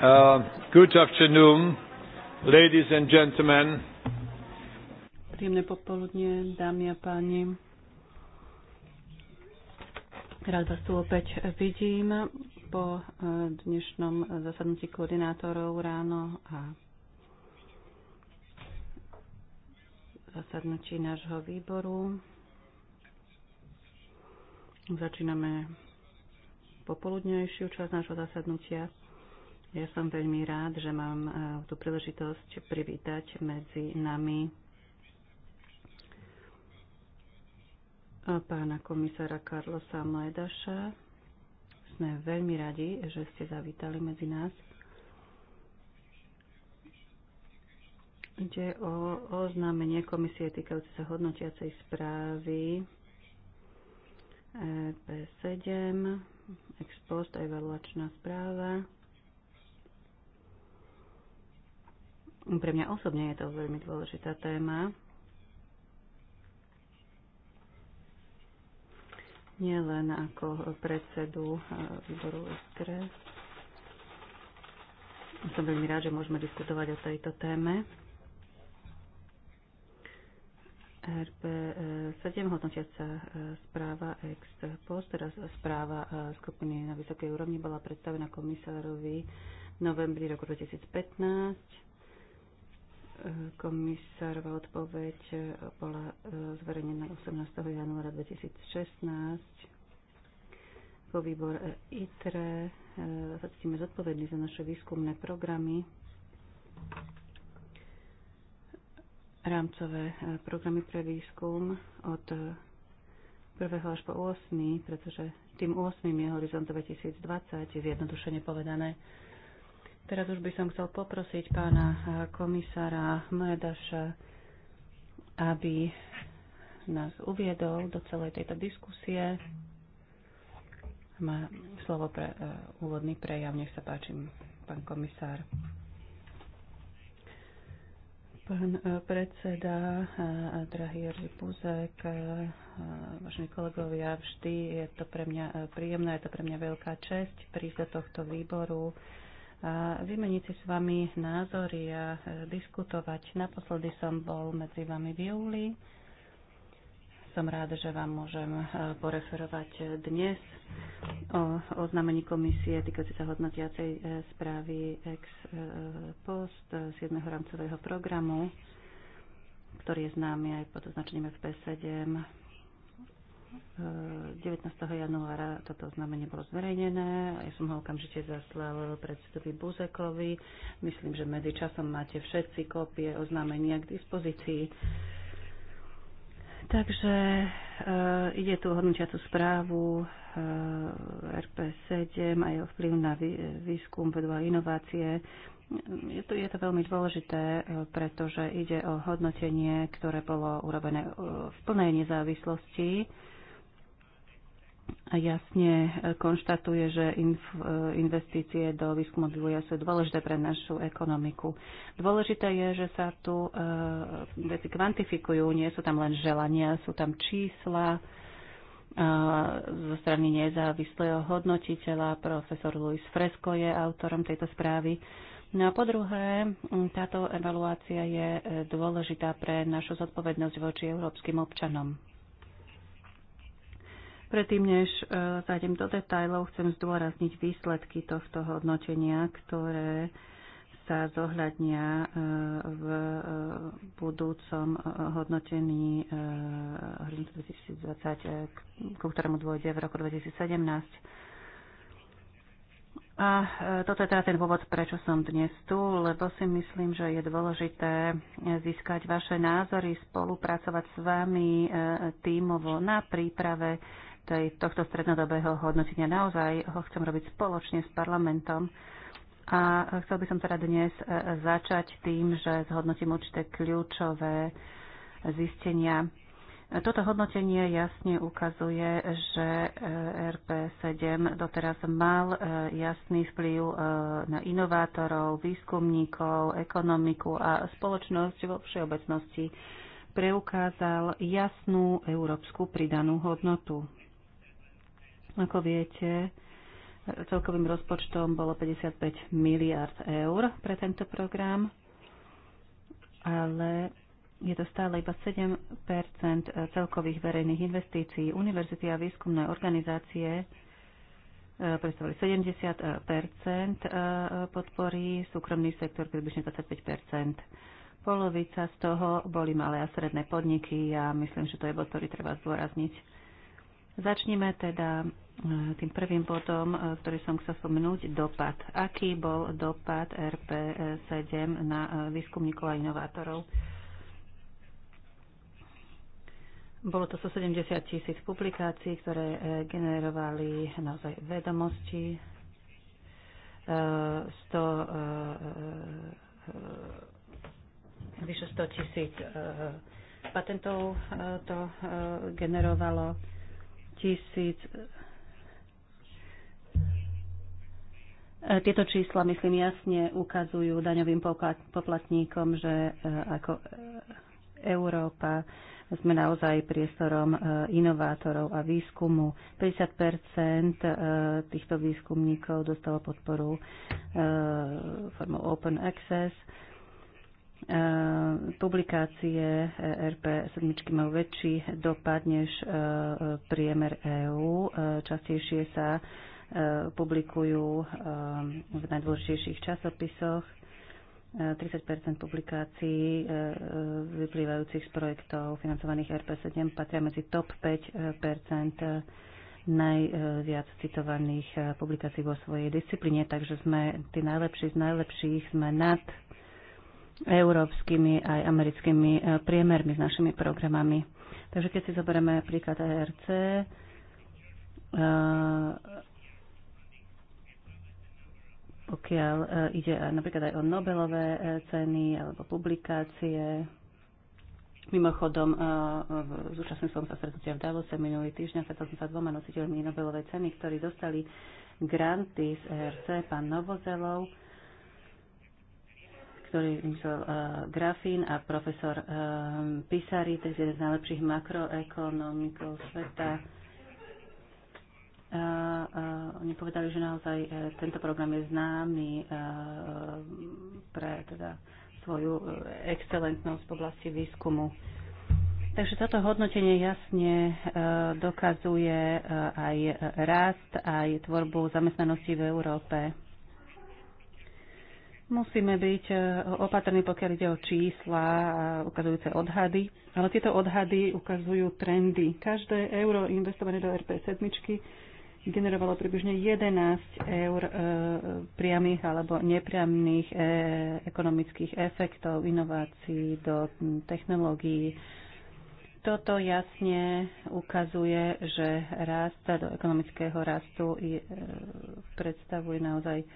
Uh, good afternoon, ladies and gentlemen. Príjemné popoludne, dámy a páni. Rád vás tu opäť vidím po uh, dnešnom zasadnutí koordinátorov ráno a zasadnutí nášho výboru. Začíname popoludnejšiu časť nášho zasadnutia. Ja som veľmi rád, že mám e, tú príležitosť privítať medzi nami e, pána komisára Karlosa Mledaša. Sme veľmi radi, že ste zavítali medzi nás. Ide o oznámenie komisie týkajúce sa hodnotiacej správy e, p 7 ex post a evaluačná správa. Pre mňa osobne je to veľmi dôležitá téma. Nie len ako predsedu eh, výboru SKRE. Som veľmi rád, že môžeme diskutovať o tejto téme. RP7 eh, hodnotiaca eh, správa ex post, teraz správa skupiny na vysokej úrovni bola predstavená komisárovi v novembri roku 2015 Komisárova odpoveď bola e, zverejnená 18. januára 2016 vo výbor ITRE. E, sa cítime zodpovední za naše výskumné programy, rámcové e, programy pre výskum od 1. až po 8., pretože tým 8. je horizont 2020, zjednodušene povedané. Teraz už by som chcel poprosiť pána komisára Medaša, aby nás uviedol do celej tejto diskusie. Má slovo pre uh, úvodný prejav. Nech sa páči, pán komisár. Pán uh, predseda, uh, drahý Jerzy Buzek, uh, vážení kolegovia, vždy je to pre mňa uh, príjemné, je to pre mňa veľká česť prísť do tohto výboru. Uh, a vymeniť si s vami názory a diskutovať. Naposledy som bol medzi vami v júli. Som rád, že vám môžem e, poreferovať dnes o oznámení komisie týkajúce sa hodnotiacej e, správy ex e, post z jedného rámcového programu, ktorý je známy aj pod označením FP7 19. E, januára toto oznámenie bolo zverejnené. Ja som ho okamžite zaslal predsedovi Buzekovi. Myslím, že medzi časom máte všetci kópie oznámenia k dispozícii. Takže e, ide tu hodnotiacu správu e, RP7 a jeho vplyv na vý, výskum, vedu a inovácie. Je to, je to veľmi dôležité, e, pretože ide o hodnotenie, ktoré bolo urobené e, v plnej nezávislosti jasne e, konštatuje, že e, investície do výskumu vývoja sú dôležité pre našu ekonomiku. Dôležité je, že sa tu e, veci kvantifikujú, nie sú tam len želania, sú tam čísla zo strany nezávislého hodnotiteľa. Profesor Luis Fresco je autorom tejto správy. No a po druhé, táto evaluácia je dôležitá pre našu zodpovednosť voči európskym občanom. Predtým, než e, zájdem do detajlov, chcem zdôrazniť výsledky tohto hodnotenia, ktoré sa zohľadnia e, v e, budúcom hodnotení 2020, ku ktorému dôjde v roku 2017. A toto je teda ten dôvod, prečo som dnes tu, lebo si myslím, že je dôležité získať vaše názory, spolupracovať s vami tímovo na príprave tej, tohto strednodobého hodnotenia. Naozaj ho chcem robiť spoločne s parlamentom. A chcel by som teda dnes e, začať tým, že zhodnotím určité kľúčové zistenia. Toto hodnotenie jasne ukazuje, že e, RP7 doteraz mal e, jasný vplyv na inovátorov, výskumníkov, ekonomiku a spoločnosť vo všeobecnosti. Preukázal jasnú európsku pridanú hodnotu. Ako viete, celkovým rozpočtom bolo 55 miliard eur pre tento program, ale je to stále iba 7 celkových verejných investícií. Univerzity a výskumné organizácie e, predstavili 70 e, e, podpory, súkromný sektor približne 25 Polovica z toho boli malé a stredné podniky a myslím, že to je bod, ktorý treba zdôrazniť. Začneme teda eh, tým prvým bodom, eh, ktorý som chcel spomenúť, dopad. Aký bol dopad RP7 e na eh, výskumníkov a inovátorov? Bolo to 170 tisíc publikácií, ktoré generovali naozaj vedomosti, 100, vyše 100 tisíc patentov to generovalo tisíc. Tieto čísla, myslím, jasne ukazujú daňovým poplatníkom, že e, ako e, Európa sme naozaj priestorom e, inovátorov a výskumu. 50 týchto výskumníkov dostalo podporu formou Open Access E, publikácie e RP7 majú väčší dopad než e, priemer EÚ. Častejšie sa publikujú v najdôležitejších časopisoch. 30 publikácií vyplývajúcich z projektov financovaných RP7 patria medzi top 5 najviac citovaných publikácií vo svojej disciplíne, takže sme tí najlepší z najlepších, sme nad európskymi aj americkými e, priemermi s našimi programami. Takže keď si zoberieme príklad ERC, e, pokiaľ e, ide napríklad aj o Nobelové ceny alebo publikácie. Mimochodom, zúčastnil som sa stretnutia v Davose minulý týždeň, stretol som sa dvoma nositeľmi Nobelovej ceny, ktorí dostali granty z ERC, pán Novozelov, ktorý vymyslel uh, eh, Grafín a profesor um, Pisari, to je jeden z najlepších makroekonomikov sveta. Uh, uh, oni povedali, že naozaj uh, tento program je známy uh, pre teda, svoju uh, excelentnosť v oblasti výskumu. Takže toto hodnotenie jasne dokazuje aj rast, aj tvorbu zamestnanosti v Európe. Musíme byť e, opatrní, pokiaľ ide o čísla a ukazujúce odhady, ale tieto odhady ukazujú trendy. Každé euro investované do RP7 generovalo približne 11 eur e, priamých alebo nepriamných e, ekonomických efektov, inovácií do technológií. Toto jasne ukazuje, že rast do ekonomického rastu predstavuje naozaj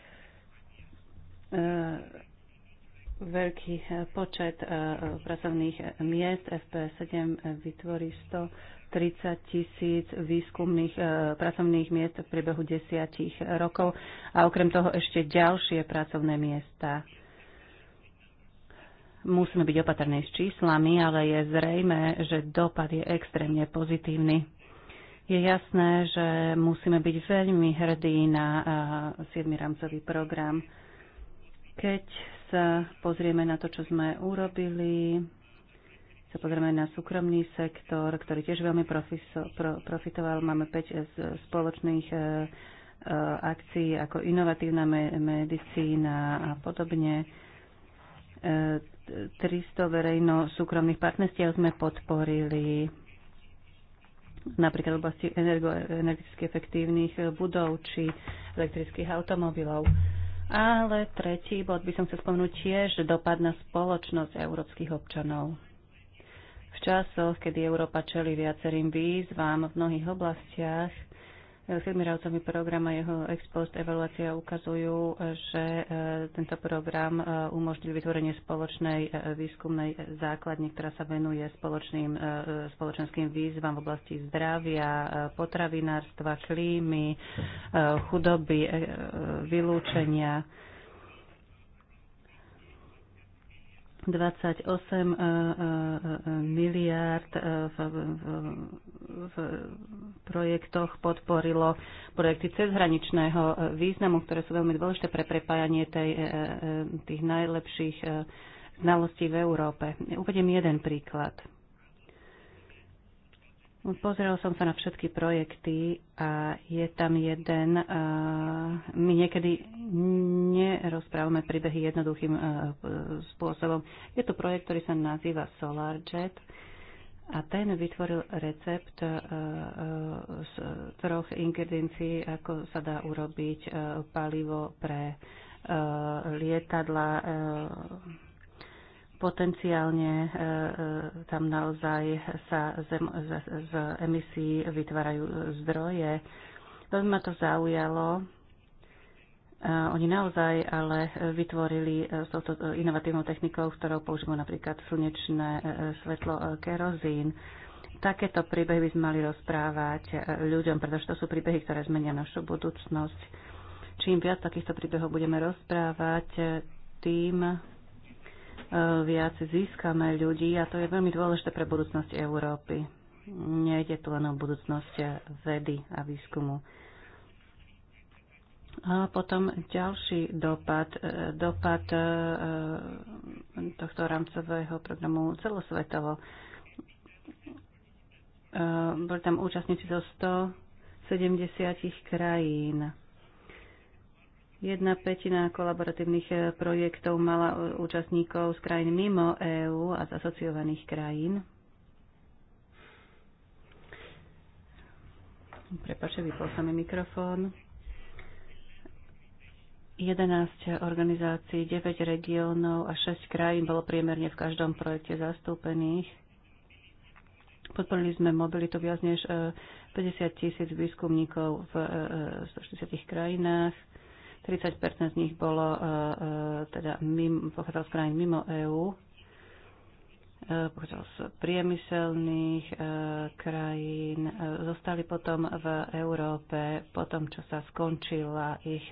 E, veľký e, počet e, pracovných miest. FP7 vytvorí 130 tisíc výskumných pracovných miest v priebehu desiatich rokov a okrem toho ešte ďalšie pracovné miesta. Musíme byť opatrní s číslami, ale je zrejme, že dopad je extrémne pozitívny. Je jasné, že musíme byť veľmi hrdí na 7. rámcový program keď sa pozrieme na to, čo sme urobili, sa pozrieme na súkromný sektor, ktorý tiež veľmi profiso, pro, profitoval. Máme 5 eh, spoločných eh, eh, akcií ako inovatívna medicína a podobne. 300 verejno-súkromných partnerstiev sme podporili napríklad v oblasti energeticky efektívnych budov či elektrických automobilov. Ale tretí bod by som chcel spomenúť tiež dopad na spoločnosť európskych občanov. V časoch, kedy Európa čeli viacerým výzvám v mnohých oblastiach, Firmy rámcový program a jeho ex post evaluácia ukazujú, že e, tento program e, umožnil vytvorenie spoločnej e, výskumnej základne, ktorá sa venuje spoločným, spoločenským výzvam v oblasti zdravia, potravinárstva, klímy, chudoby, vylúčenia 28 e, e, e, miliárd v, v, v projektoch podporilo projekty cezhraničného významu, ktoré sú veľmi dôležité pre prepájanie tej, tých najlepších znalostí v Európe. Uvediem jeden príklad. Pozrel som sa na všetky projekty a je tam jeden. Eh, my niekedy nerozprávame príbehy jednoduchým eh, spôsobom. Je to projekt, ktorý sa nazýva SolarJet a ten vytvoril recept eh, z troch ingrediencií, ako sa dá urobiť palivo pre lietadla potenciálne e, e, tam naozaj sa z, z, z emisí vytvárajú zdroje. Veľmi ma to zaujalo. E, oni naozaj ale vytvorili s touto inovatívnou technikou, ktorou používajú napríklad slnečné svetlo kerozín. Takéto príbehy by sme mali rozprávať ľuďom, pretože to sú príbehy, ktoré zmenia našu budúcnosť. Čím viac takýchto príbehov budeme rozprávať, tým viac získame ľudí a to je veľmi dôležité pre budúcnosť Európy. Nejde tu len o budúcnosť vedy a výskumu. A potom ďalší dopad, e, dopad e, tohto rámcového programu celosvetovo. E, boli tam účastníci zo 170 krajín. Jedna petina kolaboratívnych e, projektov mala e, účastníkov z krajín mimo EÚ a z asociovaných krajín. Prepače, vypol sa mi mikrofón. 11 organizácií, 9 regiónov a 6 krajín bolo priemerne v každom projekte zastúpených. Podporili sme mobilitu viac než 50 e, tisíc výskumníkov v 160 krajinách 30 z nich bolo, e, e, teda mimo, pochádzalo z krajín mimo EÚ, e, pochádzalo z priemyselných krajín, zostali potom v Európe po čo sa skončila ich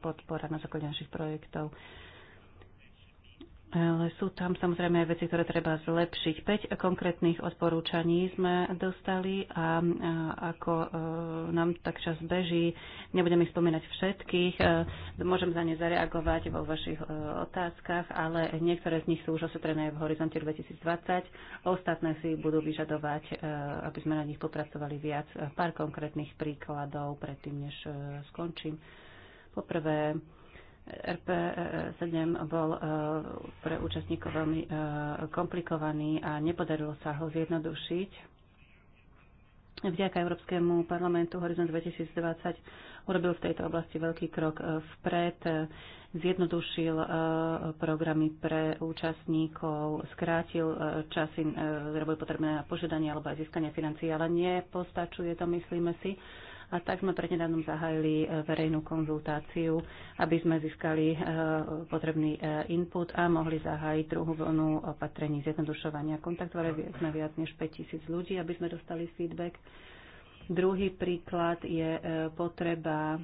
podpora na základe našich projektov. Ale sú tam samozrejme aj veci, ktoré treba zlepšiť. 5 konkrétnych odporúčaní sme dostali a ako e, nám tak čas beží, nebudem ich spomínať všetkých, e, môžem za ne zareagovať vo vašich e, otázkach, ale niektoré z nich sú už osetrené v horizonte 2020, ostatné si budú vyžadovať, aby sme na nich popracovali viac. Pár konkrétnych príkladov predtým, než skončím. Poprvé, RP7 eh, bol eh, pre účastníkov veľmi eh, komplikovaný a nepodarilo sa ho zjednodušiť. Vďaka Európskemu parlamentu Horizon 2020 urobil v tejto oblasti veľký krok vpred, zjednodušil programy pre účastníkov, skrátil časy, ktoré boli potrebné na požiadanie alebo aj získanie financií, ale nepostačuje to, myslíme si a tak sme prednedávnom zahájili e, verejnú konzultáciu, aby sme získali e, potrebný e, input a mohli zahájiť druhú vlnu opatrení zjednodušovania kontaktovali sme viac než 5000 ľudí, aby sme dostali feedback. Druhý príklad je potreba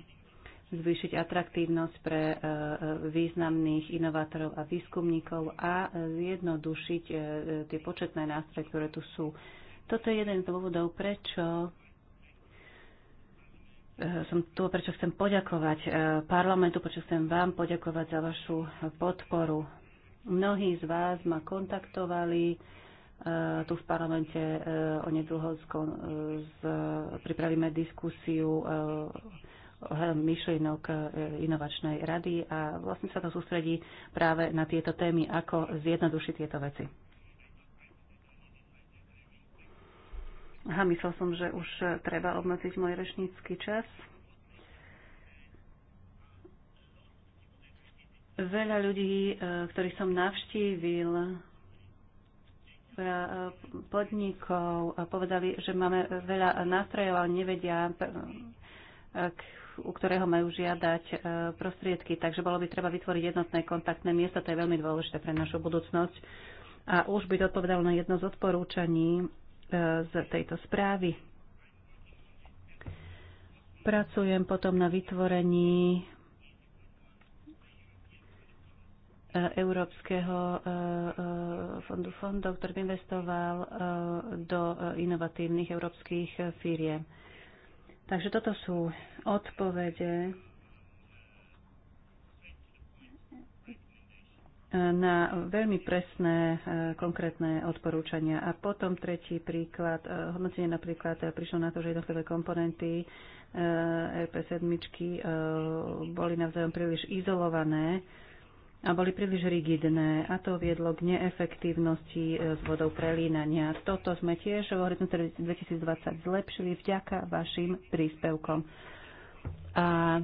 zvýšiť atraktívnosť pre významných inovátorov a výskumníkov a zjednodušiť tie početné nástroje, ktoré tu sú. Toto je jeden z dôvodov, prečo Eh, som tu, prečo chcem poďakovať eh, parlamentu, prečo chcem vám poďakovať za vašu podporu. Mnohí z vás ma kontaktovali eh, tu v parlamente o onedlho pripravíme diskusiu ohľadom myšlienok inovačnej rady a vlastne sa to sústredí práve na tieto témy, ako zjednodušiť tieto veci. Aha, myslel som, že už e, treba obmedziť môj rečnícky čas. Veľa ľudí, e, ktorých som navštívil, veľa e, podnikov, povedali, že máme veľa nástrojov, ale nevedia, u ktorého majú žiadať prostriedky. Takže bolo by treba vytvoriť jednotné kontaktné miesto, to je veľmi dôležité pre našu budúcnosť. A už by to odpovedalo na jedno z odporúčaní z tejto správy. Pracujem potom na vytvorení e, Európskeho e, e, fondu fondov, ktorý by investoval do inovatívnych európskych firiem. Takže toto sú odpovede na veľmi presné, e, konkrétne odporúčania. A potom tretí príklad, e, hodnotenie napríklad e, prišlo na to, že jednotlivé komponenty RP7 boli navzájom príliš izolované a boli príliš rigidné a to viedlo k neefektívnosti s vodou prelínania. Toto sme tiež v horizonte 2020 zlepšili vďaka vašim príspevkom. A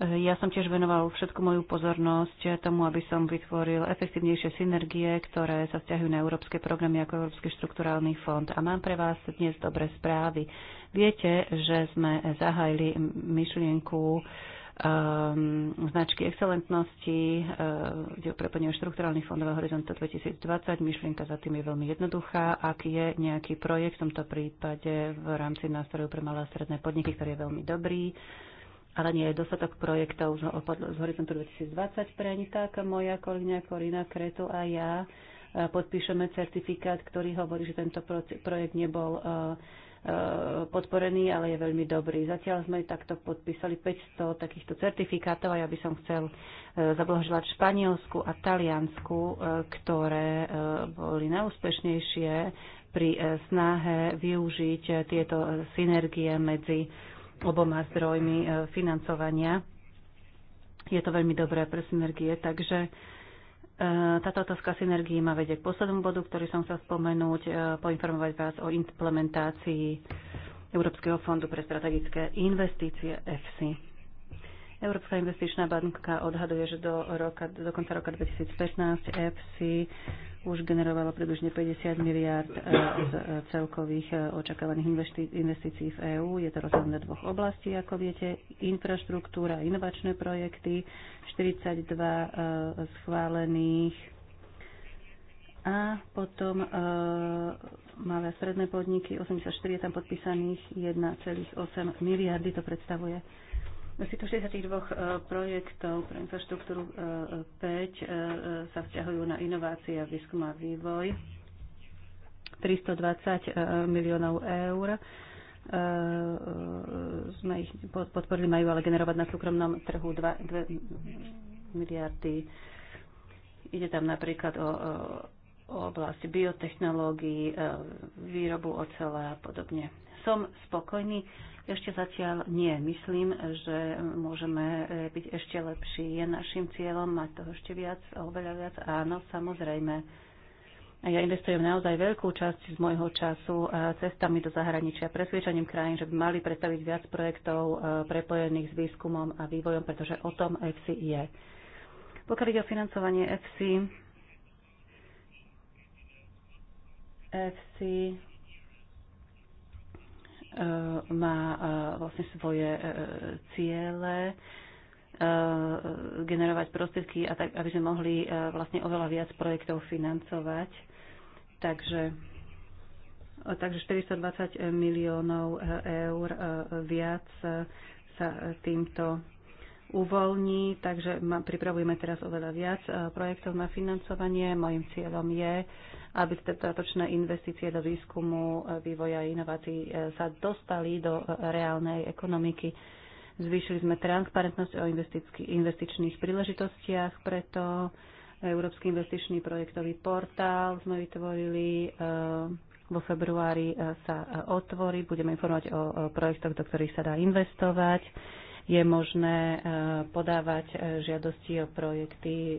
ja som tiež venoval všetku moju pozornosť tomu, aby som vytvoril efektívnejšie synergie, ktoré sa vzťahujú na európske programy ako Európsky štrukturálny fond. A mám pre vás dnes dobré správy. Viete, že sme zahájili myšlienku um, značky excelentnosti, uh, kde preplňujú štrukturálny fondového horizonta 2020. Myšlienka za tým je veľmi jednoduchá. Ak je nejaký projekt, v tomto prípade v rámci nástrojov pre malé a stredné podniky, ktorý je veľmi dobrý, ale nie je dostatok projektov z, z horizontu 2020 preň, tak moja kolegyňa Korina Kretu a ja e, podpíšeme certifikát, ktorý hovorí, že tento projekt nebol e, e, podporený, ale je veľmi dobrý. Zatiaľ sme takto podpísali 500 takýchto certifikátov a ja by som chcel zablahoželať Španielsku a Taliansku, ktoré boli najúspešnejšie pri snahe využiť tieto synergie medzi oboma zdrojmi e, financovania. Je to veľmi dobré pre synergie, takže e, táto otázka synergie ma vedie k poslednom bodu, ktorý som chcel spomenúť, e, poinformovať vás o implementácii Európskeho fondu pre strategické investície EFSI. Európska investičná banka odhaduje, že do, roka, do konca roka 2015 EFSI už generovalo približne 50 miliard z celkových eh, očakávaných investícií v EÚ. Je to rozhodné dvoch oblastí, ako viete. Infraštruktúra, inovačné projekty, 42 eh, schválených a potom e, malé a stredné podniky, 84 je tam podpísaných, 1,8 miliardy to predstavuje. Z týchto e, projektov pre infraštruktúru 5 e, e, sa vzťahujú na inovácie a výskum a vývoj. 320 miliónov eur sme ich podporili, majú ale generovať na súkromnom trhu 2, 2 miliardy. Ide tam napríklad o, o oblasti biotechnológií, výrobu ocela a podobne. Som spokojný ešte zatiaľ nie. Myslím, že môžeme byť ešte lepší. Je našim cieľom mať toho ešte viac, oveľa viac. Áno, samozrejme. Ja investujem naozaj veľkú časť z môjho času cestami do zahraničia, presviečaním krajín, že by mali predstaviť viac projektov e, prepojených s výskumom a vývojom, pretože o tom EFSI je. Pokiaľ ide o financovanie EFSI, EFSI E, má e, vlastne svoje e, ciele generovať prostriedky, a tak, aby sme mohli vlastne oveľa viac projektov financovať. Takže, takže 420 miliónov eur viac sa týmto uvoľní, takže pripravujeme teraz oveľa viac eh, projektov na financovanie. Mojím cieľom je, aby dodatočné investície do výskumu, eh, vývoja a inovácií eh, sa dostali do reálnej ekonomiky. Zvýšili sme transparentnosť o investičných príležitostiach, preto Európsky investičný projektový portál sme vytvorili vo februári sa otvorí. Budeme informovať o projektoch, do ktorých sa dá investovať je možné eh, podávať eh, žiadosti o projekty eh,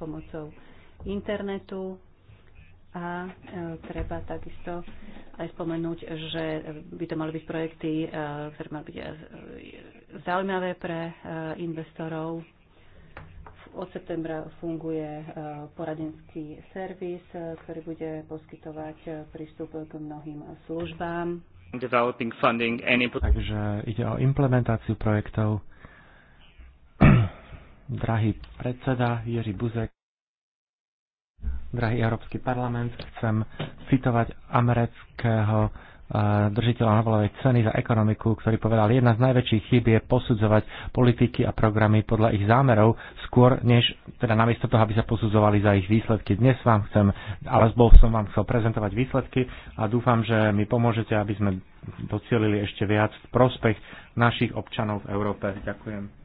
pomocou internetu a treba takisto aj spomenúť, že by to mali byť projekty, ktoré mali byť zaujímavé pre investorov, od septembra funguje poradenský servis, ktorý bude poskytovať prístup k mnohým službám developing funding and Takže ide o implementáciu projektov. Drahý predseda Jiří Buzek, drahý Európsky parlament, chcem citovať amerického držiteľa Nobelovej ceny za ekonomiku, ktorý povedal, jedna z najväčších chýb je posudzovať politiky a programy podľa ich zámerov, skôr než, teda namiesto toho, aby sa posudzovali za ich výsledky. Dnes vám chcem, ale bol som vám chcel prezentovať výsledky a dúfam, že mi pomôžete, aby sme docielili ešte viac v prospech našich občanov v Európe. Ďakujem.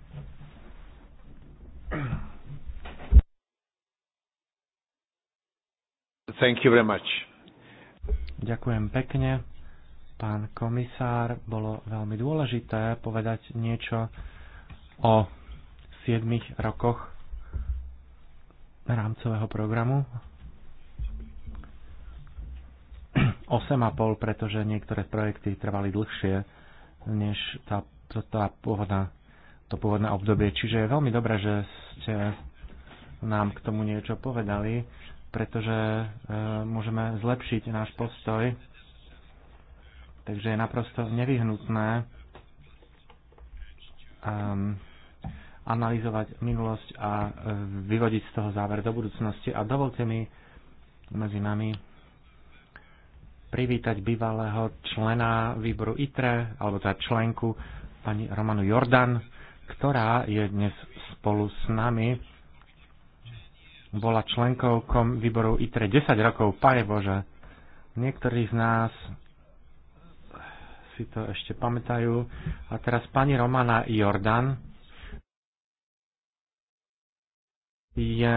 Thank you very much. Ďakujem pekne pán komisár, bolo veľmi dôležité povedať niečo o 7 rokoch rámcového programu. 8,5, pretože niektoré projekty trvali dlhšie než tá, to, tá pôvodná, to pôvodné obdobie. Čiže je veľmi dobré, že ste nám k tomu niečo povedali, pretože e, môžeme zlepšiť náš postoj Takže je naprosto nevyhnutné um, analyzovať minulosť a e, vyvodiť z toho záver do budúcnosti. A dovolte mi medzi nami privítať bývalého člena výboru ITRE, alebo teda členku, pani Romanu Jordan, ktorá je dnes spolu s nami. Bola členkou výboru ITRE 10 rokov, pane Bože. Niektorí z nás si to ešte pamätajú. A teraz pani Romana Jordan je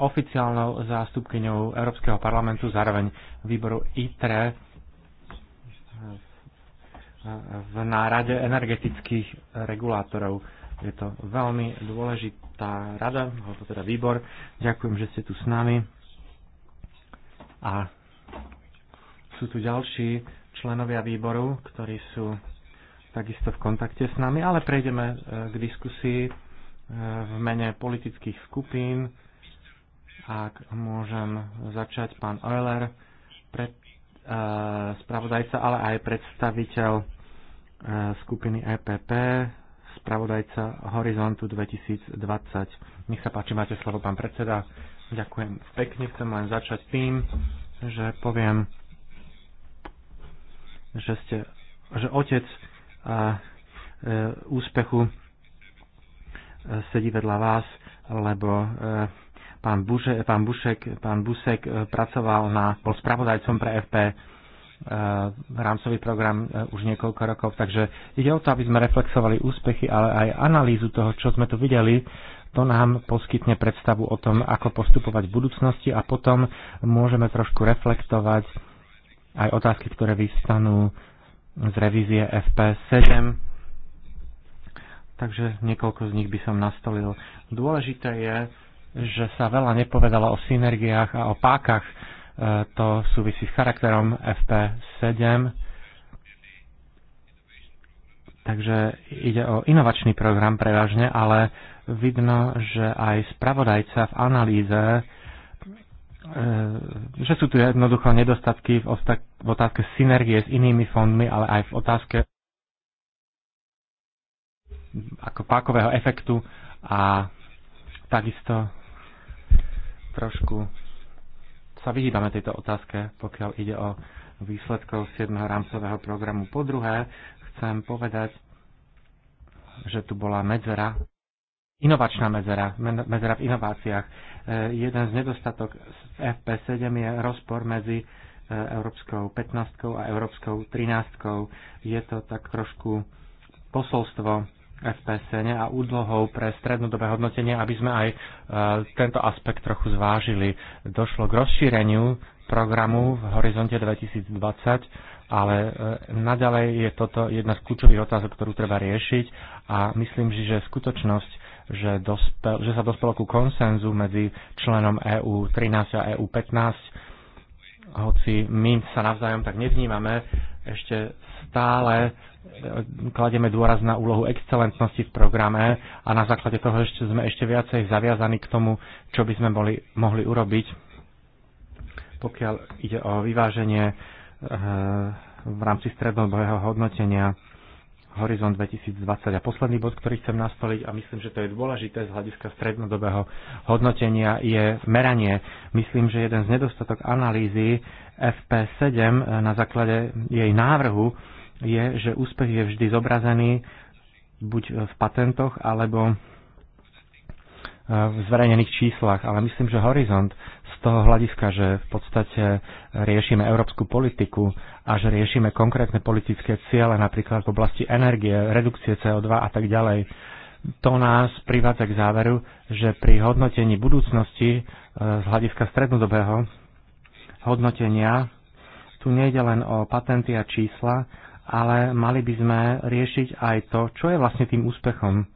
oficiálnou zástupkyňou Európskeho parlamentu, zároveň výboru ITRE v nárade energetických regulátorov. Je to veľmi dôležitá rada, alebo teda výbor. Ďakujem, že ste tu s nami. A sú tu ďalší členovia výboru, ktorí sú takisto v kontakte s nami, ale prejdeme e, k diskusii e, v mene politických skupín. Ak môžem začať, pán Euler, pred, e, spravodajca, ale aj predstaviteľ e, skupiny EPP, spravodajca Horizontu 2020. Nech sa páči, máte slovo, pán predseda. Ďakujem pekne, chcem len začať tým, že poviem že, ste, že otec a, e, úspechu e, sedí vedľa vás, lebo e, pán, Buže, pán, Bušek, pán Busek e, pracoval na, bol spravodajcom pre FP rámcový program už niekoľko rokov, takže ide o to, aby sme reflexovali úspechy, ale aj analýzu toho, čo sme tu videli, to nám poskytne predstavu o tom, ako postupovať v budúcnosti a potom môžeme trošku reflektovať aj otázky, ktoré vystanú z revízie FP7. Takže niekoľko z nich by som nastolil. Dôležité je, že sa veľa nepovedalo o synergiách a o pákach. E, to súvisí s charakterom FP7. Takže ide o inovačný program prevažne, ale vidno, že aj spravodajca v analýze E, že sú tu jednoducho nedostatky v otázke synergie s inými fondmi, ale aj v otázke ako pákového efektu a takisto trošku sa vyhýbame tejto otázke, pokiaľ ide o výsledkov 7. rámcového programu. Po druhé, chcem povedať, že tu bola medzera inovačná medzera, medzera v inováciách. E, jeden z nedostatok FP7 je rozpor medzi e, európskou 15 a európskou 13. -kou. Je to tak trošku posolstvo FPSN a údlohou pre strednodobé hodnotenie, aby sme aj e, tento aspekt trochu zvážili. Došlo k rozšíreniu programu v horizonte 2020, ale naďalej je toto jedna z kľúčových otázok, ktorú treba riešiť a myslím si, že skutočnosť, že, dospel, že sa dospelo ku konsenzu medzi členom EU 13 a EU 15, hoci my sa navzájom tak nevnímame, ešte stále e, kladieme dôraz na úlohu excelentnosti v programe a na základe toho ešte sme ešte viacej zaviazaní k tomu, čo by sme boli, mohli urobiť, pokiaľ ide o vyváženie e, v rámci stredného hodnotenia Horizont 2020. A posledný bod, ktorý chcem nastoliť, a myslím, že to je dôležité z hľadiska strednodobého hodnotenia, je meranie. Myslím, že jeden z nedostatok analýzy FP7 e, na základe jej návrhu je, že úspech je vždy zobrazený buď v patentoch alebo e, v zverejnených číslach, ale myslím, že Horizont toho hľadiska, že v podstate riešime európsku politiku a že riešime konkrétne politické ciele, napríklad v oblasti energie, redukcie CO2 a tak ďalej. To nás privádza k záveru, že pri hodnotení budúcnosti e, z hľadiska strednodobého hodnotenia tu nejde len o patenty a čísla, ale mali by sme riešiť aj to, čo je vlastne tým úspechom.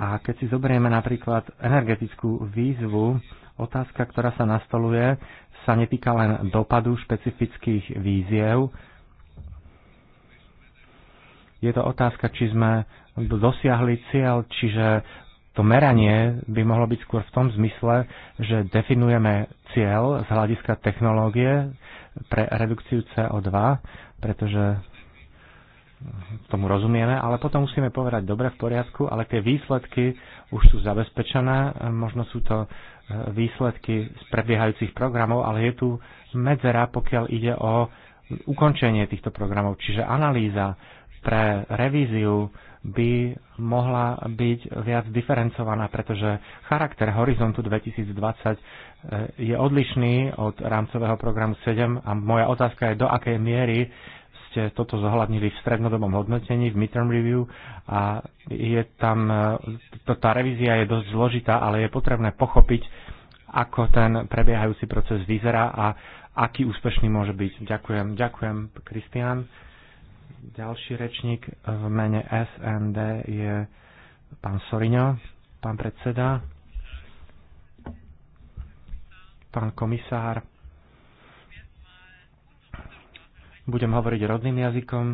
A keď si zoberieme napríklad energetickú výzvu, Otázka, ktorá sa nastoluje, sa netýka len dopadu špecifických víziev. Je to otázka, či sme dosiahli cieľ, čiže to meranie by mohlo byť skôr v tom zmysle, že definujeme cieľ z hľadiska technológie pre redukciu CO2, pretože tomu rozumieme, ale potom musíme povedať, dobre, v poriadku, ale tie výsledky už sú zabezpečené, možno sú to výsledky z prebiehajúcich programov, ale je tu medzera, pokiaľ ide o ukončenie týchto programov. Čiže analýza pre revíziu by mohla byť viac diferencovaná, pretože charakter Horizontu 2020 e, je odlišný od rámcového programu 7 a moja otázka je, do akej miery ste toto zohľadnili v strednodobom hodnotení, v midterm review a je tam, e, tá revízia je dosť zložitá, ale je potrebné pochopiť, ako ten prebiehajúci proces vyzerá a aký úspešný môže byť. Ďakujem, ďakujem, Kristián. Ďalší rečník v mene SND je pán Soriňo, pán predseda, pán komisár. Budem hovoriť rodným jazykom,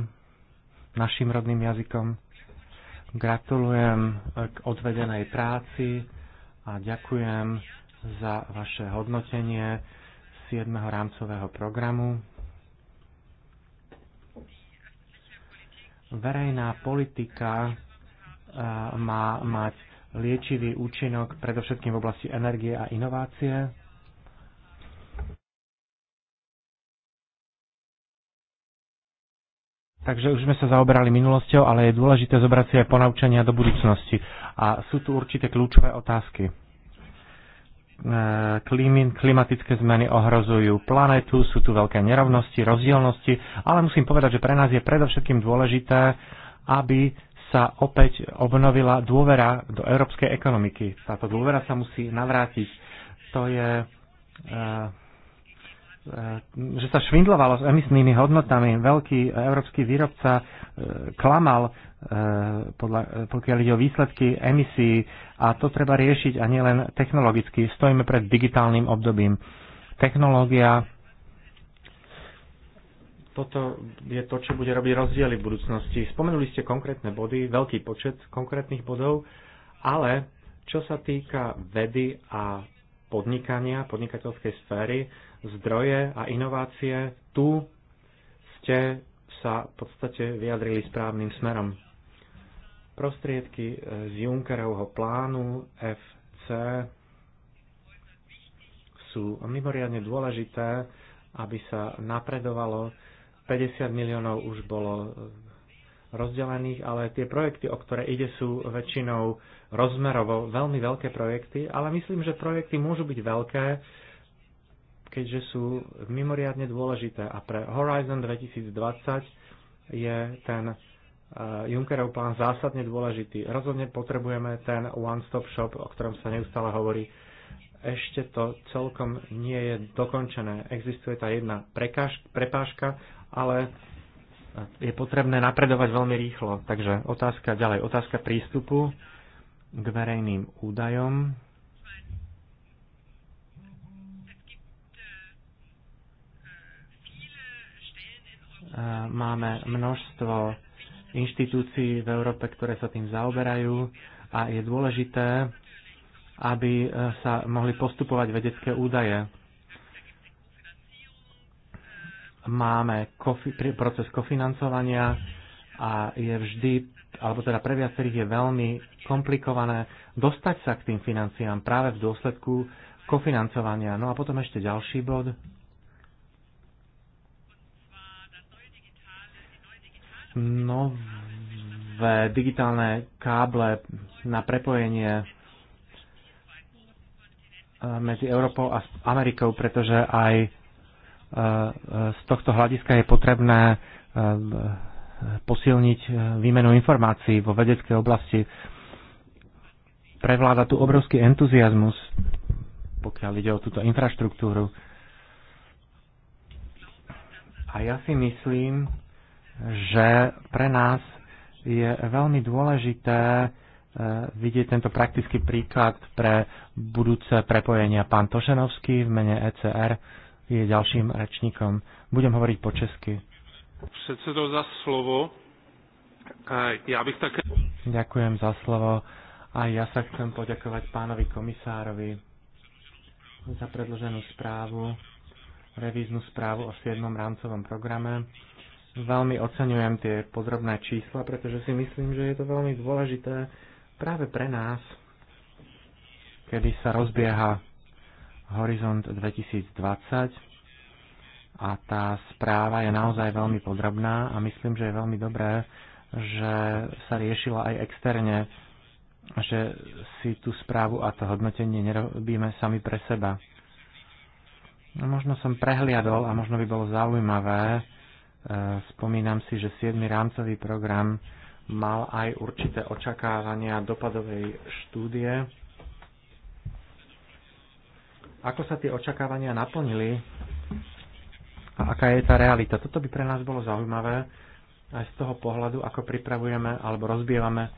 našim rodným jazykom. Gratulujem k odvedenej práci a ďakujem za vaše hodnotenie 7. rámcového programu. Verejná politika e, má mať liečivý účinok predovšetkým v oblasti energie a inovácie. Takže už sme sa zaoberali minulosťou, ale je dôležité zobrať si aj ponaučenia do budúcnosti. A sú tu určité kľúčové otázky. E, klímin, klimatické zmeny ohrozujú planetu, sú tu veľké nerovnosti, rozdielnosti, ale musím povedať, že pre nás je predovšetkým dôležité, aby sa opäť obnovila dôvera do európskej ekonomiky. Táto dôvera sa musí navrátiť. To je e, E, že sa švindlovalo s emisnými hodnotami. Veľký európsky výrobca e, klamal, e, podľa, pokiaľ ide o výsledky emisí a to treba riešiť a nielen technologicky. Stojíme pred digitálnym obdobím. Technológia toto je to, čo bude robiť rozdiely v budúcnosti. Spomenuli ste konkrétne body, veľký počet konkrétnych bodov, ale čo sa týka vedy a podnikania, podnikateľskej sféry, zdroje a inovácie, tu ste sa v podstate vyjadrili správnym smerom. Prostriedky e, z Junckerovho plánu FC sú mimoriadne dôležité, aby sa napredovalo. 50 miliónov už bolo e, rozdelených, ale tie projekty, o ktoré ide, sú väčšinou rozmerovo veľmi veľké projekty, ale myslím, že projekty môžu byť veľké, keďže sú mimoriadne dôležité. A pre Horizon 2020 je ten e, Junckerov plán zásadne dôležitý. Rozhodne potrebujeme ten one-stop shop, o ktorom sa neustále hovorí. Ešte to celkom nie je dokončené. Existuje tá jedna prekáž, prepážka, ale je potrebné napredovať veľmi rýchlo. Takže otázka ďalej. Otázka prístupu k verejným údajom. Máme množstvo inštitúcií v Európe, ktoré sa tým zaoberajú a je dôležité, aby e, sa mohli postupovať vedecké údaje. Máme kofi, proces kofinancovania a je vždy, alebo teda pre viacerých je veľmi komplikované dostať sa k tým financiám práve v dôsledku kofinancovania. No a potom ešte ďalší bod. nové digitálne káble na prepojenie eh, medzi Európou a Amerikou, pretože aj eh, z tohto hľadiska je potrebné eh, posilniť výmenu informácií vo vedeckej oblasti. Prevláda tu obrovský entuziasmus, pokiaľ ide o túto infraštruktúru. A ja si myslím, že pre nás je veľmi dôležité e, vidieť tento praktický príklad pre budúce prepojenia. Pán Tošenovský v mene ECR je ďalším rečníkom. Budem hovoriť po česky. Předsedo za slovo. E, ja bych také... Ďakujem za slovo. A ja sa chcem poďakovať pánovi komisárovi za predloženú správu, revíznu správu o 7. rámcovom programe. Veľmi oceňujem tie podrobné čísla, pretože si myslím, že je to veľmi dôležité práve pre nás, kedy sa rozbieha Horizont 2020 a tá správa je naozaj veľmi podrobná a myslím, že je veľmi dobré, že sa riešila aj externe, že si tú správu a to hodnotenie nerobíme sami pre seba. No, možno som prehliadol a možno by bolo zaujímavé E, spomínam si, že 7. rámcový program mal aj určité očakávania dopadovej štúdie. Ako sa tie očakávania naplnili a aká je tá realita? Toto by pre nás bolo zaujímavé aj z toho pohľadu, ako pripravujeme alebo rozbievame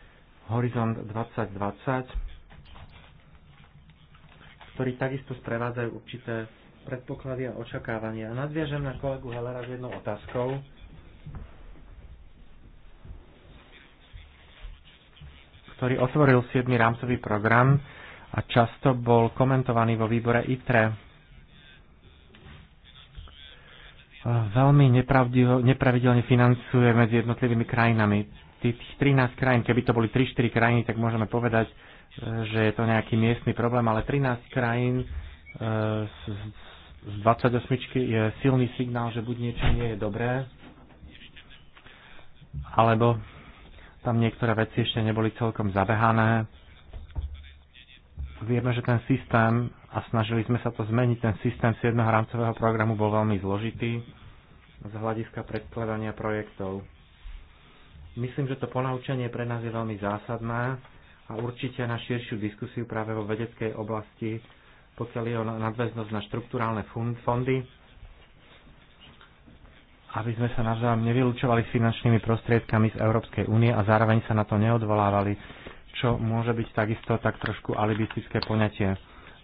Horizont 2020, ktorý takisto sprevádzajú určité predpoklady a očakávania. Nadviažem na kolegu Helera s jednou otázkou. ktorý otvoril 7. rámcový program a často bol komentovaný vo výbore ITRE. Veľmi nepravidelne financuje medzi jednotlivými krajinami. Tých 13 krajín, keby to boli 3-4 krajiny, tak môžeme povedať, e, že je to nejaký miestny problém, ale 13 krajín e, z 28 je silný signál, že buď niečo nie je dobré, alebo tam niektoré veci ešte neboli celkom zabehané. Vieme, že ten systém, a snažili sme sa to zmeniť, ten systém 7. rámcového programu bol veľmi zložitý z hľadiska predkladania projektov. Myslím, že to ponaučenie pre nás je veľmi zásadné a určite na širšiu diskusiu práve vo vedeckej oblasti pokiaľ je o nadväznosť na štruktúrálne fondy, aby sme sa navzájom nevylučovali s finančnými prostriedkami z Európskej únie a zároveň sa na to neodvolávali, čo môže byť takisto tak trošku alibistické poňatie.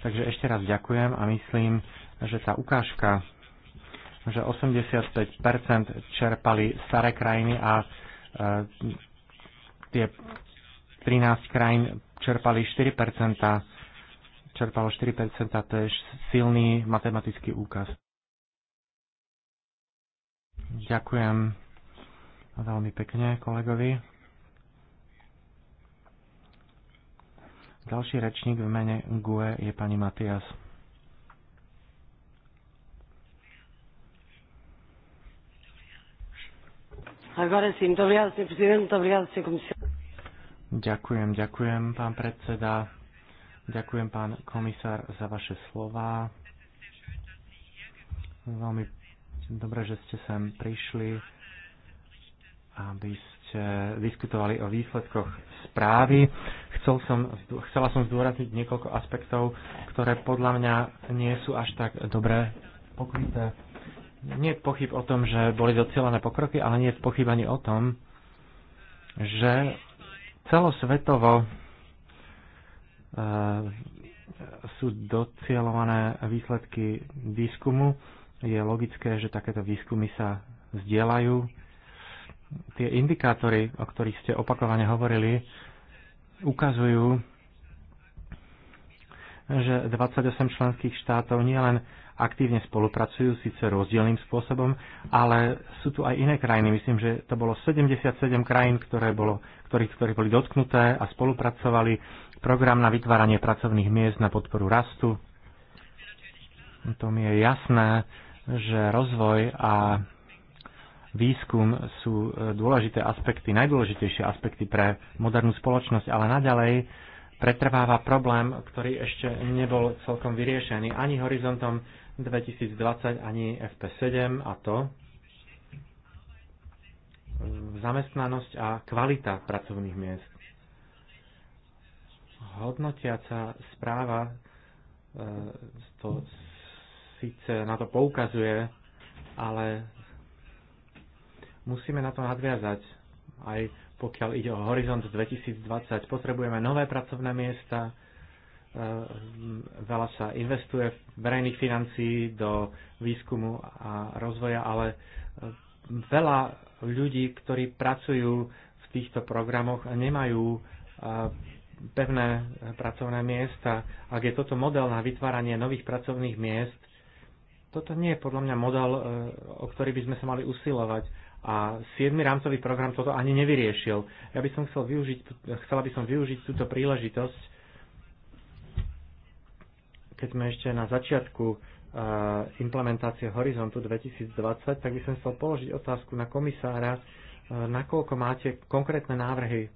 Takže ešte raz ďakujem a myslím, že tá ukážka, že 85% čerpali staré krajiny a e, tie 13 krajín čerpali 4 čerpalo 4%, to je silný matematický úkaz. Ďakujem veľmi pekne kolegovi. Ďalší rečník v mene GUE je pani Matias. Ďakujem, ďakujem, pán predseda. Ďakujem, pán komisár, za vaše slova. Veľmi dobre, že ste sem prišli, aby ste diskutovali o výsledkoch správy. Chcel som, chcela som zdôrazniť niekoľko aspektov, ktoré podľa mňa nie sú až tak dobre pokryté. Nie je pochyb o tom, že boli docielené pokroky, ale nie je pochyb ani o tom, že celosvetovo Eh, sú docielované výsledky výskumu. Je logické, že takéto výskumy sa vzdielajú. Tie indikátory, o ktorých ste opakovane hovorili, ukazujú, že 28 členských štátov nielen aktívne spolupracujú, síce rozdielným spôsobom, ale sú tu aj iné krajiny. Myslím, že to bolo 77 krajín, ktoré, bolo, ktorí, ktorí boli dotknuté a spolupracovali. Program na vytváranie pracovných miest na podporu rastu. To mi je jasné, že rozvoj a výskum sú e, dôležité aspekty, najdôležitejšie aspekty pre modernú spoločnosť, ale naďalej pretrváva problém, ktorý ešte nebol celkom vyriešený ani horizontom 2020 ani FP7 a to zamestnanosť a kvalita pracovných miest. Hodnotiaca správa e, to síce na to poukazuje, ale musíme na to nadviazať. Aj pokiaľ ide o horizont 2020, potrebujeme nové pracovné miesta, Ehm, veľa sa investuje v verejných financií do výskumu a rozvoja, ale ehm, veľa ľudí, ktorí pracujú v týchto programoch a nemajú ehm, pevné pracovné miesta, ak je toto model na vytváranie nových pracovných miest, toto nie je podľa mňa model, o ktorý by sme sa mali usilovať. A 7. rámcový program toto ani nevyriešil. Ja by som chcel využiť, chcela by som využiť túto príležitosť, keď sme ešte na začiatku eh, implementácie Horizontu 2020, tak by som chcel položiť otázku na komisára, eh, nakoľko máte konkrétne návrhy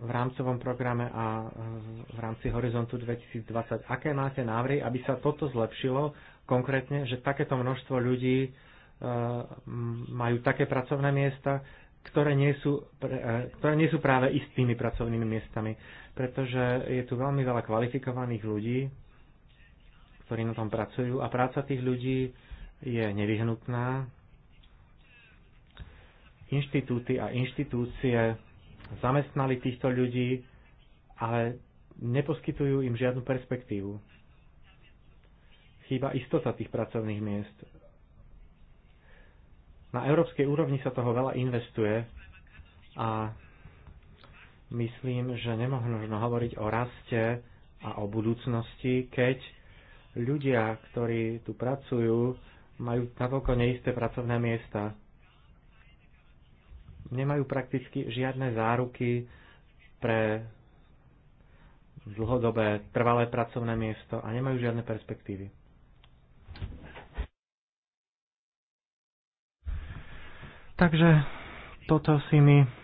v rámcovom programe a eh, v rámci Horizontu 2020. Aké máte návrhy, aby sa toto zlepšilo konkrétne, že takéto množstvo ľudí majú také pracovné miesta, ktoré nie sú, ktoré nie sú práve istými pracovnými miestami pretože je tu veľmi veľa kvalifikovaných ľudí, ktorí na tom pracujú a práca tých ľudí je nevyhnutná. Inštitúty a inštitúcie zamestnali týchto ľudí, ale neposkytujú im žiadnu perspektívu. Chýba istota tých pracovných miest. Na európskej úrovni sa toho veľa investuje a myslím, že nemohno hovoriť o raste a o budúcnosti, keď ľudia, ktorí tu pracujú, majú natoľko neisté pracovné miesta. Nemajú prakticky žiadne záruky pre dlhodobé, trvalé pracovné miesto a nemajú žiadne perspektívy. Takže toto si my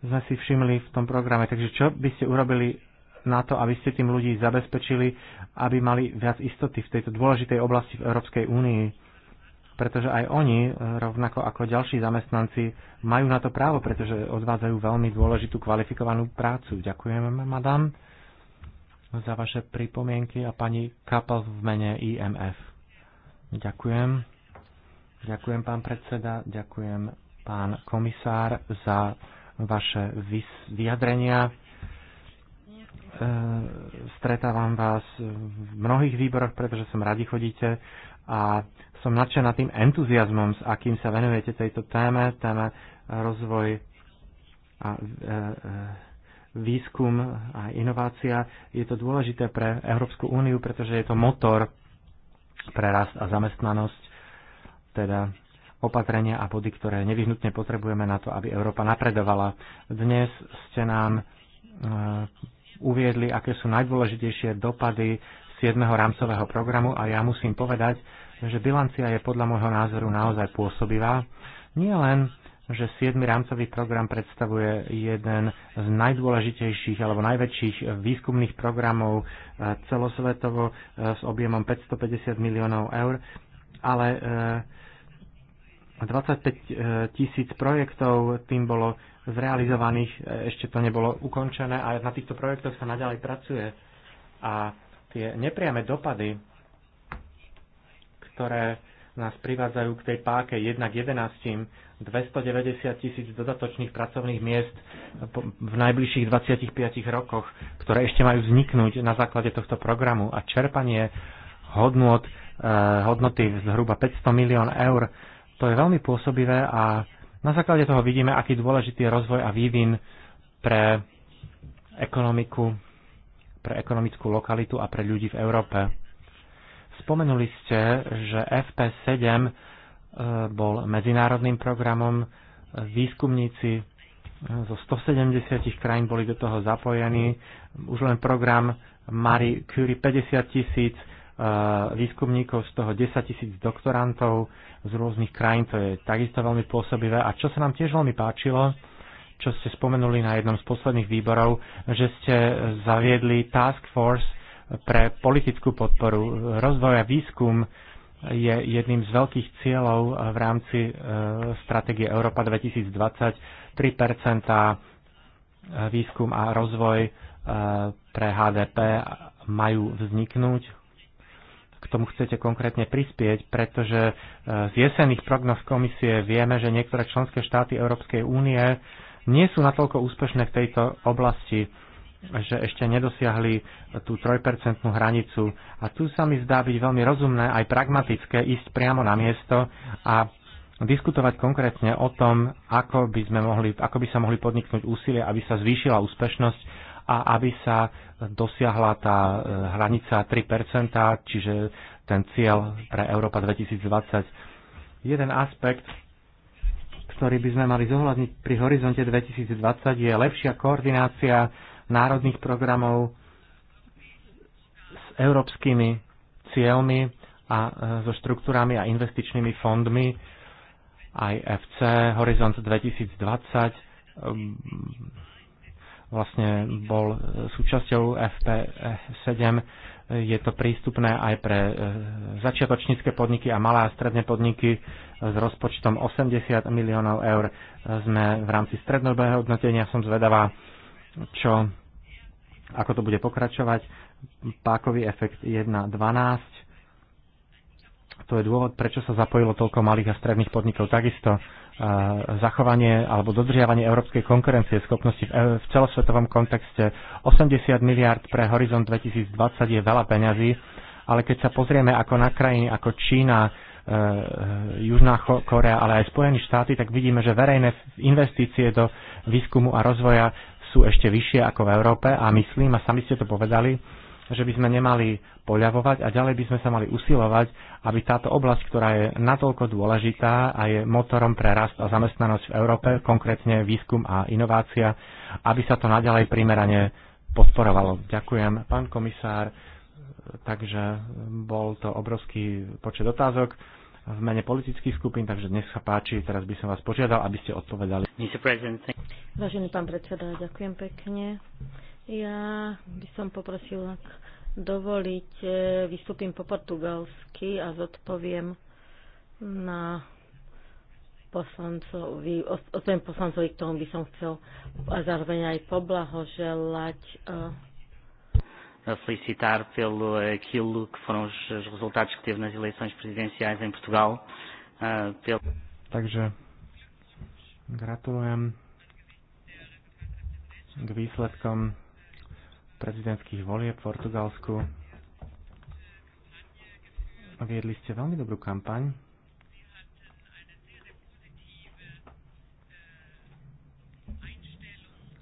sme si všimli v tom programe. Takže čo by ste urobili na to, aby ste tým ľudí zabezpečili, aby mali viac istoty v tejto dôležitej oblasti v Európskej únii? pretože aj oni, eh, rovnako ako ďalší zamestnanci, majú na to právo, pretože odvádzajú veľmi dôležitú kvalifikovanú prácu. Ďakujem, madam, za vaše pripomienky a pani Kapel v mene IMF. Ďakujem. Ďakujem, pán predseda, ďakujem, pán komisár, za vaše vyjadrenia. E, stretávam vás v mnohých výboroch, pretože som radi chodíte a som nadšená tým entuziasmom, s akým sa venujete tejto téme, téme rozvoj a e, e, výskum a inovácia. Je to dôležité pre Európsku úniu, pretože je to motor pre rast a zamestnanosť, teda opatrenia a body, ktoré nevyhnutne potrebujeme na to, aby Európa napredovala. Dnes ste nám e, uviedli, aké sú najdôležitejšie dopady 7. rámcového programu a ja musím povedať, že bilancia je podľa môjho názoru naozaj pôsobivá. Nie len, že 7. rámcový program predstavuje jeden z najdôležitejších alebo najväčších výskumných programov e, celosvetovo e, s objemom 550 miliónov eur, ale 25 e, tisíc projektov tým bolo zrealizovaných, e, ešte to nebolo ukončené a na týchto projektoch sa naďalej pracuje. A tie nepriame dopady, ktoré nás privádzajú k tej páke 1 k 11, 290 tisíc dodatočných pracovných miest v najbližších 25 rokoch, ktoré ešte majú vzniknúť na základe tohto programu a čerpanie hodnot, e, hodnoty zhruba 500 milión eur to je veľmi pôsobivé a na základe toho vidíme, aký dôležitý je rozvoj a vývin pre ekonomiku, pre ekonomickú lokalitu a pre ľudí v Európe. Spomenuli ste, že FP7 e, bol medzinárodným programom, výskumníci e, zo 170 krajín boli do toho zapojení, už len program Marie Curie 50 tisíc výskumníkov, z toho 10 tisíc doktorantov z rôznych krajín, to je takisto veľmi pôsobivé. A čo sa nám tiež veľmi páčilo, čo ste spomenuli na jednom z posledných výborov, že ste zaviedli Task Force pre politickú podporu. Rozvoj a výskum je jedným z veľkých cieľov v rámci e, stratégie Európa 2020. 3 e, výskum a rozvoj e, pre HDP majú vzniknúť k tomu chcete konkrétne prispieť, pretože e, z jesenných prognoz komisie vieme, že niektoré členské štáty Európskej únie nie sú natoľko úspešné v tejto oblasti, že ešte nedosiahli tú trojpercentnú hranicu. A tu sa mi zdá byť veľmi rozumné aj pragmatické ísť priamo na miesto a diskutovať konkrétne o tom, ako by, sme mohli, ako by sa mohli podniknúť úsilie, aby sa zvýšila úspešnosť a aby sa dosiahla tá e, hranica 3%, čiže ten cieľ pre Európa 2020. Jeden aspekt, ktorý by sme mali zohľadniť pri horizonte 2020 je lepšia koordinácia národných programov s európskymi cieľmi a e, so štruktúrami a investičnými fondmi aj FC Horizont 2020 vlastne bol súčasťou FP7. E je to prístupné aj pre e, začiatočnícke podniky a malé a stredné podniky s rozpočtom 80 miliónov eur. Sme v rámci strednodobého hodnotenia, som zvedavá, čo, ako to bude pokračovať. Pákový efekt 1.12. To je dôvod, prečo sa zapojilo toľko malých a stredných podnikov. Takisto zachovanie alebo dodržiavanie európskej konkurencie schopnosti v e, celosvetovom kontexte. 80 miliard pre Horizont 2020 je veľa peňazí, ale keď sa pozrieme ako na krajiny ako Čína, e, e, Južná Korea, ale aj Spojené štáty, tak vidíme, že verejné investície do výskumu a rozvoja sú ešte vyššie ako v Európe a myslím, a sami ste to povedali, že by sme nemali poľavovať a ďalej by sme sa mali usilovať, aby táto oblasť, ktorá je natoľko dôležitá a je motorom pre rast a zamestnanosť v Európe, konkrétne výskum a inovácia, aby sa to naďalej primerane podporovalo. Ďakujem, pán komisár. Takže bol to obrovský počet otázok v mene politických skupín, takže dnes sa páči, teraz by som vás požiadal, aby ste odpovedali. Vážený pán predseda, ďakujem pekne. Ja by som poprosil, ak dovoliť, vystúpim po portugalsky a zodpoviem na poslancovi, odpoviem poslancovi, k tomu by som chcel a zároveň aj poblahoželať a felicitar pelo aquilo que foram os, os resultados que teve nas eleições presidenciais em Portugal. Uh, pelo... Takže gratulujem k výsledkom prezidentských volieb v Portugalsku. Viedli ste veľmi dobrú kampaň.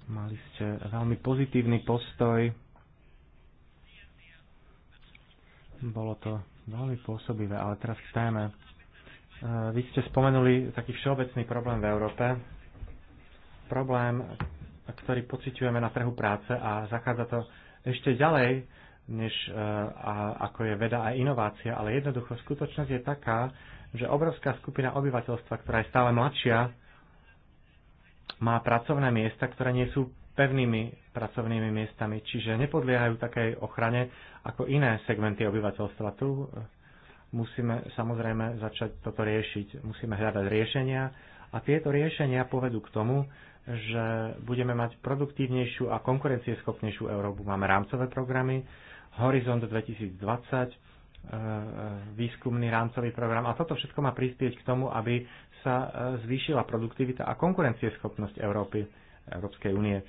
Mali ste veľmi pozitívny postoj. Bolo to veľmi pôsobivé, ale teraz k téme. E, vy ste spomenuli taký všeobecný problém v Európe. Problém, ktorý pociťujeme na trhu práce a zachádza to ešte ďalej, než e, a, ako je veda a inovácia, ale jednoducho skutočnosť je taká, že obrovská skupina obyvateľstva, ktorá je stále mladšia, má pracovné miesta, ktoré nie sú pevnými pracovnými miestami, čiže nepodliehajú takej ochrane ako iné segmenty obyvateľstva. Tu e, musíme samozrejme začať toto riešiť. Musíme hľadať riešenia a tieto riešenia povedú k tomu, že budeme mať produktívnejšiu a konkurencieschopnejšiu Európu. Máme rámcové programy, Horizont 2020, e, e, výskumný rámcový program a toto všetko má prispieť k tomu, aby sa e, zvýšila produktivita a konkurencieschopnosť Európy, Európskej únie.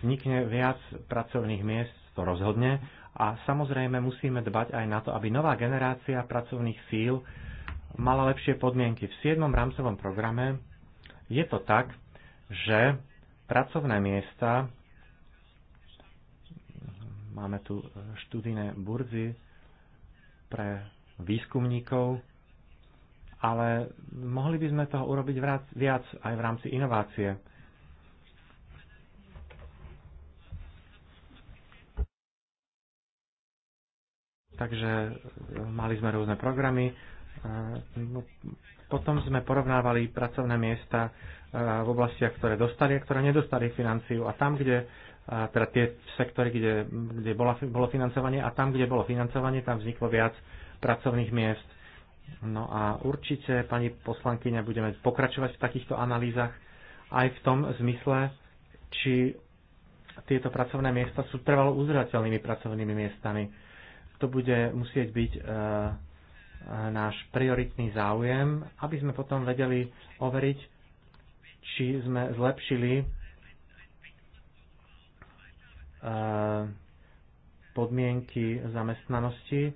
Vznikne viac pracovných miest to rozhodne. A samozrejme musíme dbať aj na to, aby nová generácia pracovných síl mala lepšie podmienky. V 7. rámcovom programe je to tak, že pracovné miesta, máme tu e, študijné burzy pre výskumníkov, ale mohli by sme toho urobiť viac aj v rámci inovácie takže e, mali sme rôzne programy. E, no, potom sme porovnávali pracovné miesta e, v oblastiach, ktoré dostali a ktoré nedostali financiu a tam, kde teda tie sektory, kde, kde bola, bolo financovanie a tam, kde bolo financovanie, tam vzniklo viac pracovných miest. No a určite, pani poslankyňa, budeme pokračovať v takýchto analýzach aj v tom zmysle, či tieto pracovné miesta sú trvalo uzrateľnými pracovnými miestami to bude musieť byť e, e, náš prioritný záujem, aby sme potom vedeli overiť, či sme zlepšili e, podmienky zamestnanosti.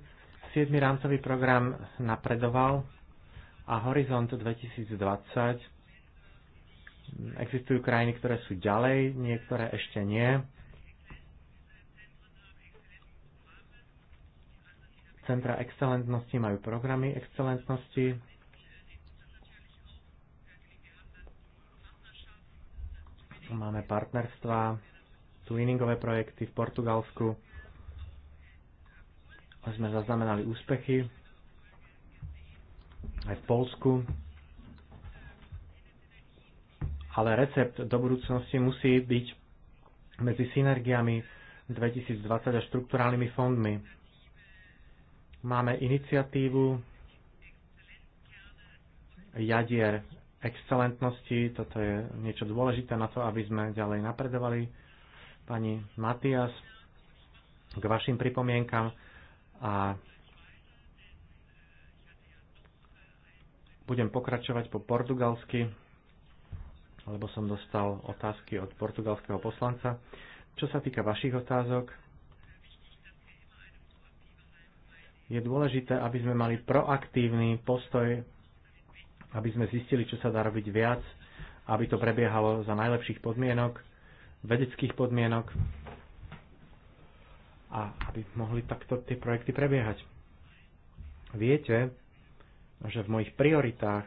7. rámcový program napredoval a Horizont 2020 existujú krajiny, ktoré sú ďalej, niektoré ešte nie. Centra excelentnosti majú programy excelentnosti. Máme partnerstva, twinningové projekty v Portugalsku. A sme zaznamenali úspechy aj v Polsku. Ale recept do budúcnosti musí byť medzi synergiami 2020 a štruktúrálnymi fondmi Máme iniciatívu jadier excelentnosti. Toto je niečo dôležité na to, aby sme ďalej napredovali. Pani Matias, k vašim pripomienkam a budem pokračovať po portugalsky, lebo som dostal otázky od portugalského poslanca. Čo sa týka vašich otázok, je dôležité, aby sme mali proaktívny postoj, aby sme zistili, čo sa dá robiť viac, aby to prebiehalo za najlepších podmienok, vedeckých podmienok a aby mohli takto tie projekty prebiehať. Viete, že v mojich prioritách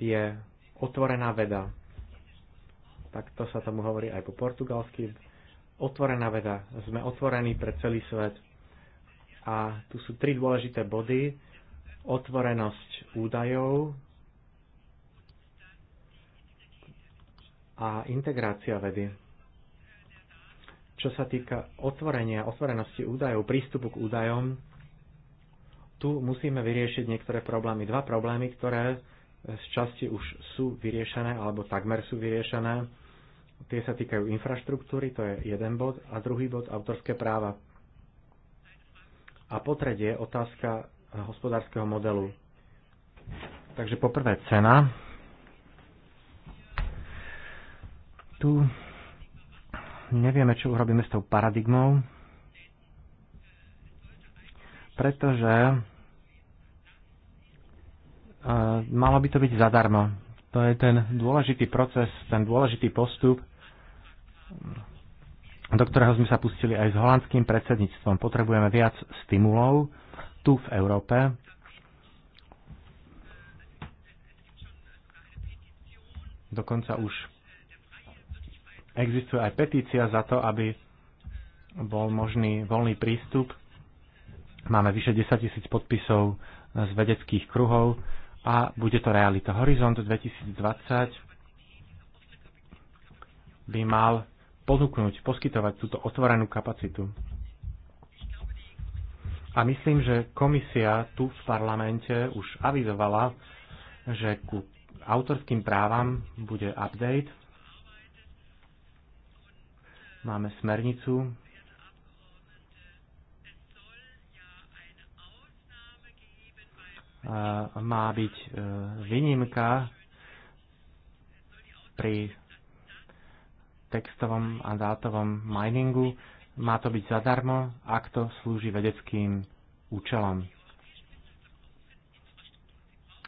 je otvorená veda. Takto sa tomu hovorí aj po portugalsky. Otvorená veda. Sme otvorení pre celý svet a tu sú tri dôležité body. Otvorenosť údajov a integrácia vedy. Čo sa týka otvorenia, otvorenosti údajov, prístupu k údajom, tu musíme vyriešiť niektoré problémy. Dva problémy, ktoré z časti už sú vyriešené alebo takmer sú vyriešené. Tie sa týkajú infraštruktúry, to je jeden bod, a druhý bod autorské práva. A po tretie, otázka hospodárskeho modelu. Takže poprvé cena. Tu nevieme, čo urobíme s tou paradigmou, pretože e, malo by to byť zadarmo. To je ten dôležitý proces, ten dôležitý postup, do ktorého sme sa pustili aj s holandským predsedníctvom. Potrebujeme viac stimulov tu v Európe. Dokonca už existuje aj petícia za to, aby bol možný voľný prístup. Máme vyše 10 tisíc podpisov z vedeckých kruhov a bude to realita. Horizont 2020 by mal ponúknuť, poskytovať túto otvorenú kapacitu. A myslím, že komisia tu v parlamente už avizovala, že ku autorským právam bude update. Máme smernicu. Má byť e, výnimka pri textovom a dátovom miningu. Má to byť zadarmo, ak to slúži vedeckým účelom.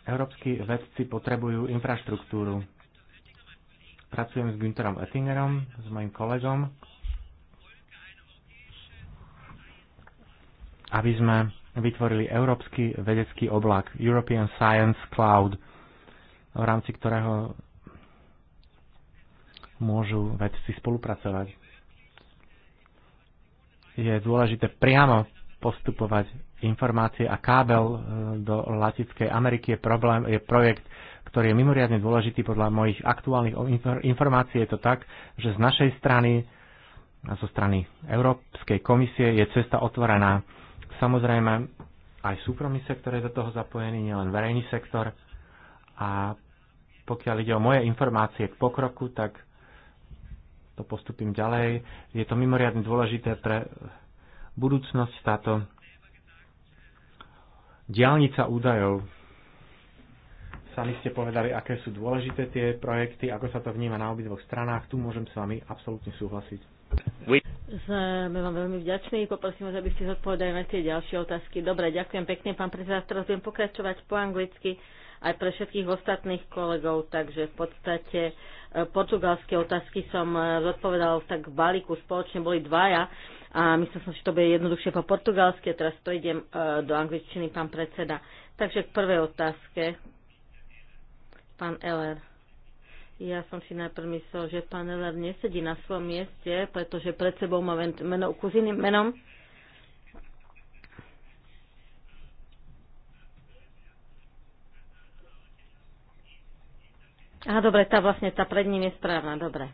Európsky vedci potrebujú infraštruktúru. Pracujem s Günterom Ettingerom, s mojim kolegom, aby sme vytvorili Európsky vedecký oblak, European Science Cloud, v rámci ktorého môžu vedci spolupracovať. Je dôležité priamo postupovať informácie a kábel e, do Latinskej Ameriky je, problém, je projekt, ktorý je mimoriadne dôležitý podľa mojich aktuálnych informácií. Je to tak, že z našej strany a zo strany Európskej komisie je cesta otvorená. Samozrejme, aj súkromný sektor je do toho zapojený, nielen verejný sektor. A pokiaľ ide o moje informácie k pokroku, tak to postupím ďalej. Je to mimoriadne dôležité pre budúcnosť táto diálnica údajov. Sami ste povedali, aké sú dôležité tie projekty, ako sa to vníma na obidvoch stranách. Tu môžem s vami absolútne súhlasiť. Sme vám veľmi vďační. Poprosím vás, aby ste zodpovedali na tie ďalšie otázky. Dobre, ďakujem pekne, pán predseda. Teraz budem pokračovať po anglicky aj pre všetkých ostatných kolegov, takže v podstate E, portugalské otázky som e, zodpovedal tak balíku, spoločne boli dvaja a myslím som, že to bude jednoduchšie po portugalské, teraz to idem e, do angličtiny, pán predseda. Takže k prvej otázke. Pán Eller. Ja som si najprv myslel, že pán Eller nesedí na svojom mieste, pretože pred sebou má meno s menom. Aha, dobre, tá vlastne, tá pred ním je správna, dobre.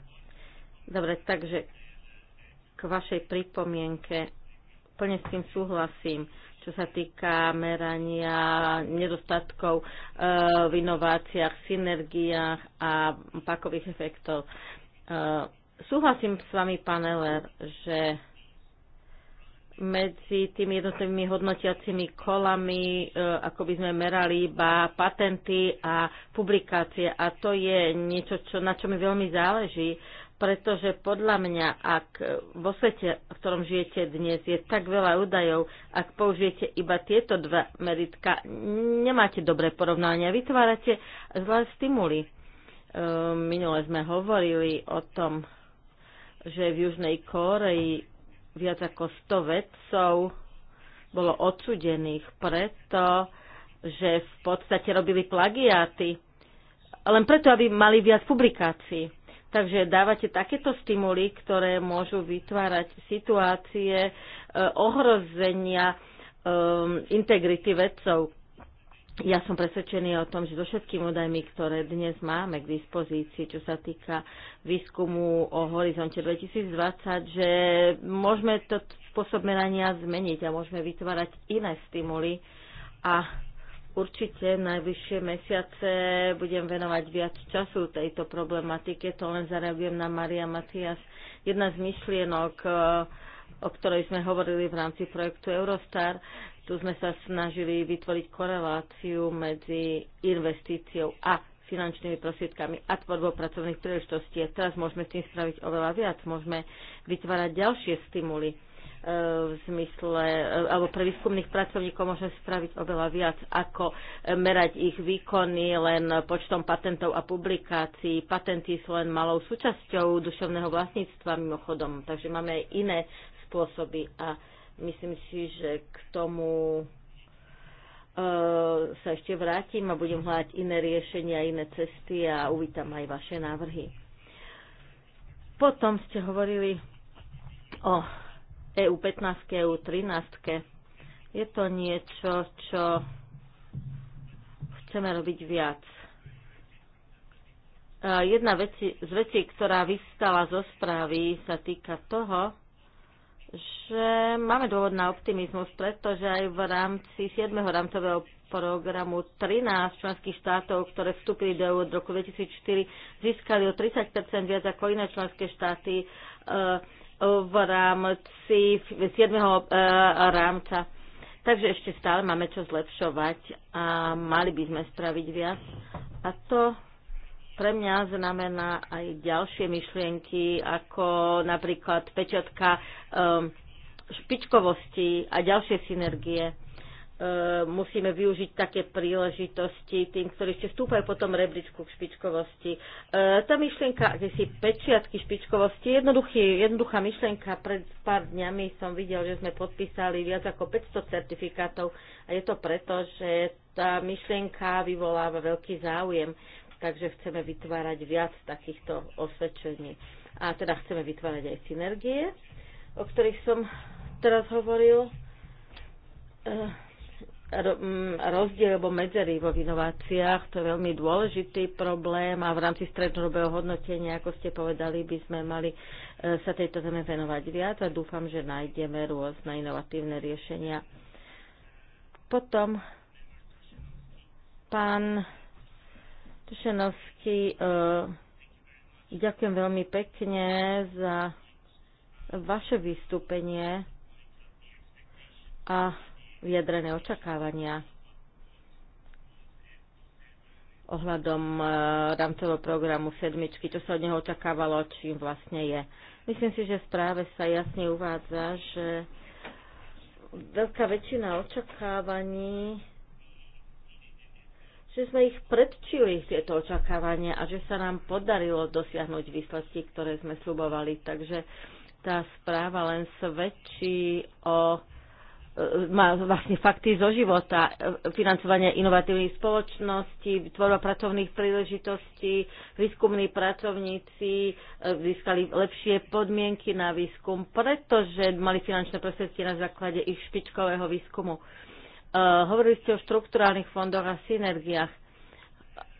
Dobre, takže k vašej pripomienke plne s tým súhlasím, čo sa týka merania nedostatkov e, v inováciách, synergiách a pakových efektov. E, súhlasím s vami, pán Eller, že medzi tými jednotlivými hodnotiacimi kolami, e, ako by sme merali iba patenty a publikácie. A to je niečo, čo, na čo mi veľmi záleží, pretože podľa mňa, ak vo svete, v ktorom žijete dnes, je tak veľa údajov, ak použijete iba tieto dva meritka, nemáte dobré porovnania, vytvárate zlé stimuly. E, minule sme hovorili o tom, že v Južnej Koreji viac ako 100 vedcov bolo odsudených preto, že v podstate robili plagiáty, len preto, aby mali viac publikácií. Takže dávate takéto stimuly, ktoré môžu vytvárať situácie eh, ohrozenia eh, integrity vedcov ja som presvedčený o tom, že so všetkými údajmi, ktoré dnes máme k dispozícii, čo sa týka výskumu o horizonte 2020, že môžeme to spôsob merania zmeniť a môžeme vytvárať iné stimuly a určite najbližšie mesiace budem venovať viac času tejto problematike. To len zareagujem na Maria Matias. Jedna z myšlienok, eh, o ktorej sme hovorili v rámci projektu Eurostar, tu sme sa snažili vytvoriť koreláciu medzi investíciou a finančnými prostriedkami a tvorbou pracovných príležitostí. A teraz môžeme s tým spraviť oveľa viac. Môžeme vytvárať ďalšie stimuly e, v zmysle, e, alebo pre výskumných pracovníkov môžeme spraviť oveľa viac, ako merať ich výkony len počtom patentov a publikácií. Patenty sú len malou súčasťou duševného vlastníctva mimochodom, takže máme aj iné spôsoby a Myslím si, že k tomu e, sa ešte vrátim a budem hľadať iné riešenia, iné cesty a uvítam aj vaše návrhy. Potom ste hovorili o EU15, EU13. Je to niečo, čo chceme robiť viac. E, jedna veci, z vecí, ktorá vystala zo správy, sa týka toho, že máme dôvod na optimizmus, pretože aj v rámci 7. rámcového programu 13 členských štátov, ktoré vstúpili do EU od roku 2004, získali o 30 viac ako iné členské štáty e, v rámci 7. E, rámca. Takže ešte stále máme čo zlepšovať a mali by sme spraviť viac. A to pre mňa znamená aj ďalšie myšlienky, ako napríklad pečiatka ehm, špičkovosti a ďalšie synergie. Ehm, musíme využiť také príležitosti tým, ktorí ešte vstúpajú po tom rebríčku k špičkovosti. Ehm, tá myšlienka, že si pečiatky špičkovosti, jednoduchý, jednoduchá myšlienka, pred pár dňami som videl, že sme podpísali viac ako 500 certifikátov a je to preto, že tá myšlienka vyvoláva veľký záujem takže chceme vytvárať viac takýchto osvedčení. A teda chceme vytvárať aj synergie, o ktorých som teraz hovoril, eh, mm, rozdiel alebo medzery vo inováciách, to je veľmi dôležitý problém a v rámci strednodobého hodnotenia, ako ste povedali, by sme mali eh, sa tejto téme venovať viac a dúfam, že nájdeme rôzne inovatívne riešenia. Potom pán Tušenovský, e, ďakujem veľmi pekne za vaše vystúpenie a vyjadrené očakávania ohľadom e, rámcového programu sedmičky, čo sa od neho očakávalo, čím vlastne je. Myslím si, že v správe sa jasne uvádza, že veľká väčšina očakávaní že sme ich predčili tieto očakávania a že sa nám podarilo dosiahnuť výsledky, ktoré sme slubovali. Takže tá správa len svedčí o e, má vlastne fakty zo života, e, financovanie inovatívnych spoločností, tvorba pracovných príležitostí, výskumní pracovníci e, získali lepšie podmienky na výskum, pretože mali finančné prostriedky na základe ich špičkového výskumu. Eh, hovorili ste o štruktúrálnych fondoch a synergiách.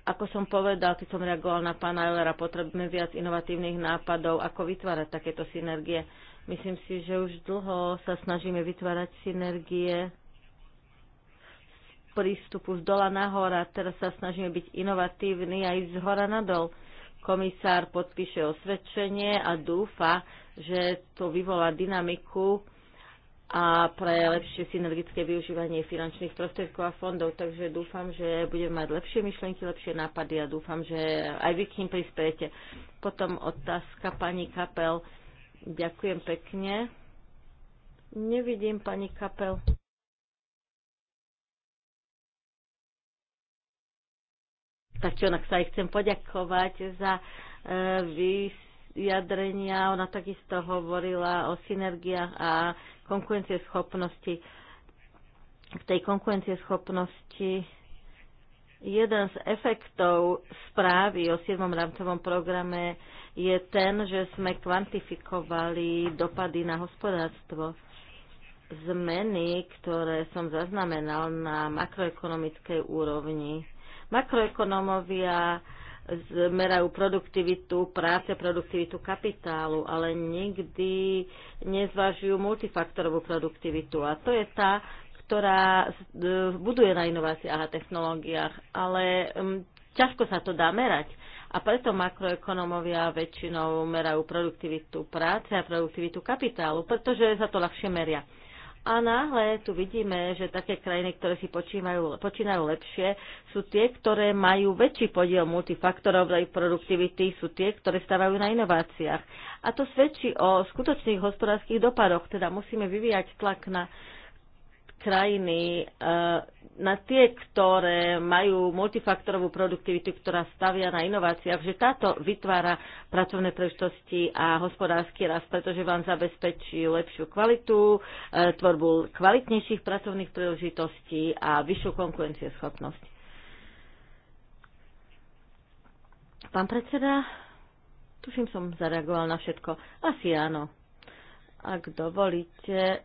Ako som povedal, keď som reagoval na pána Eulera, potrebujeme viac inovatívnych nápadov, ako vytvárať takéto synergie. Myslím si, že už dlho sa snažíme vytvárať synergie prístupu z dola nahor teraz sa snažíme byť inovatívni aj z hora nadol. Komisár podpíše osvedčenie a dúfa, že to vyvolá dynamiku a pre lepšie synergické využívanie finančných prostriedkov a fondov. Takže dúfam, že budeme mať lepšie myšlienky, lepšie nápady a dúfam, že aj vy k ním prispiete. Potom otázka pani Kapel. Ďakujem pekne. Nevidím pani Kapel. Tak čo, sa aj chcem poďakovať za e, vyjadrenia. Ona takisto hovorila o synergiách a konkurencieschopnosti. V tej konkurencieschopnosti jeden z efektov správy o 7. rámcovom programe je ten, že sme kvantifikovali dopady na hospodárstvo zmeny, ktoré som zaznamenal na makroekonomickej úrovni. Makroekonomovia zmerajú produktivitu práce, produktivitu kapitálu, ale nikdy nezvažujú multifaktorovú produktivitu. A to je tá, ktorá e, buduje na inováciách a technológiách, ale ťažko sa to dá merať. A preto makroekonomovia väčšinou merajú produktivitu práce a produktivitu kapitálu, pretože sa to ľahšie meria. A náhle tu vidíme, že také krajiny, ktoré si počínajú, počínajú lepšie, sú tie, ktoré majú väčší podiel multifaktorovej produktivity, sú tie, ktoré stávajú na inováciách. A to svedčí o skutočných hospodárskych dopadoch, teda musíme vyvíjať tlak na krajiny eh, na tie, ktoré majú multifaktorovú produktivitu, ktorá stavia na inováciách, že táto vytvára pracovné príležitosti a hospodársky rast, pretože vám zabezpečí lepšiu kvalitu, eh, tvorbu kvalitnejších pracovných príležitostí a vyššiu konkurencieschopnosť. Pán predseda, tuším som zareagoval na všetko. Asi áno. Ak dovolíte,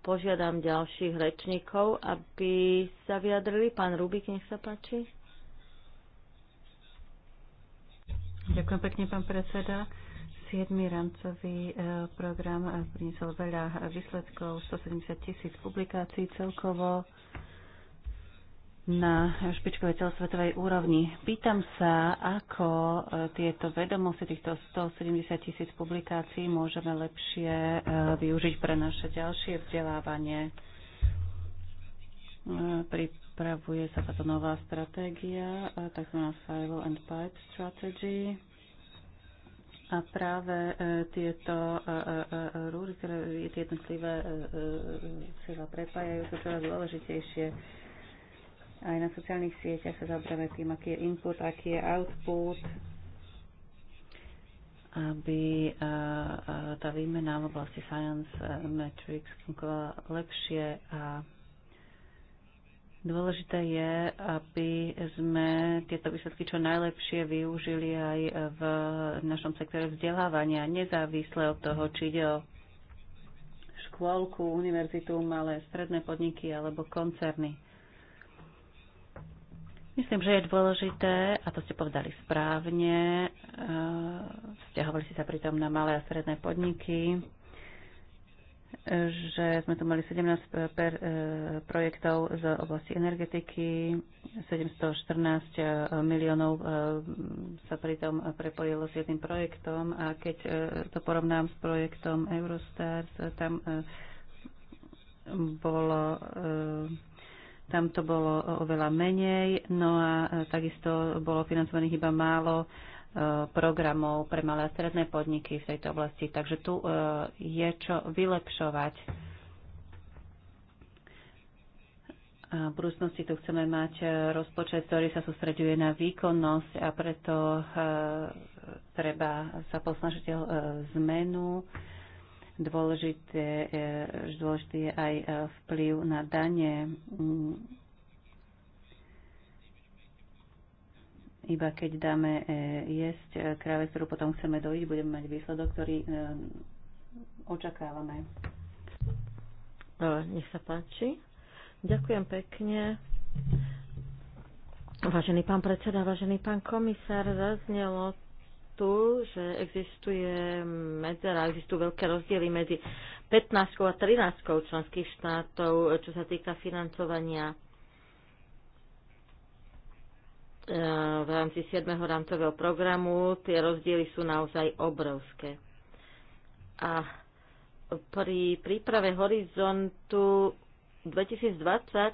požiadam ďalších rečníkov, aby sa vyjadrili. Pán Rubik, nech sa páči. Ďakujem pekne, pán predseda. 7. rámcový e, program e, priniesol veľa výsledkov, 170 tisíc publikácií celkovo na špičkovej celosvetovej úrovni. Pýtam sa, ako e, tieto vedomosti týchto 170 tisíc publikácií môžeme lepšie e, využiť pre naše ďalšie vzdelávanie. E, pripravuje sa táto nová stratégia, tzv. Silo and Pipe Strategy. A práve tieto rúry, ktoré jednotlivé sila prepájajú, sú čoraz dôležitejšie aj na sociálnych sieťach sa zaoberáme tým, aký je input, aký je output, aby tá výmena v oblasti Science Metrics fungovala lepšie a Dôležité je, aby sme tieto výsledky čo najlepšie využili aj v našom sektore vzdelávania, nezávisle od toho, či ide o škôlku, univerzitu, malé stredné podniky alebo koncerny. Myslím, že je dôležité, a to ste povedali správne, eh, vzťahovali ste sa pritom na malé a stredné podniky, že sme tu mali 17 eh, per, e, projektov z oblasti energetiky, 714 miliónov e, sa pritom prepojilo s jedným projektom a keď e, to porovnám s projektom Eurostars, tam e, bolo e, tam to bolo e, oveľa menej, no a e, takisto bolo financovaných iba málo e, programov pre malé a stredné podniky v tejto oblasti. Takže tu je čo vylepšovať. A v budúcnosti tu chceme mať rozpočet, ktorý sa sústreďuje na výkonnosť a preto treba sa posnažiť zmenu Dôležité, e, dôležitý je aj e, vplyv na dane. Mm. Iba keď dáme e, jesť kráve, ktorú potom chceme dojiť, budeme mať výsledok, ktorý očakávame. Nech sa páči. Ďakujem pekne. Vážený pán predseda, vážený pán komisár, zaznelo tu, že existuje medzera, existujú veľké rozdiely medzi 15 a 13 členských štátov, čo sa týka financovania e, v rámci 7. rámcového programu. Tie rozdiely sú naozaj obrovské. A pri príprave horizontu 2020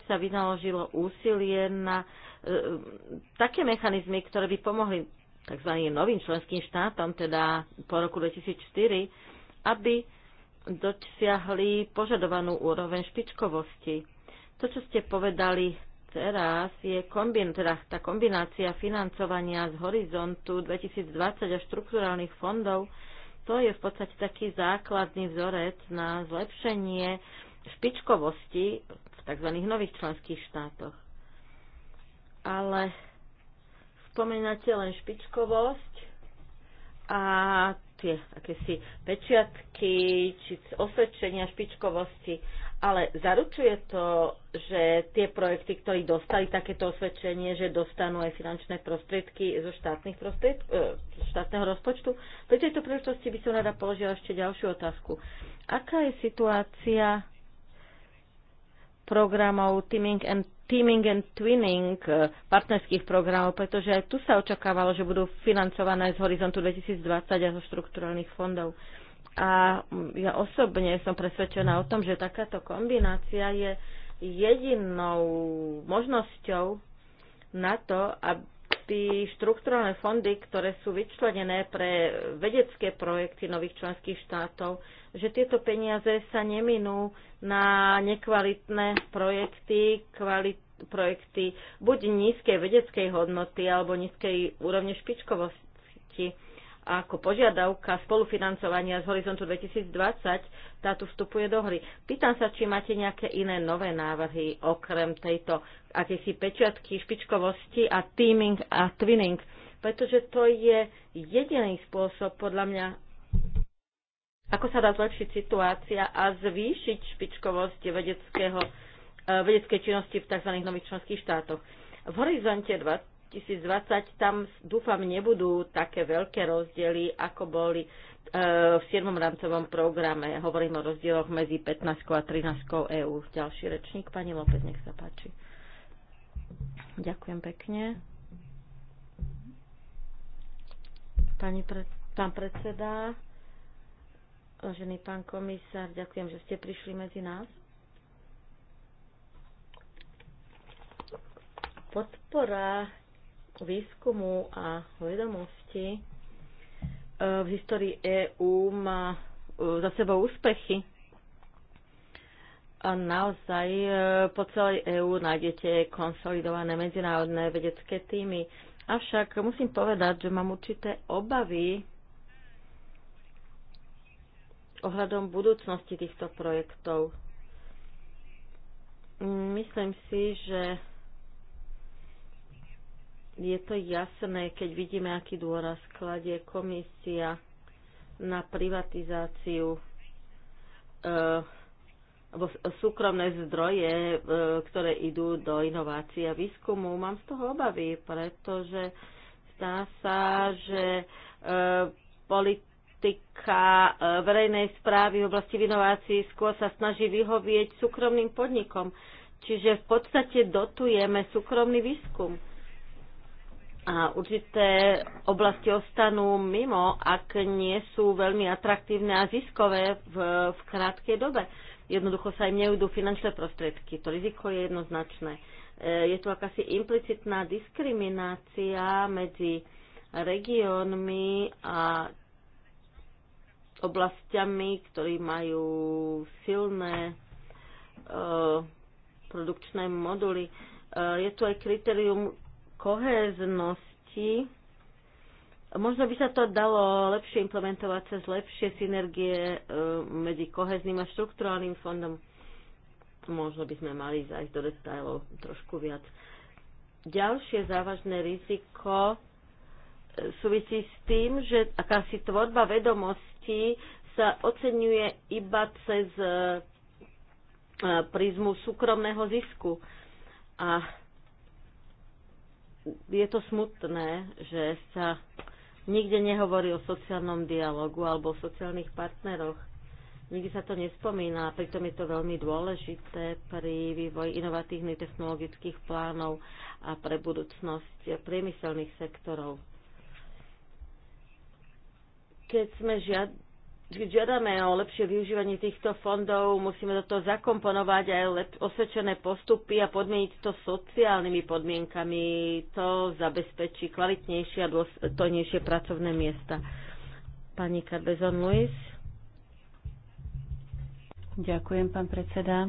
sa vynaložilo úsilie na e, také mechanizmy, ktoré by pomohli tzv. novým členským štátom, teda po roku 2004, aby dosiahli požadovanú úroveň špičkovosti. To, čo ste povedali teraz, je kombin, teda tá kombinácia financovania z horizontu 2020 a štrukturálnych fondov, to je v podstate taký základný vzorec na zlepšenie špičkovosti v tzv. nových členských štátoch. Ale spomínate len špičkovosť a tie akési pečiatky či osvedčenia špičkovosti, ale zaručuje to, že tie projekty, ktorí dostali takéto osvedčenie, že dostanú aj finančné prostriedky zo štátnych prostried, e, štátneho rozpočtu. Pri tejto príležitosti by som rada položila ešte ďalšiu otázku. Aká je situácia programov Teaming and teaming and twinning eh, partnerských programov, pretože aj tu sa očakávalo, že budú financované z Horizontu 2020 a zo štrukturálnych fondov. A mm, ja osobne som presvedčená o tom, že takáto kombinácia je jedinou možnosťou na to, aby projekty, štrukturálne fondy, ktoré sú vyčlenené pre vedecké projekty nových členských štátov, že tieto peniaze sa neminú na nekvalitné projekty, kvalit, projekty buď nízkej vedeckej hodnoty alebo nízkej úrovne špičkovosti ako požiadavka spolufinancovania z Horizontu 2020, táto vstupuje do hry. Pýtam sa, či máte nejaké iné nové návrhy, okrem tejto akési pečiatky, špičkovosti a teaming a twinning, pretože to je jediný spôsob, podľa mňa, ako sa dá zlepšiť situácia a zvýšiť špičkovosť vedeckej činnosti v tzv. nových členských štátoch. V horizonte 20 2020 tam dúfam nebudú také veľké rozdiely, ako boli e, v 7. rámcovom programe. Hovorím o rozdieloch medzi 15 a 13 EÚ. Ďalší rečník, pani López, nech sa páči. Ďakujem pekne. Pani pre, pán predseda, vážený pán komisár, ďakujem, že ste prišli medzi nás. Podpora výskumu a vedomosti e, v histórii EÚ má e, za sebou úspechy. A naozaj e, po celej EÚ nájdete konsolidované medzinárodné vedecké týmy. Avšak musím povedať, že mám určité obavy ohľadom budúcnosti týchto projektov. Myslím si, že je to jasné, keď vidíme, aký dôraz kladie komisia na privatizáciu e, alebo e, súkromné zdroje, e, ktoré idú do inovácií a výskumu. Mám z toho obavy, pretože zdá sa, že e, politika e, verejnej správy v oblasti inovácií skôr sa snaží vyhovieť súkromným podnikom. Čiže v podstate dotujeme súkromný výskum a určité oblasti ostanú mimo, ak nie sú veľmi atraktívne a ziskové v, v krátkej dobe. Jednoducho sa im nejúdú finančné prostriedky. To riziko je jednoznačné. E, je tu akási implicitná diskriminácia medzi regiónmi a oblastiami, ktorí majú silné e, produkčné moduly. E, je tu aj kritérium kohéznosti. Možno by sa to dalo lepšie implementovať cez lepšie synergie e, medzi kohezným a štrukturálnym fondom. Možno by sme mali zájsť do detailov trošku viac. Ďalšie závažné riziko e, súvisí s tým, že akási tvorba vedomostí sa oceňuje iba cez e, prízmu súkromného zisku. A je to smutné, že sa nikde nehovorí o sociálnom dialogu alebo o sociálnych partneroch. Nikdy sa to nespomína, pritom je to veľmi dôležité pri vývoji inovatívnych technologických plánov a pre budúcnosť priemyselných sektorov. Keď sme žiad, keď žiadame o lepšie využívanie týchto fondov, musíme do toho zakomponovať aj lep- osvedčené postupy a podmieniť to sociálnymi podmienkami. To zabezpečí kvalitnejšie a dôstojnejšie pracovné miesta. Pani Carbezon Luis. Ďakujem, pán predseda.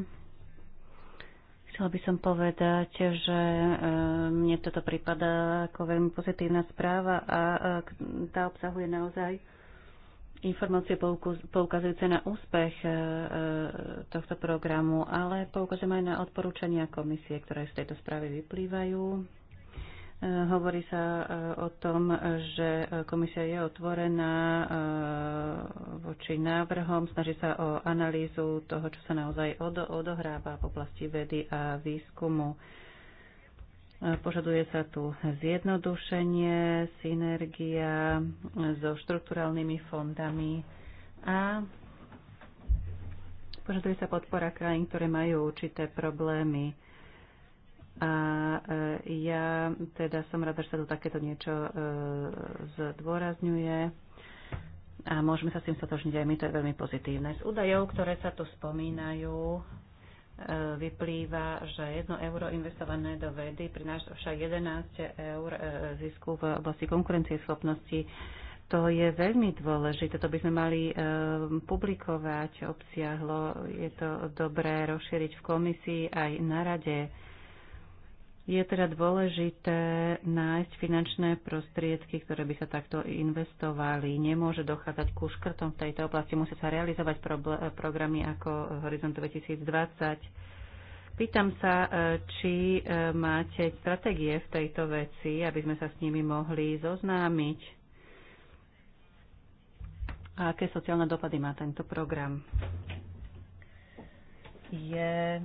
Chcela by som povedať, že e, mne toto prípada ako veľmi pozitívna správa a e, tá obsahuje naozaj informácie poukazujúce na úspech e, e, tohto programu, ale poukazujem aj na odporúčania komisie, ktoré z tejto správy vyplývajú. E, hovorí sa o tom, že komisia je otvorená voči návrhom, snaží sa o analýzu toho, čo sa naozaj odohráva v oblasti vedy a výskumu Požaduje sa tu zjednodušenie, synergia so štrukturálnymi fondami a požaduje sa podpora krajín, ktoré majú určité problémy. A e, ja teda som rada, že sa tu takéto niečo e, zdôrazňuje a môžeme sa s tým stotožniť aj my, to je veľmi pozitívne. Z údajov, ktoré sa tu spomínajú, E, vyplýva, že 1 euro investované do vedy prináša však 11 eur e, zisku v oblasti konkurencieschopnosti. To je veľmi dôležité, to by sme mali e, publikovať obsiahlo, je to dobré rozšíriť v komisii aj na rade je teda dôležité nájsť finančné prostriedky, ktoré by sa takto investovali. Nemôže dochádzať ku škrtom v tejto oblasti. Musia sa realizovať eh, programy ako Horizon 2020. Pýtam sa, eh, či eh, máte stratégie v tejto veci, aby sme sa s nimi mohli zoznámiť. A aké sociálne dopady má tento program? Je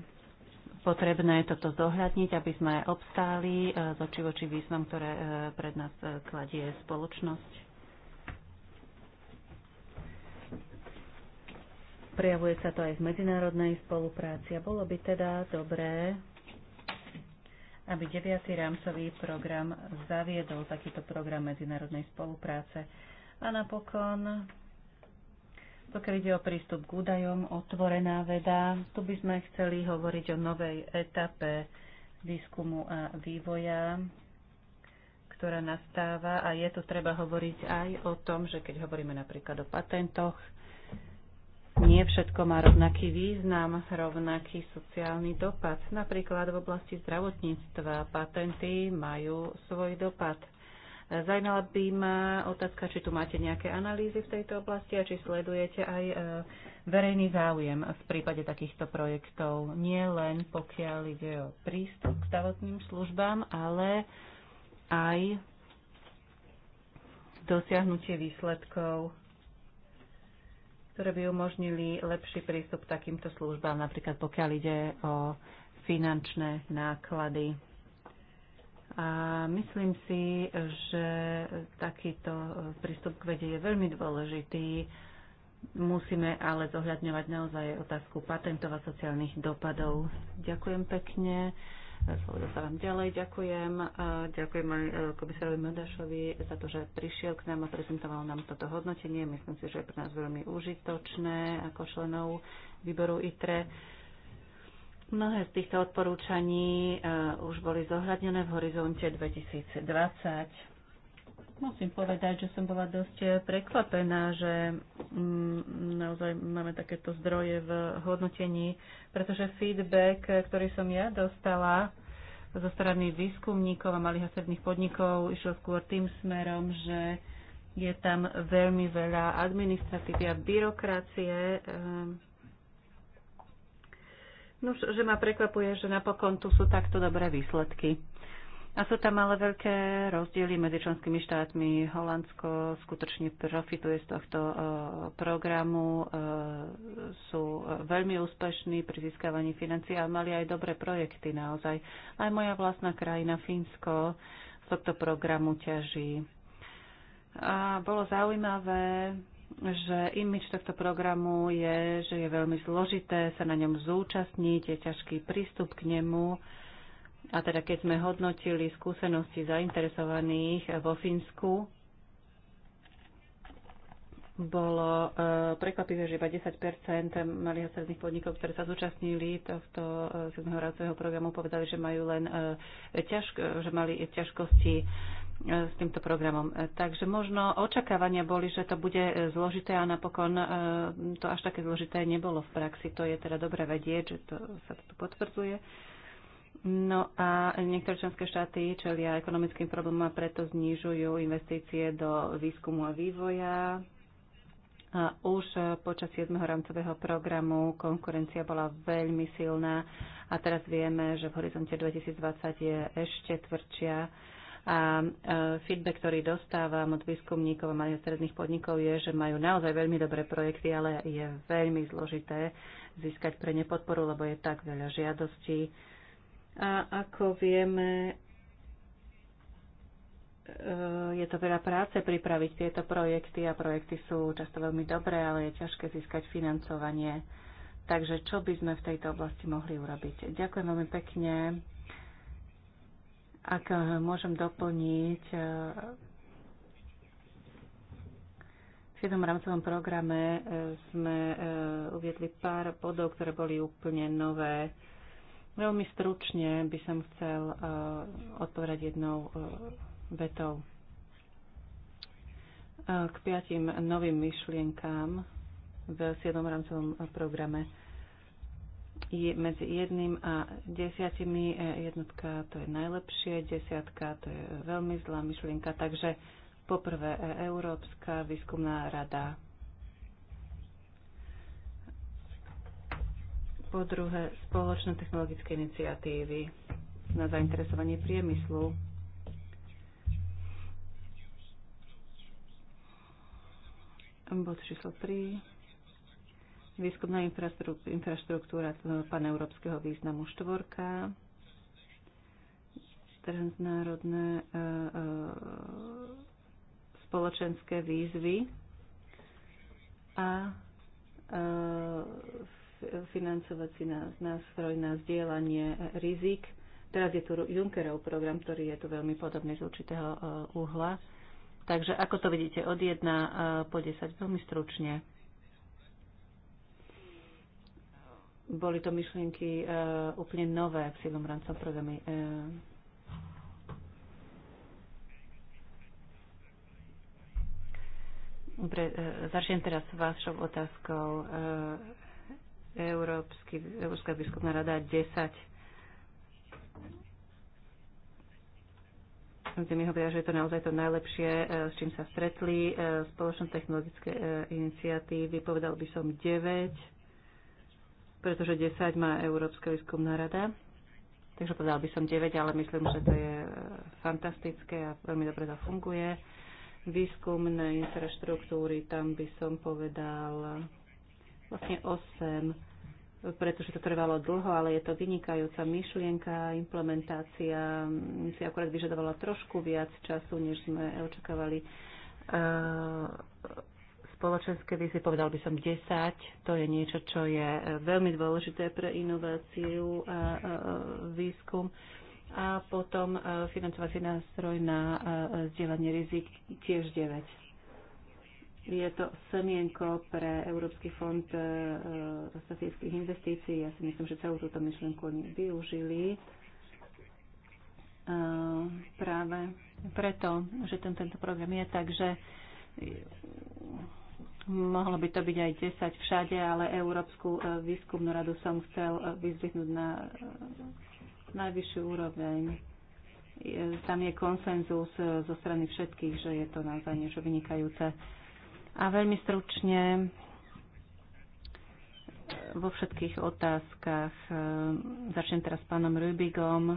potrebné toto zohľadniť, aby sme obstáli e, z oči voči výzvam, ktoré e, pred nás e, kladie spoločnosť. Prejavuje sa to aj v medzinárodnej spolupráci a bolo by teda dobré, aby 9. rámcový program zaviedol takýto program medzinárodnej spolupráce. A napokon pokiaľ ide o prístup k údajom, otvorená veda, tu by sme chceli hovoriť o novej etape výskumu a vývoja, ktorá nastáva a je tu treba hovoriť aj o tom, že keď hovoríme napríklad o patentoch, nie všetko má rovnaký význam, rovnaký sociálny dopad. Napríklad v oblasti zdravotníctva patenty majú svoj dopad Zajímala by ma otázka, či tu máte nejaké analýzy v tejto oblasti a či sledujete aj e, verejný záujem v prípade takýchto projektov. Nie len pokiaľ ide o prístup k zdravotným službám, ale aj dosiahnutie výsledkov, ktoré by umožnili lepší prístup k takýmto službám, napríklad pokiaľ ide o finančné náklady a myslím si, že takýto e, prístup k vede je veľmi dôležitý. Musíme ale zohľadňovať naozaj otázku patentov a sociálnych dopadov. Ďakujem pekne. E, Slovo sa vám ďalej. Ďakujem. E, Ďakujem aj komisárovi Medašovi za to, že prišiel k nám a prezentoval nám toto hodnotenie. Myslím si, že je pre nás veľmi užitočné ako členov výboru ITRE. Mnohé z týchto odporúčaní e, už boli zohľadnené v horizonte 2020. Musím povedať, že som bola dosť prekvapená, že mm, naozaj máme takéto zdroje v hodnotení, pretože feedback, ktorý som ja dostala zo strany výskumníkov a malých a stredných podnikov, išiel skôr tým smerom, že je tam veľmi veľa administratívy a byrokracie, e, No, že ma prekvapuje, že napokon tu sú takto dobré výsledky. A sú tam ale veľké rozdiely medzi členskými štátmi. Holandsko skutočne profituje z tohto e, programu, e, sú e, veľmi úspešní pri získavaní financií a mali aj dobré projekty naozaj. Aj moja vlastná krajina Fínsko z tohto programu ťaží. A bolo zaujímavé že imič tohto programu je, že je veľmi zložité sa na ňom zúčastniť, je ťažký prístup k nemu. A teda keď sme hodnotili skúsenosti zainteresovaných vo Fínsku, bolo e, prekvapivé, že iba 10 malých a stredných podnikov, ktoré sa zúčastnili tohto 7. E, programu, povedali, že majú len e, ťažk- že mali ťažkosti s týmto programom. Takže možno očakávania boli, že to bude zložité a napokon e, to až také zložité nebolo v praxi. To je teda dobre vedieť, že to sa to tu potvrdzuje. No a niektoré členské štáty čelia ekonomickým problémom a preto znižujú investície do výskumu a vývoja. A už počas 7. rámcového programu konkurencia bola veľmi silná a teraz vieme, že v horizonte 2020 je ešte tvrdšia a e, feedback, ktorý dostávam od výskumníkov a malých stredných podnikov je, že majú naozaj veľmi dobré projekty, ale je veľmi zložité získať pre ne podporu, lebo je tak veľa žiadostí. A ako vieme, e, je to veľa práce pripraviť tieto projekty a projekty sú často veľmi dobré, ale je ťažké získať financovanie. Takže čo by sme v tejto oblasti mohli urobiť? Ďakujem veľmi pekne ak eh, môžem doplniť, eh, v 7. rámcovom programe eh, sme uviedli pár bodov, ktoré boli úplne nové. Veľmi stručne by som chcel odpovedať jednou vetou k piatim novým myšlienkám v 7. rámcovom programe je medzi jedným a desiatimi. E, jednotka to je najlepšie, desiatka to je veľmi zlá myšlienka. Takže poprvé e, Európska výskumná rada. Po druhé spoločné technologické iniciatívy na zainteresovanie priemyslu. Bod číslo 3 Výskumná infraštruktúra paneurópskeho významu štvorka, transnárodné e, e, spoločenské výzvy a e, financovací nástroj na zdieľanie rizik. Teraz je tu Junckerov program, ktorý je tu veľmi podobný z určitého uhla. Takže ako to vidíte od 1 po 10 veľmi stručne. boli to myšlienky e, úplne nové v silom programy. programe. Pre, e, začnem teraz s vašou otázkou. E, Európsky, Európska biskupná rada 10 kde mi hovoria, že je to naozaj to najlepšie, s čím sa stretli. Spoločné technologické iniciatívy, povedal by som 9 pretože 10 má Európska výskumná rada. Takže povedal by som 9, ale myslím, že to je e, fantastické a veľmi dobre to funguje. Výskumné infraštruktúry, tam by som povedal vlastne 8, pretože to trvalo dlho, ale je to vynikajúca myšlienka, implementácia mm, si akorát vyžadovala trošku viac času, než sme očakávali e, spoločenské výzvy, povedal by som 10. To je niečo, čo je eh, veľmi dôležité pre inováciu a výskum. A potom eh, financovací nástroj na eh, zdieľanie rizik tiež 9. Je to semienko pre Európsky fond strategických investícií. Ja si myslím, že celú túto myšlienku oni využili práve preto, že ten, tento program je tak, že Mohlo by to byť aj 10 všade, ale Európsku e, výskumnú radu som chcel e, vyzvihnúť na e, najvyššiu úroveň. Tam je konsenzus zo strany všetkých, že je to naozaj niečo vynikajúce. A veľmi stručne vo všetkých otázkach. Začnem teraz s pánom Rubigom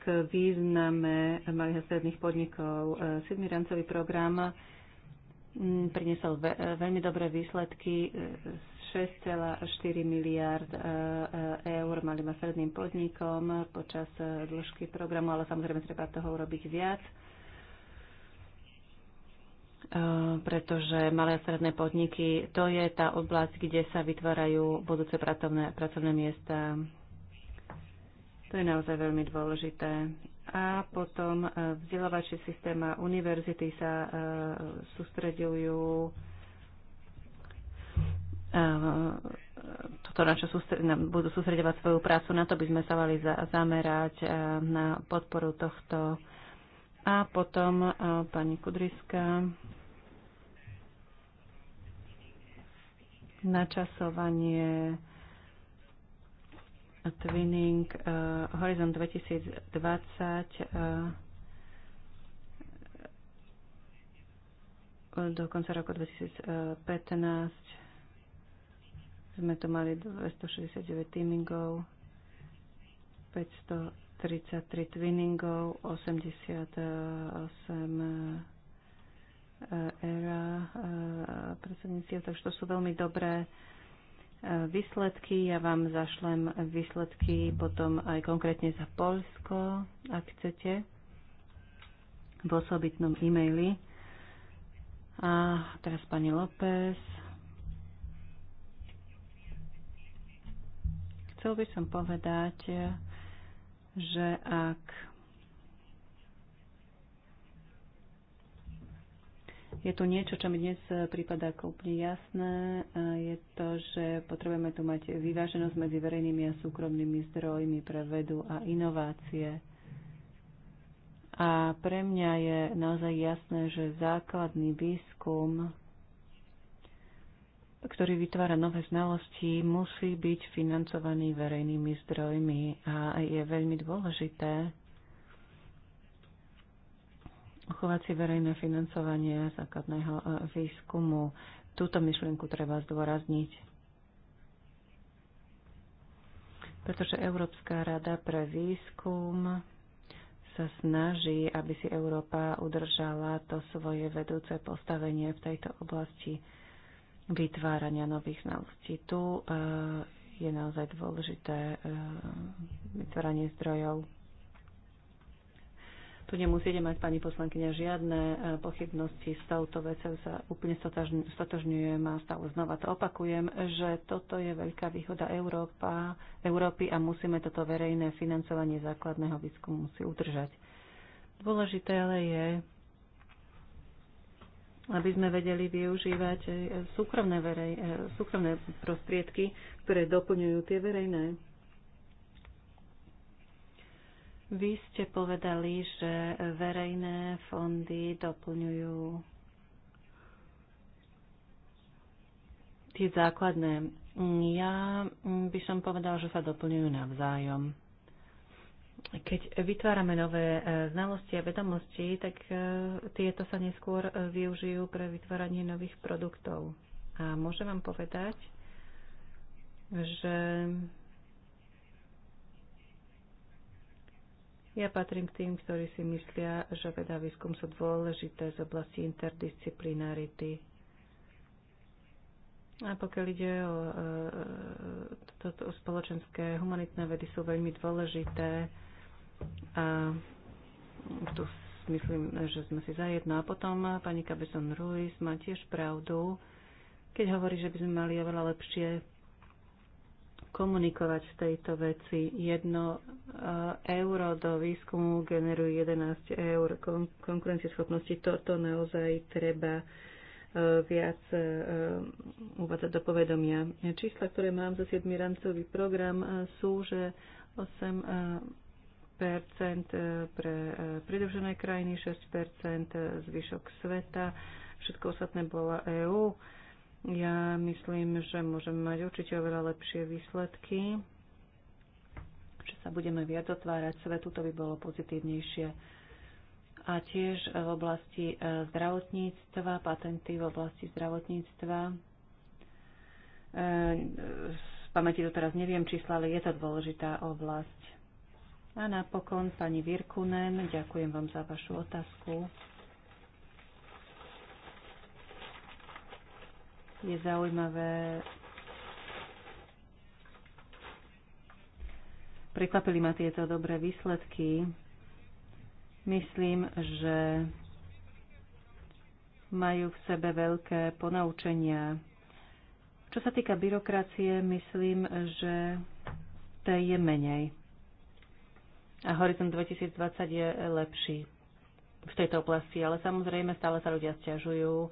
k význame malých a stredných podnikov. Sidmirancový program Mm, priniesol e, veľmi dobré výsledky. 6,4 e, miliard e, eur malým a stredným podnikom počas dĺžky programu, ale samozrejme treba toho urobiť viac pretože malé a stredné podniky, to je tá oblasť, kde sa vytvárajú budúce pracovné, pracovné miesta. To je naozaj veľmi dôležité a potom e, vzdelávacie systém a univerzity sa e, sústredujú e, toto, na čo budú sústredovať svoju prácu, na to by sme sa mali zamerať na podporu tohto. A potom pani Kudriska. Načasovanie Twinning e, Horizon 2020 e, do konca roku 2015 sme to mali 269 teamingov 533 twinningov, 88 e, era predsedníctiev, takže to sú veľmi dobré výsledky. Ja vám zašlem výsledky potom aj konkrétne za Polsko, ak chcete, v osobitnom e-maili. A teraz pani López. Chcel by som povedať, že ak Je tu niečo, čo mi dnes e, prípada ako úplne jasné. Je to, že potrebujeme tu mať vyváženosť medzi verejnými a súkromnými zdrojmi pre vedu a inovácie. A pre mňa je naozaj jasné, že základný výskum, ktorý vytvára nové znalosti, musí byť financovaný verejnými zdrojmi a je veľmi dôležité, Uchovať si verejné financovanie základného e, výskumu. Túto myšlienku treba zdôrazniť. pretože Európska rada pre výskum sa snaží, aby si Európa udržala to svoje vedúce postavenie v tejto oblasti vytvárania nových znalostí. Tu e, je naozaj dôležité e, vytváranie zdrojov tu nemusíte mať, pani poslankyňa, žiadne e, pochybnosti. S touto vecou sa úplne stotožňujem a stále znova to opakujem, že toto je veľká výhoda Európa, Európy a musíme toto verejné financovanie základného výskumu si udržať. Dôležité ale je, aby sme vedeli využívať e, súkromné, verej, e, súkromné prostriedky, ktoré doplňujú tie verejné. Vy ste povedali, že verejné fondy doplňujú tie základné. Ja by som povedal, že sa doplňujú navzájom. Keď vytvárame nové e, znalosti a vedomosti, tak e, tieto sa neskôr e, využijú pre vytváranie nových produktov. A môžem vám povedať, že Ja patrím k tým, ktorí si myslia, že veda a výskum sú dôležité z oblasti interdisciplinarity. A pokiaľ ide o toto e, e, spoločenské humanitné vedy sú veľmi dôležité a tu myslím, že sme si zajedno. A potom pani Cabezon Ruiz má tiež pravdu, keď hovorí, že by sme mali oveľa lepšie komunikovať v tejto veci. Jedno eh, euro do výskumu generuje 11 eur konkurencieschopnosti. Toto naozaj treba eh, viac eh, uvádzať do povedomia. Čísla, ktoré mám za 7. rámcový program, sú, že 8 pre pridružené krajiny, 6 zvyšok sveta, všetko ostatné bola EÚ ja myslím, že môžeme mať určite oveľa lepšie výsledky. Že sa budeme viac otvárať svetu, to by bolo pozitívnejšie. A tiež v oblasti e, zdravotníctva, patenty v oblasti zdravotníctva. Z e, pamäti to teraz neviem čísla, ale je to dôležitá oblasť. A napokon, pani Virkunen, ďakujem vám za vašu otázku. je zaujímavé. Prekvapili ma tieto dobré výsledky. Myslím, že majú v sebe veľké ponaučenia. Čo sa týka byrokracie, myslím, že tej je menej. A Horizont 2020 je lepší v tejto oblasti, ale samozrejme stále sa ľudia stiažujú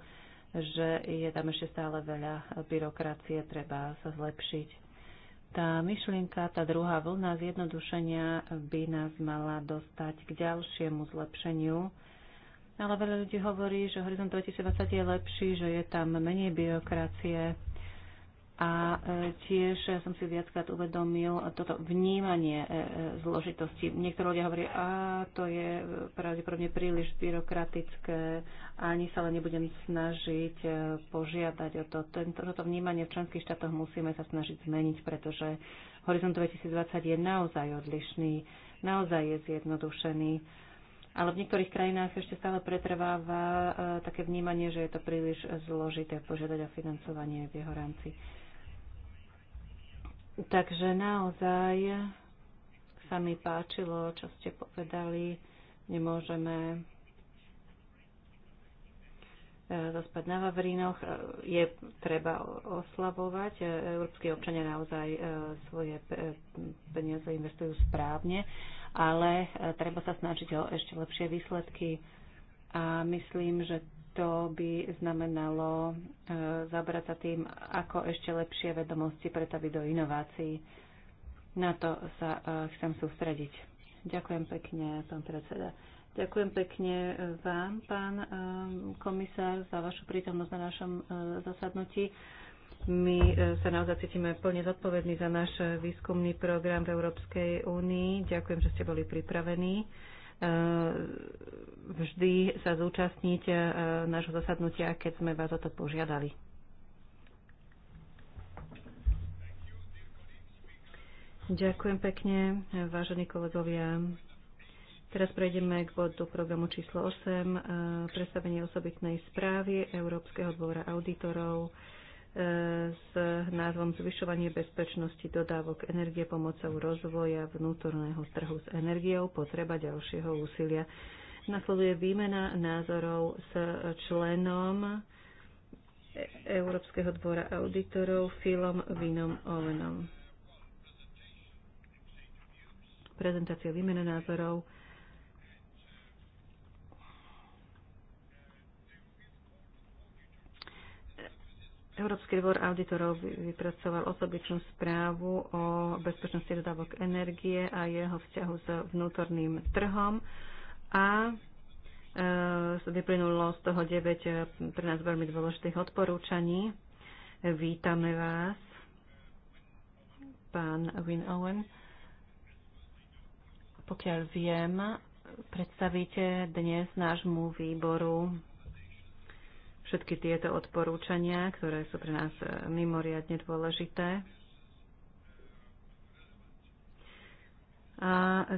že je tam ešte stále veľa byrokracie, treba sa zlepšiť. Tá myšlienka, tá druhá vlna zjednodušenia by nás mala dostať k ďalšiemu zlepšeniu, ale veľa ľudí hovorí, že Horizont 2020 je lepší, že je tam menej byrokracie, a e, tiež som si viackrát uvedomil toto vnímanie e, e, zložitosti. Niektorí ľudia hovoria, a to je pravdepodobne príliš byrokratické, ani sa ale nebudem snažiť požiadať o to. Tento, toto vnímanie v členských štátoch musíme sa snažiť zmeniť, pretože Horizont 2020 je naozaj odlišný, naozaj je zjednodušený. Ale v niektorých krajinách ešte stále pretrváva také vnímanie, že je to príliš zložité požiadať o financovanie v jeho rámci. Takže naozaj sa mi páčilo, čo ste povedali. Nemôžeme e, zaspať na Vavrinoch. E, je treba oslabovať. E, Európsky občania naozaj svoje peniaze investujú správne, ale treba sa snažiť o ešte lepšie výsledky. A myslím, že to by znamenalo zaoberať sa tým, ako ešte lepšie vedomosti pretaviť do inovácií. Na to sa e, chcem sústrediť. Ďakujem pekne, pán predseda. Ďakujem pekne e, vám, pán e, komisár, za vašu prítomnosť na našom zasadnutí. My sa naozaj cítime plne zodpovední za náš výskumný program v Európskej únii. Ďakujem, že ste boli pripravení. Vždy sa zúčastníte nášho zasadnutia, keď sme vás o to požiadali. Ďakujem pekne, vážení kolegovia. Teraz prejdeme k bodu programu číslo 8, e, predstavenie osobitnej správy Európskeho dvora auditorov e, s názvom Zvyšovanie bezpečnosti dodávok energie pomocou rozvoja vnútorného trhu s energiou, potreba ďalšieho úsilia. Nasleduje výmena názorov s členom Európskeho dvora auditorov Filom Vinom Ovenom prezentácia výmene názorov. Európsky dvor auditorov vypracoval osobičnú správu o bezpečnosti dodávok energie a jeho vzťahu s vnútorným trhom a e, vyplynulo z toho 9 e, pre nás veľmi dôležitých odporúčaní. Vítame vás, pán Win Owen. Pokiaľ viem, predstavíte dnes nášmu výboru všetky tieto odporúčania, ktoré sú pre nás e, mimoriadne dôležité. A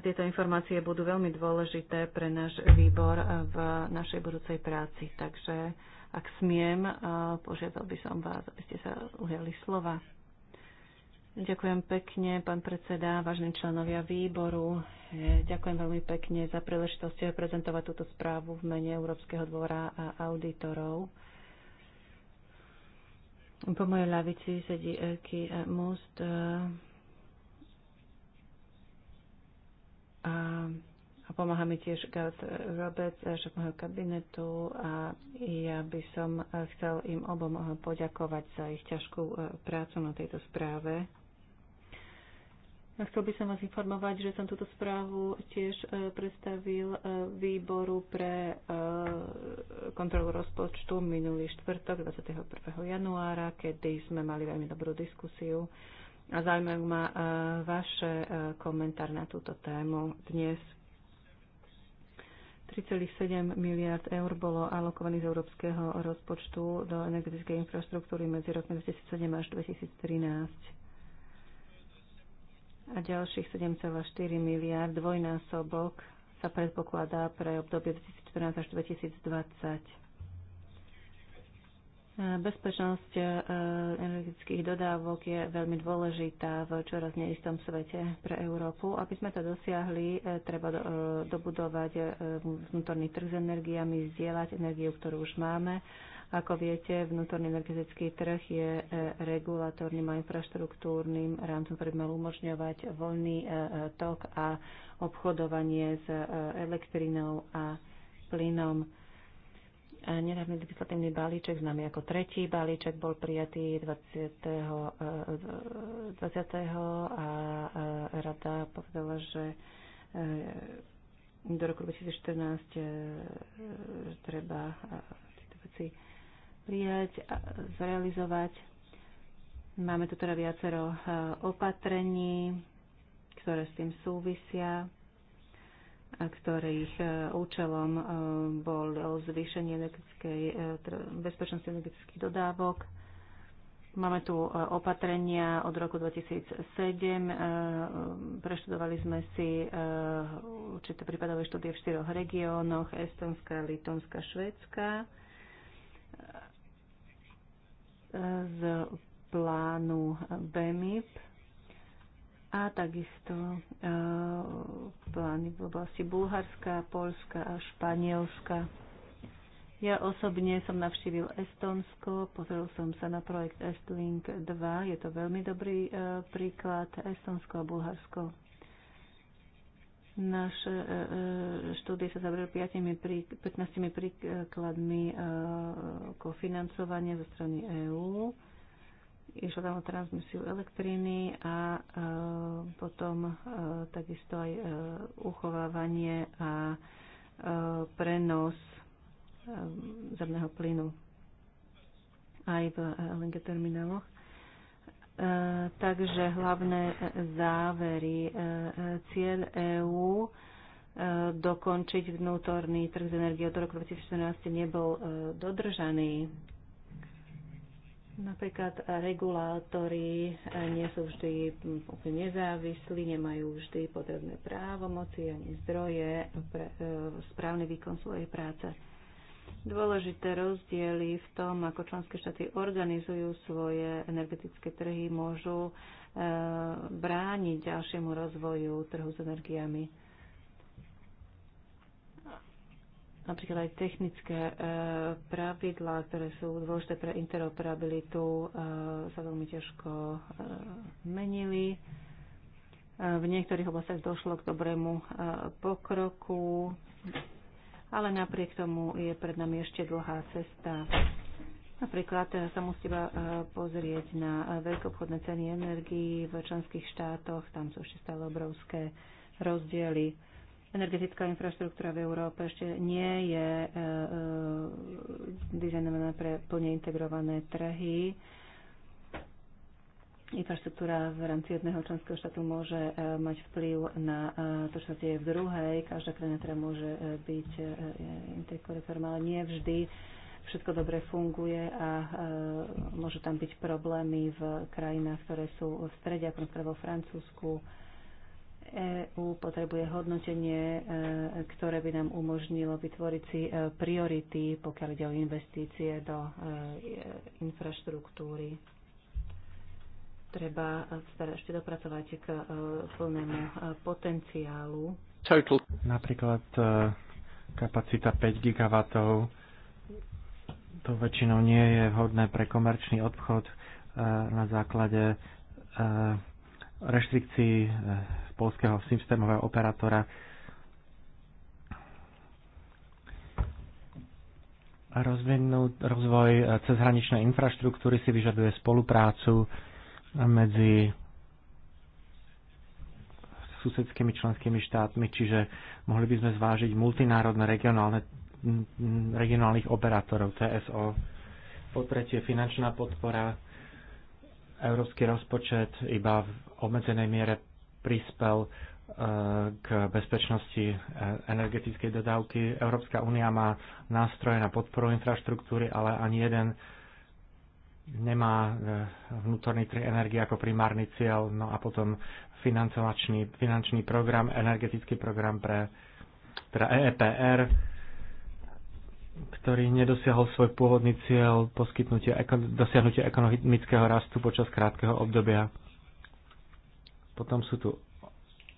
tieto informácie budú veľmi dôležité pre náš výbor v našej budúcej práci. Takže ak smiem, e, požiadal by som vás, aby ste sa ujali slova. Ďakujem pekne, pán predseda, vážení členovia výboru. Ďakujem veľmi pekne za príležitosť prezentovať túto správu v mene Európskeho dvora a auditorov. Po mojej lavici sedí Elky Most. Eh, a, a pomáha mi tiež Garth Roberts, eh, šéf môjho kabinetu a ja by som eh, chcel im obom poďakovať za ich ťažkú prácu na tejto správe. Chcel by som vás informovať, že som túto správu tiež e, predstavil e, výboru pre e, kontrolu rozpočtu minulý štvrtok 21. januára, kedy sme mali veľmi dobrú diskusiu a zaujímajú ma vaše komentár na túto tému dnes. 3,7 miliard eur bolo alokovaných z európskeho rozpočtu do energetickej infraštruktúry medzi rokmi 2007 až 2013 a ďalších 7,4 miliard dvojnásobok sa predpokladá pre obdobie 2014 až 2020. Bezpečnosť e, energetických dodávok je veľmi dôležitá v čoraz neistom svete pre Európu. Aby sme to dosiahli, e, treba e, dobudovať vnútorný trh s energiami, zdieľať energiu, ktorú už máme ako viete, vnútorný energetický trh je e, regulatorným a infraštruktúrnym rámcom, ktorý mal umožňovať voľný e, e, tok a obchodovanie s elektrinou a plynom. Nedávny legislatívny balíček, známy ako tretí balíček, bol prijatý 20. 20. a rada povedala, že do roku 2014 treba tieto veci prijať a zrealizovať. Máme tu teda viacero e, opatrení, ktoré s tým súvisia a ktorých e, účelom e, bol zvýšenie energetickej, bezpečnosti energetických dodávok. Máme tu opatrenia od roku 2007. Preštudovali sme si určité prípadové štúdie v štyroch regiónoch Estonska, Litonska, Švédska z plánu BEMIP a takisto e, plány v oblasti Bulharska, Polska a Španielska. Ja osobne som navštívil Estonsko, pozrel som sa na projekt Estlink 2, je to veľmi dobrý e, príklad, Estonsko a Bulharsko naše e, e, štúdie sa zabrali 15 príkladmi e, kofinancovania zo strany EÚ. Išlo tam o transmisiu elektriny a potom takisto aj uchovávanie a prenos zemného plynu aj v LNG termináloch. E, takže hlavné e, závery. E, cieľ EÚ dokončiť vnútorný trh z energie od roku 2014 nebol dodržaný. Napríklad regulátori nie sú vždy úplne nezávislí, nemajú vždy potrebné právomoci ani zdroje správny výkon svojej práce. Dôležité rozdiely v tom, ako členské štáty organizujú svoje energetické trhy, môžu e, brániť ďalšiemu rozvoju trhu s energiami. Napríklad aj technické e, pravidlá, ktoré sú dôležité pre interoperabilitu, e, sa veľmi ťažko menili. V niektorých oblastiach došlo k dobrému pokroku, ale napriek tomu je pred nami ešte dlhá cesta. Napríklad eh, sa musíte eh, pozrieť na eh, obchodné ceny energií v členských štátoch, tam sú ešte stále obrovské rozdiely. Energetická infraštruktúra v Európe ešte nie je dizajnovaná pre plne integrované trhy infraštruktúra v rámci jedného členského štátu môže e, mať vplyv na e, to, čo sa deje v druhej. Každá krajina teda môže e, byť interkorektorom, ale nie vždy všetko dobre funguje a môžu tam byť problémy v krajinách, ktoré sú v strede, ako napríklad vo Francúzsku. EU potrebuje hodnotenie, ktoré by nám umožnilo vytvoriť si priority, pokiaľ ide o investície do infraštruktúry treba eh, teda ešte dopracovať k eh, plnému eh, potenciálu. Total. Napríklad kapacita 5 GW to väčšinou nie je vhodné pre komerčný obchod na základe reštrikcií polského systémového operátora. Rozvinúť rozvoj cezhraničnej infraštruktúry si vyžaduje spoluprácu medzi susedskými členskými štátmi, čiže mohli by sme zvážiť multinárodné regionálne, regionálnych operátorov TSO. Po tretie, finančná podpora. Európsky rozpočet iba v obmedzenej miere prispel e, k bezpečnosti e, energetickej dodávky. Európska únia má nástroje na podporu infraštruktúry, ale ani jeden nemá e, vnútorný trh energie ako primárny cieľ, no a potom finančný, finančný program, energetický program pre teda EEPR, ktorý nedosiahol svoj pôvodný cieľ poskytnutie dosiahnutie ekonomického rastu počas krátkeho obdobia. Potom sú tu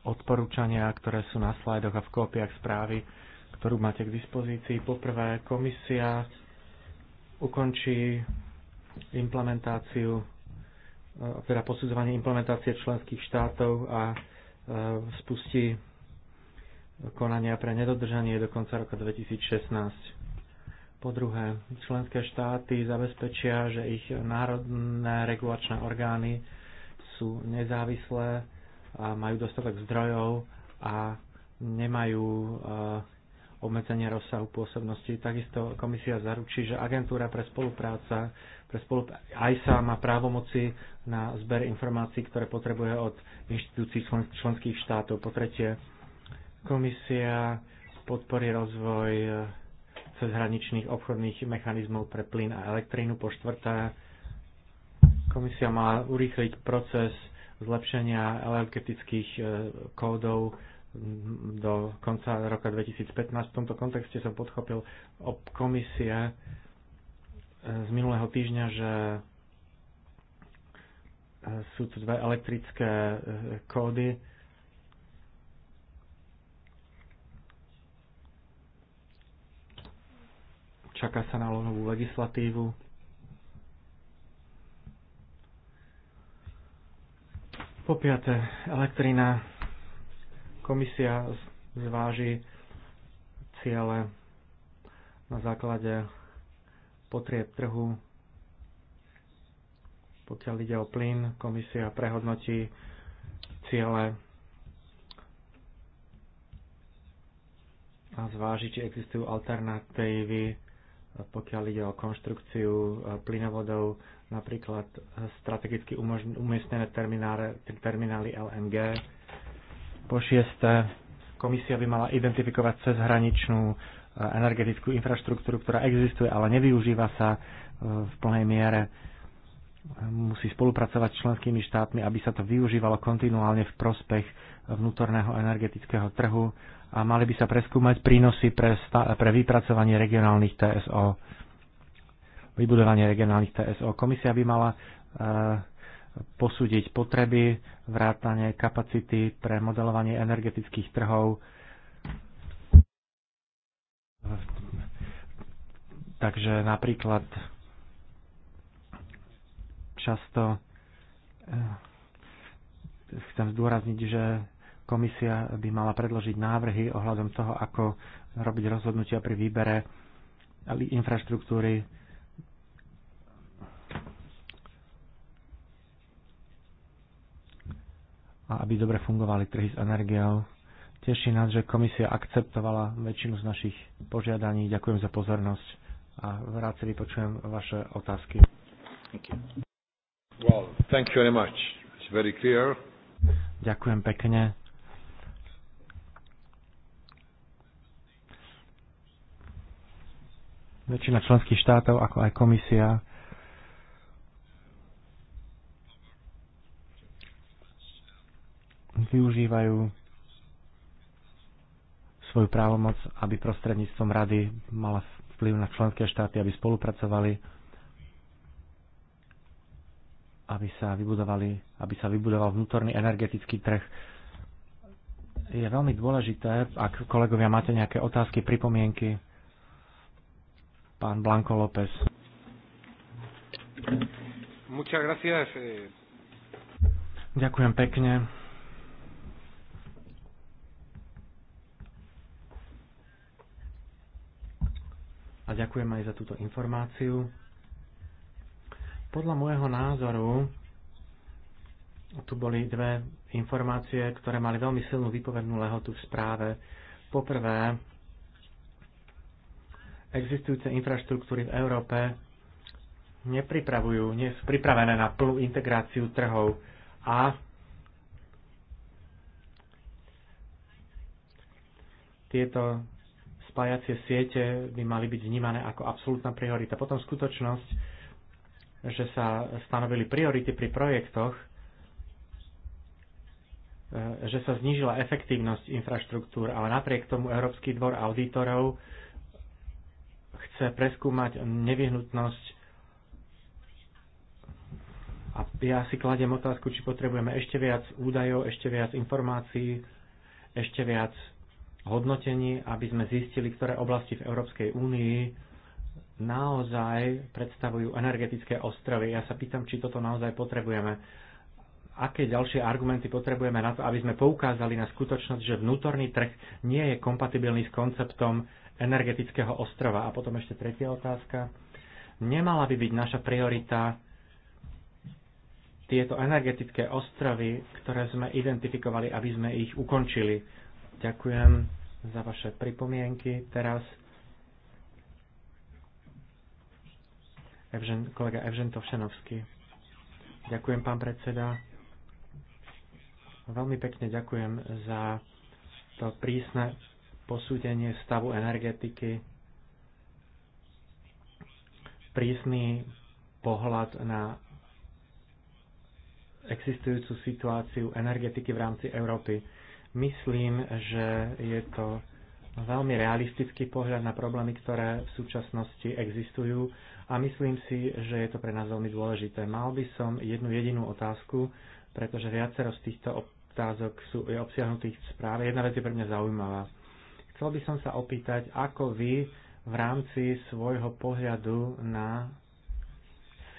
odporúčania, ktoré sú na slajdoch a v kópiach správy, ktorú máte k dispozícii. Poprvé, komisia ukončí implementáciu, e, teda posudzovanie implementácie členských štátov a e, spustí konania pre nedodržanie do konca roka 2016. Po druhé, členské štáty zabezpečia, že ich národné regulačné orgány sú nezávislé, a majú dostatok zdrojov a nemajú e, obmedzenie rozsahu pôsobnosti. Takisto komisia zaručí, že agentúra pre spolupráca pre spolup- sa má právomoci na zber informácií, ktoré potrebuje od inštitúcií členských štátov. Po tretie, komisia podporí rozvoj eh, cezhraničných obchodných mechanizmov pre plyn a elektrínu. Po štvrté, komisia má urýchliť proces zlepšenia energetických eh, kódov do konca roka 2015. V tomto kontexte som podchopil od komisie e, z minulého týždňa, že e, sú tu dve elektrické e, kódy. Čaká sa na novú legislatívu. Po piate, elektrina Komisia zváži ciele na základe potrieb trhu. Pokiaľ ide o plyn, komisia prehodnotí ciele a zváži, či existujú alternatívy, pokiaľ ide o konštrukciu e, plynovodov, napríklad strategicky umiestnené terminály LNG, po šiesté, komisia by mala identifikovať cezhraničnú e, energetickú infraštruktúru, ktorá existuje, ale nevyužíva sa e, v plnej miere. E, musí spolupracovať s členskými štátmi, aby sa to využívalo kontinuálne v prospech vnútorného energetického trhu a mali by sa preskúmať prínosy pre, pre vypracovanie regionálnych TSO, vybudovanie regionálnych TSO. Komisia by mala posúdiť potreby, vrátanie kapacity pre modelovanie energetických trhov. Takže napríklad často eh, chcem zdôrazniť, že komisia by mala predložiť návrhy ohľadom toho, ako robiť rozhodnutia pri výbere infraštruktúry a aby dobre fungovali trhy s energiou. Teší nás, že komisia akceptovala väčšinu z našich požiadaní. Ďakujem za pozornosť a rád si vypočujem vaše otázky. Ďakujem pekne. Väčšina členských štátov, ako aj komisia, využívajú svoju právomoc, aby prostredníctvom rady mala vplyv na členské štáty, aby spolupracovali, aby sa, vybudovali, aby sa vybudoval vnútorný energetický trh. Je veľmi dôležité, ak kolegovia máte nejaké otázky, pripomienky, pán Blanco López. Muchas gracias. Eh. Ďakujem pekne. a ďakujem aj za túto informáciu. Podľa môjho názoru tu boli dve informácie, ktoré mali veľmi silnú výpovednú lehotu v správe. Poprvé, existujúce infraštruktúry v Európe nepripravujú, nie sú pripravené na plnú integráciu trhov a tieto spájacie siete by mali byť vnímané ako absolútna priorita. Potom skutočnosť, že sa stanovili priority pri projektoch, e, že sa znížila efektívnosť infraštruktúr, ale napriek tomu Európsky dvor auditorov chce preskúmať nevyhnutnosť a ja si kladem otázku, či potrebujeme ešte viac údajov, ešte viac informácií, ešte viac hodnotení, aby sme zistili, ktoré oblasti v Európskej únii naozaj predstavujú energetické ostrovy. Ja sa pýtam, či toto naozaj potrebujeme. Aké ďalšie argumenty potrebujeme na to, aby sme poukázali na skutočnosť, že vnútorný trh nie je kompatibilný s konceptom energetického ostrova. A potom ešte tretia otázka. Nemala by byť naša priorita tieto energetické ostrovy, ktoré sme identifikovali, aby sme ich ukončili Ďakujem za vaše pripomienky. Teraz Evžen, kolega Evžen Tovšenovský. Ďakujem, pán predseda. Veľmi pekne ďakujem za to prísne posúdenie stavu energetiky, prísny pohľad na existujúcu situáciu energetiky v rámci Európy. Myslím, že je to veľmi realistický pohľad na problémy, ktoré v súčasnosti existujú a myslím si, že je to pre nás veľmi dôležité. Mal by som jednu jedinú otázku, pretože viacero z týchto otázok sú, je obsiahnutých v správe. Jedna vec je pre mňa zaujímavá. Chcel by som sa opýtať, ako vy v rámci svojho pohľadu na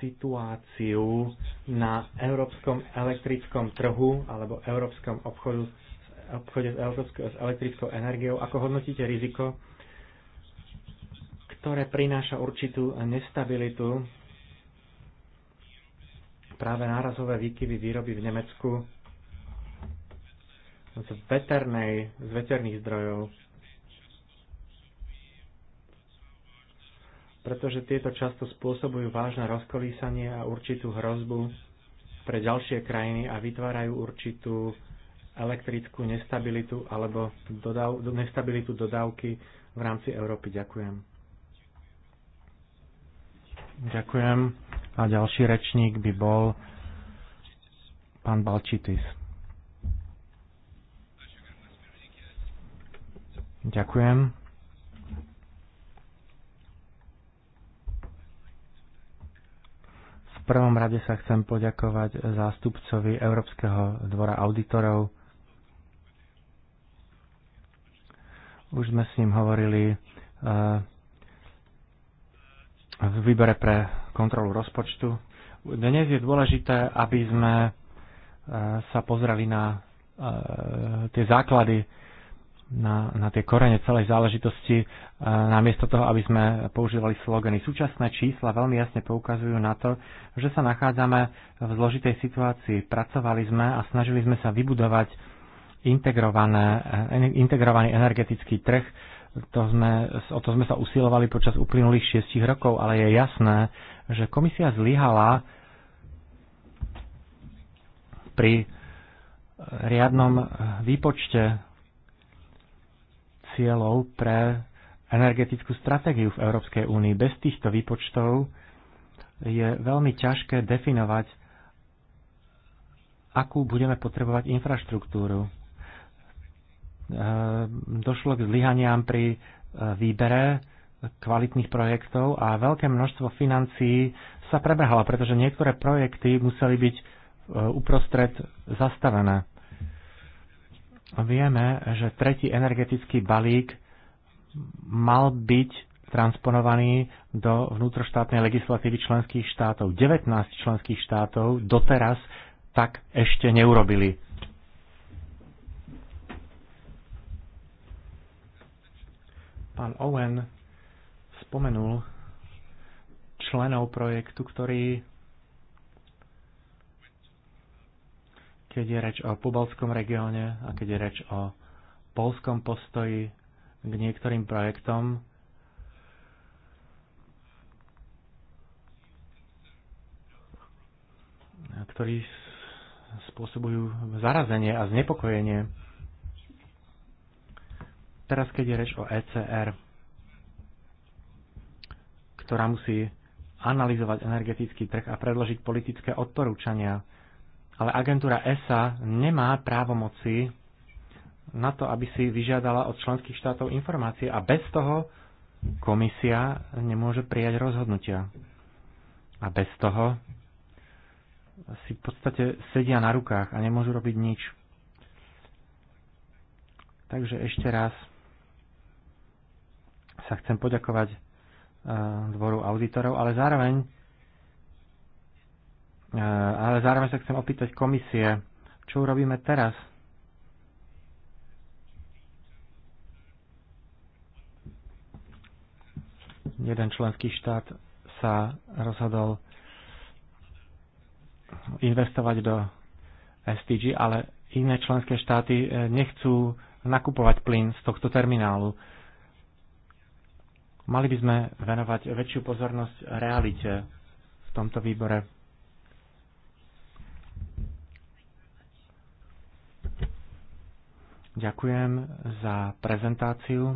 situáciu na európskom elektrickom trhu alebo európskom obchodu obchode s, s elektrickou energiou. Ako hodnotíte riziko, ktoré prináša určitú nestabilitu práve nárazové výkyvy výroby v Nemecku z, veternej, z veterných zdrojov. pretože tieto často spôsobujú vážne rozkolísanie a určitú hrozbu pre ďalšie krajiny a vytvárajú určitú elektrickú nestabilitu alebo dodav, nestabilitu dodávky v rámci Európy. Ďakujem. Ďakujem. A ďalší rečník by bol pán Balčitis. Ďakujem. prvom rade sa chcem poďakovať zástupcovi Európskeho dvora auditorov Už sme s ním hovorili eh, v výbere pre kontrolu rozpočtu. Dnes je dôležité, aby sme eh, sa pozreli na eh, tie základy, na, na tie korene celej záležitosti, namiesto toho, aby sme používali slogany. Súčasné čísla veľmi jasne poukazujú na to, že sa nachádzame v zložitej situácii. Pracovali sme a snažili sme sa vybudovať Eh, integrovaný energetický trh. To sme, o to sme sa usilovali počas uplynulých šiestich rokov, ale je jasné, že komisia zlyhala pri riadnom výpočte cieľov pre energetickú stratégiu v Európskej únii. Bez týchto výpočtov je veľmi ťažké definovať, akú budeme potrebovať infraštruktúru. Ehm, došlo k zlyhaniam pri e, výbere kvalitných projektov a veľké množstvo financií sa prebehalo, pretože niektoré projekty museli byť e, uprostred zastavené. Vieme, že tretí energetický balík mal byť transponovaný do vnútroštátnej legislatívy členských štátov. 19 členských štátov doteraz tak ešte neurobili. Pán Owen spomenul členov projektu, ktorí keď je reč o pobalskom regióne a keď je reč o polskom postoji k niektorým projektom, ktorí spôsobujú zarazenie a znepokojenie Teraz, keď je reč o ECR, ktorá musí analyzovať energetický trh a predložiť politické odporúčania, ale agentúra ESA nemá právomoci na to, aby si vyžiadala od členských štátov informácie a bez toho komisia nemôže prijať rozhodnutia. A bez toho si v podstate sedia na rukách a nemôžu robiť nič. Takže ešte raz sa chcem poďakovať e, dvoru auditorov, ale zároveň e, ale zároveň sa chcem opýtať komisie, čo urobíme teraz? Jeden členský štát sa rozhodol investovať do STG, ale iné členské štáty e, nechcú nakupovať plyn z tohto terminálu. Mali by sme venovať väčšiu pozornosť realite v tomto výbore. Ďakujem za prezentáciu.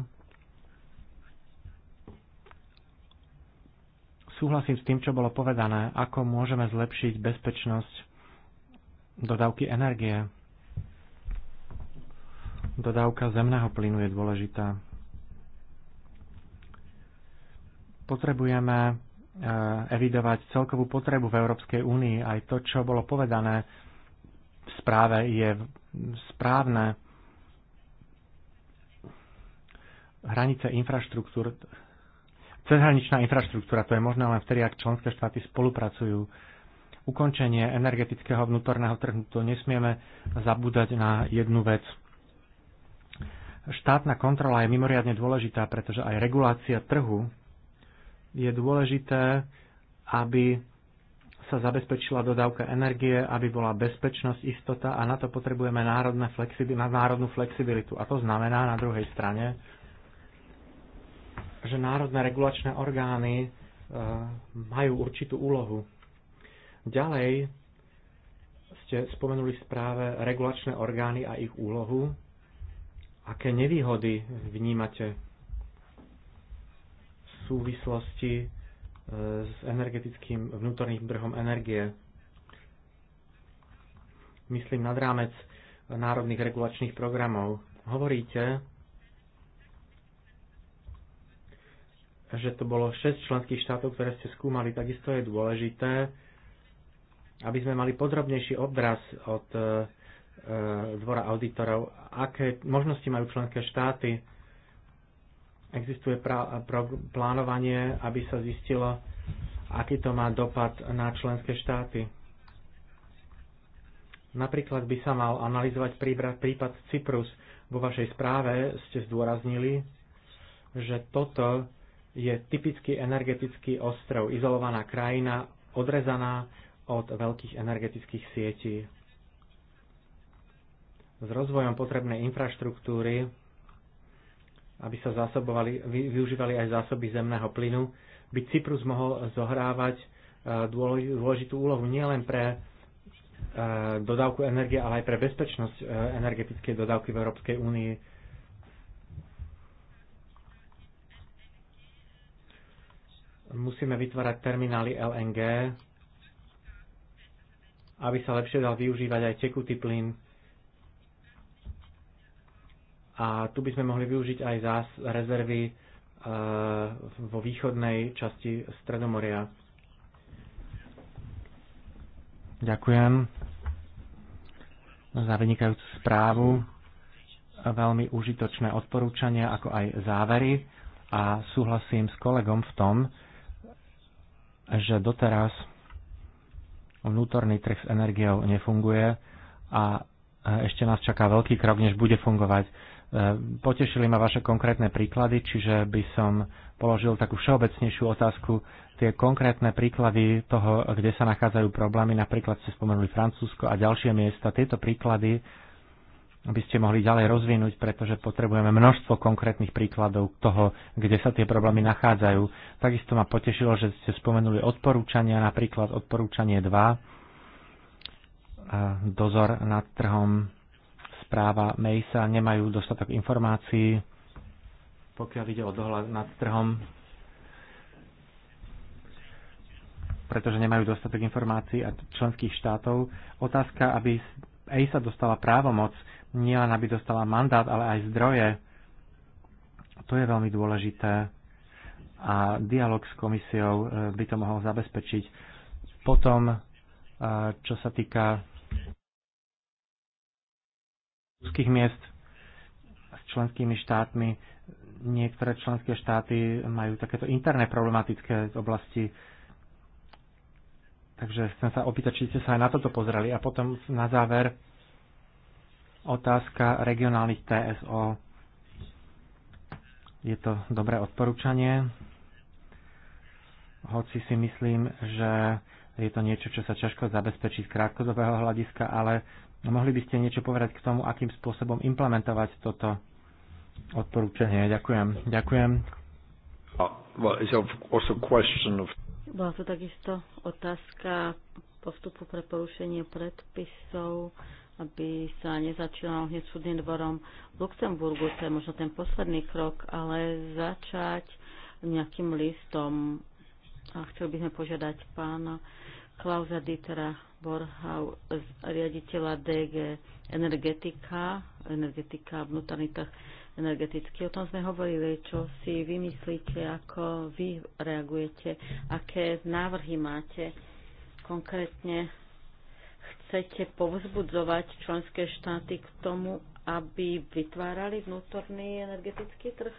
Súhlasím s tým, čo bolo povedané, ako môžeme zlepšiť bezpečnosť dodávky energie. Dodávka zemného plynu je dôležitá. Potrebujeme e, evidovať celkovú potrebu v Európskej únii. Aj to, čo bolo povedané v správe, je správne. Hranice infraštruktúr, cezhraničná infraštruktúra, to je možné len vtedy, ak členské štáty spolupracujú ukončenie energetického vnútorného trhu. To nesmieme zabúdať na jednu vec. Štátna kontrola je mimoriadne dôležitá, pretože aj regulácia trhu je dôležité, aby sa zabezpečila dodávka energie, aby bola bezpečnosť, istota a na to potrebujeme národné flexibil- národnú flexibilitu. A to znamená na druhej strane, že národné regulačné orgány e, majú určitú úlohu. Ďalej ste spomenuli správe regulačné orgány a ich úlohu. Aké nevýhody vnímate súvislosti e, s energetickým vnútorným trhom energie. Myslím nad rámec národných regulačných programov. Hovoríte, že to bolo 6 členských štátov, ktoré ste skúmali. Takisto je dôležité, aby sme mali podrobnejší obraz od e, e, dvora auditorov, aké možnosti majú členské štáty Existuje pra, pro, plánovanie, aby sa zistilo, aký to má dopad na členské štáty. Napríklad by sa mal analyzovať prípad Cyprus. Vo vašej správe ste zdôraznili, že toto je typický energetický ostrov, izolovaná krajina, odrezaná od veľkých energetických sietí. S rozvojom potrebnej infraštruktúry aby sa zásobovali, využívali aj zásoby zemného plynu, by Cyprus mohol zohrávať e, dôležitú úlohu nielen pre e, dodávku energie, ale aj pre bezpečnosť e, energetickej dodávky v Európskej únii. Musíme vytvárať terminály LNG, aby sa lepšie dal využívať aj tekutý plyn a tu by sme mohli využiť aj zás rezervy e, vo východnej časti Stredomoria. Ďakujem za vynikajúcu správu. Veľmi užitočné odporúčania, ako aj závery. A súhlasím s kolegom v tom, že doteraz vnútorný trh s energiou nefunguje a ešte nás čaká veľký krok, než bude fungovať Eh, potešili ma vaše konkrétne príklady, čiže by som položil takú všeobecnejšiu otázku. Tie konkrétne príklady toho, kde sa nachádzajú problémy, napríklad ste spomenuli Francúzsko a ďalšie miesta, tieto príklady by ste mohli ďalej rozvinúť, pretože potrebujeme množstvo konkrétnych príkladov toho, kde sa tie problémy nachádzajú. Takisto ma potešilo, že ste spomenuli odporúčania, napríklad odporúčanie 2, eh, dozor nad trhom správa Mejsa, nemajú dostatok informácií, pokiaľ ide o dohľad nad trhom, pretože nemajú dostatok informácií a členských štátov. Otázka, aby EISA dostala právomoc, nielen aby dostala mandát, ale aj zdroje, to je veľmi dôležité a dialog s komisiou eh, by to mohol zabezpečiť. Potom, eh, čo sa týka ruských miest s členskými štátmi. Niektoré členské štáty majú takéto interné problematické z oblasti. Takže chcem sa opýtať, či ste sa aj na toto pozreli. A potom na záver otázka regionálnych TSO. Je to dobré odporúčanie, hoci si myslím, že je to niečo, čo sa ťažko zabezpečí z krátkodobého hľadiska, ale Mohli by ste niečo povedať k tomu, akým spôsobom implementovať toto odporúčanie? Ďakujem. Ďakujem. Uh, Bola to takisto otázka postupu pre porušenie predpisov, aby sa nezačínal hneď súdnym dvorom v Luxemburgu. To je možno ten posledný krok, ale začať nejakým listom. A chcel by sme požiadať pána Klausa Dietera Borhau riaditeľa DG Energetika, energetika vnútorný trh energetický. O tom sme hovorili, čo si vymyslíte, ako vy reagujete, aké návrhy máte. Konkrétne chcete povzbudzovať členské štáty k tomu, aby vytvárali vnútorný energetický trh?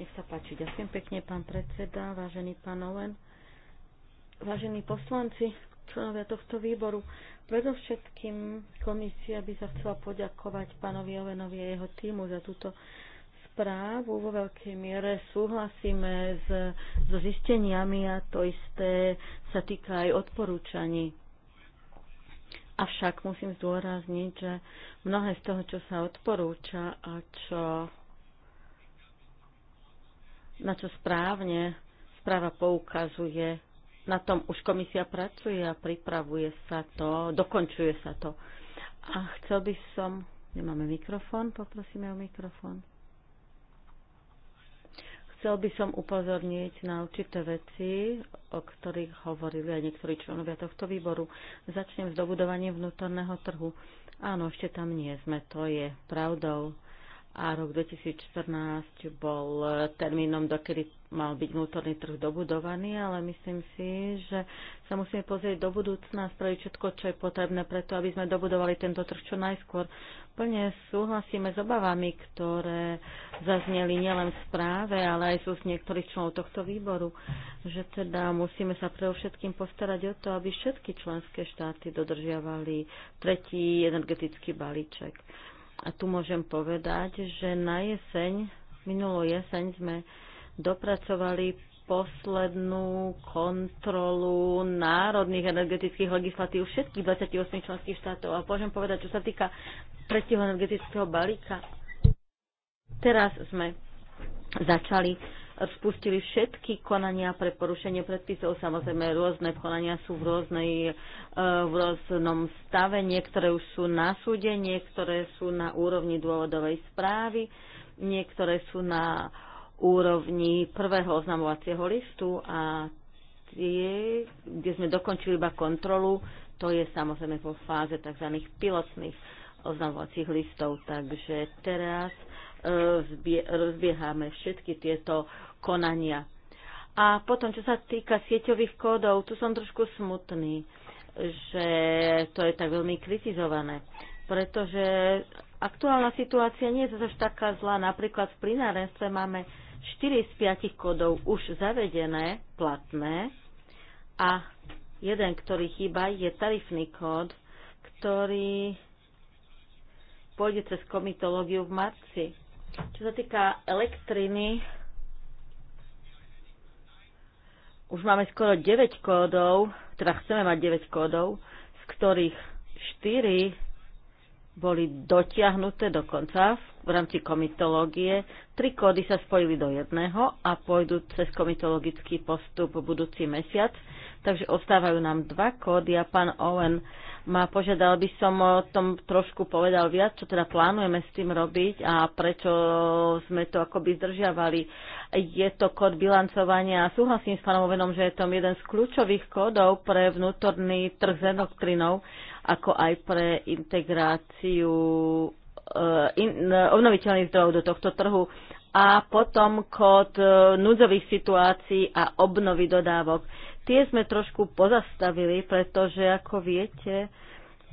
Nech sa páči. Ďakujem pekne, pán predseda, vážený pán Owen vážení poslanci, členovia tohto výboru, predovšetkým komisia by sa chcela poďakovať pánovi Ovenovi a jeho týmu za túto správu. Vo veľkej miere súhlasíme s, so zisteniami a to isté sa týka aj odporúčaní Avšak musím zdôrazniť, že mnohé z toho, čo sa odporúča a čo, na čo správne správa poukazuje, na tom už komisia pracuje a pripravuje sa to, dokončuje sa to. A chcel by som... Nemáme mikrofón, poprosíme o mikrofón. Chcel by som upozorniť na určité veci, o ktorých hovorili aj niektorí členovia tohto výboru. Začnem s dobudovaním vnútorného trhu. Áno, ešte tam nie sme, to je pravdou. A rok 2014 bol termínom, dokedy mal byť vnútorný trh dobudovaný, ale myslím si, že sa musíme pozrieť do budúcna a spraviť všetko, čo je potrebné preto, aby sme dobudovali tento trh čo najskôr. Plne súhlasíme s obavami, ktoré zazneli nielen v správe, ale aj sú z niektorých členov tohto výboru, že teda musíme sa pre všetkým postarať o to, aby všetky členské štáty dodržiavali tretí energetický balíček. A tu môžem povedať, že na jeseň, minulú jeseň sme dopracovali poslednú kontrolu národných energetických legislatív všetkých 28 členských štátov. A môžem povedať, čo sa týka tretieho energetického balíka, teraz sme začali spustili všetky konania pre porušenie predpisov. Samozrejme, rôzne konania sú v, rôznej, e, v rôznom stave. Niektoré už sú na súde, niektoré sú na úrovni dôvodovej správy, niektoré sú na úrovni prvého oznamovacieho listu a tie, kde sme dokončili iba kontrolu, to je samozrejme vo fáze tzv. pilotných oznamovacích listov. Takže teraz e, rozbiehame všetky tieto konania. A potom, čo sa týka sieťových kódov, tu som trošku smutný, že to je tak veľmi kritizované, pretože aktuálna situácia nie je zase taká zlá. Napríklad v plinárenstve máme 4 z 5 kódov už zavedené, platné a jeden, ktorý chýba, je tarifný kód, ktorý pôjde cez komitológiu v marci. Čo sa týka elektriny, už máme skoro 9 kódov, teda chceme mať 9 kódov, z ktorých 4 boli dotiahnuté dokonca v rámci komitológie. Tri kódy sa spojili do jedného a pôjdu cez komitologický postup budúci mesiac. Takže ostávajú nám dva kódy a pán Owen ma požiadal, by som o tom trošku povedal viac, čo teda plánujeme s tým robiť a prečo sme to akoby zdržiavali. Je to kód bilancovania a súhlasím s pánom Owenom, že je to jeden z kľúčových kódov pre vnútorný trh s endoktrinou ako aj pre integráciu eh, in, eh, obnoviteľných zdrojov do tohto trhu a potom kód eh, núdzových situácií a obnovy dodávok. Tie sme trošku pozastavili, pretože, ako viete,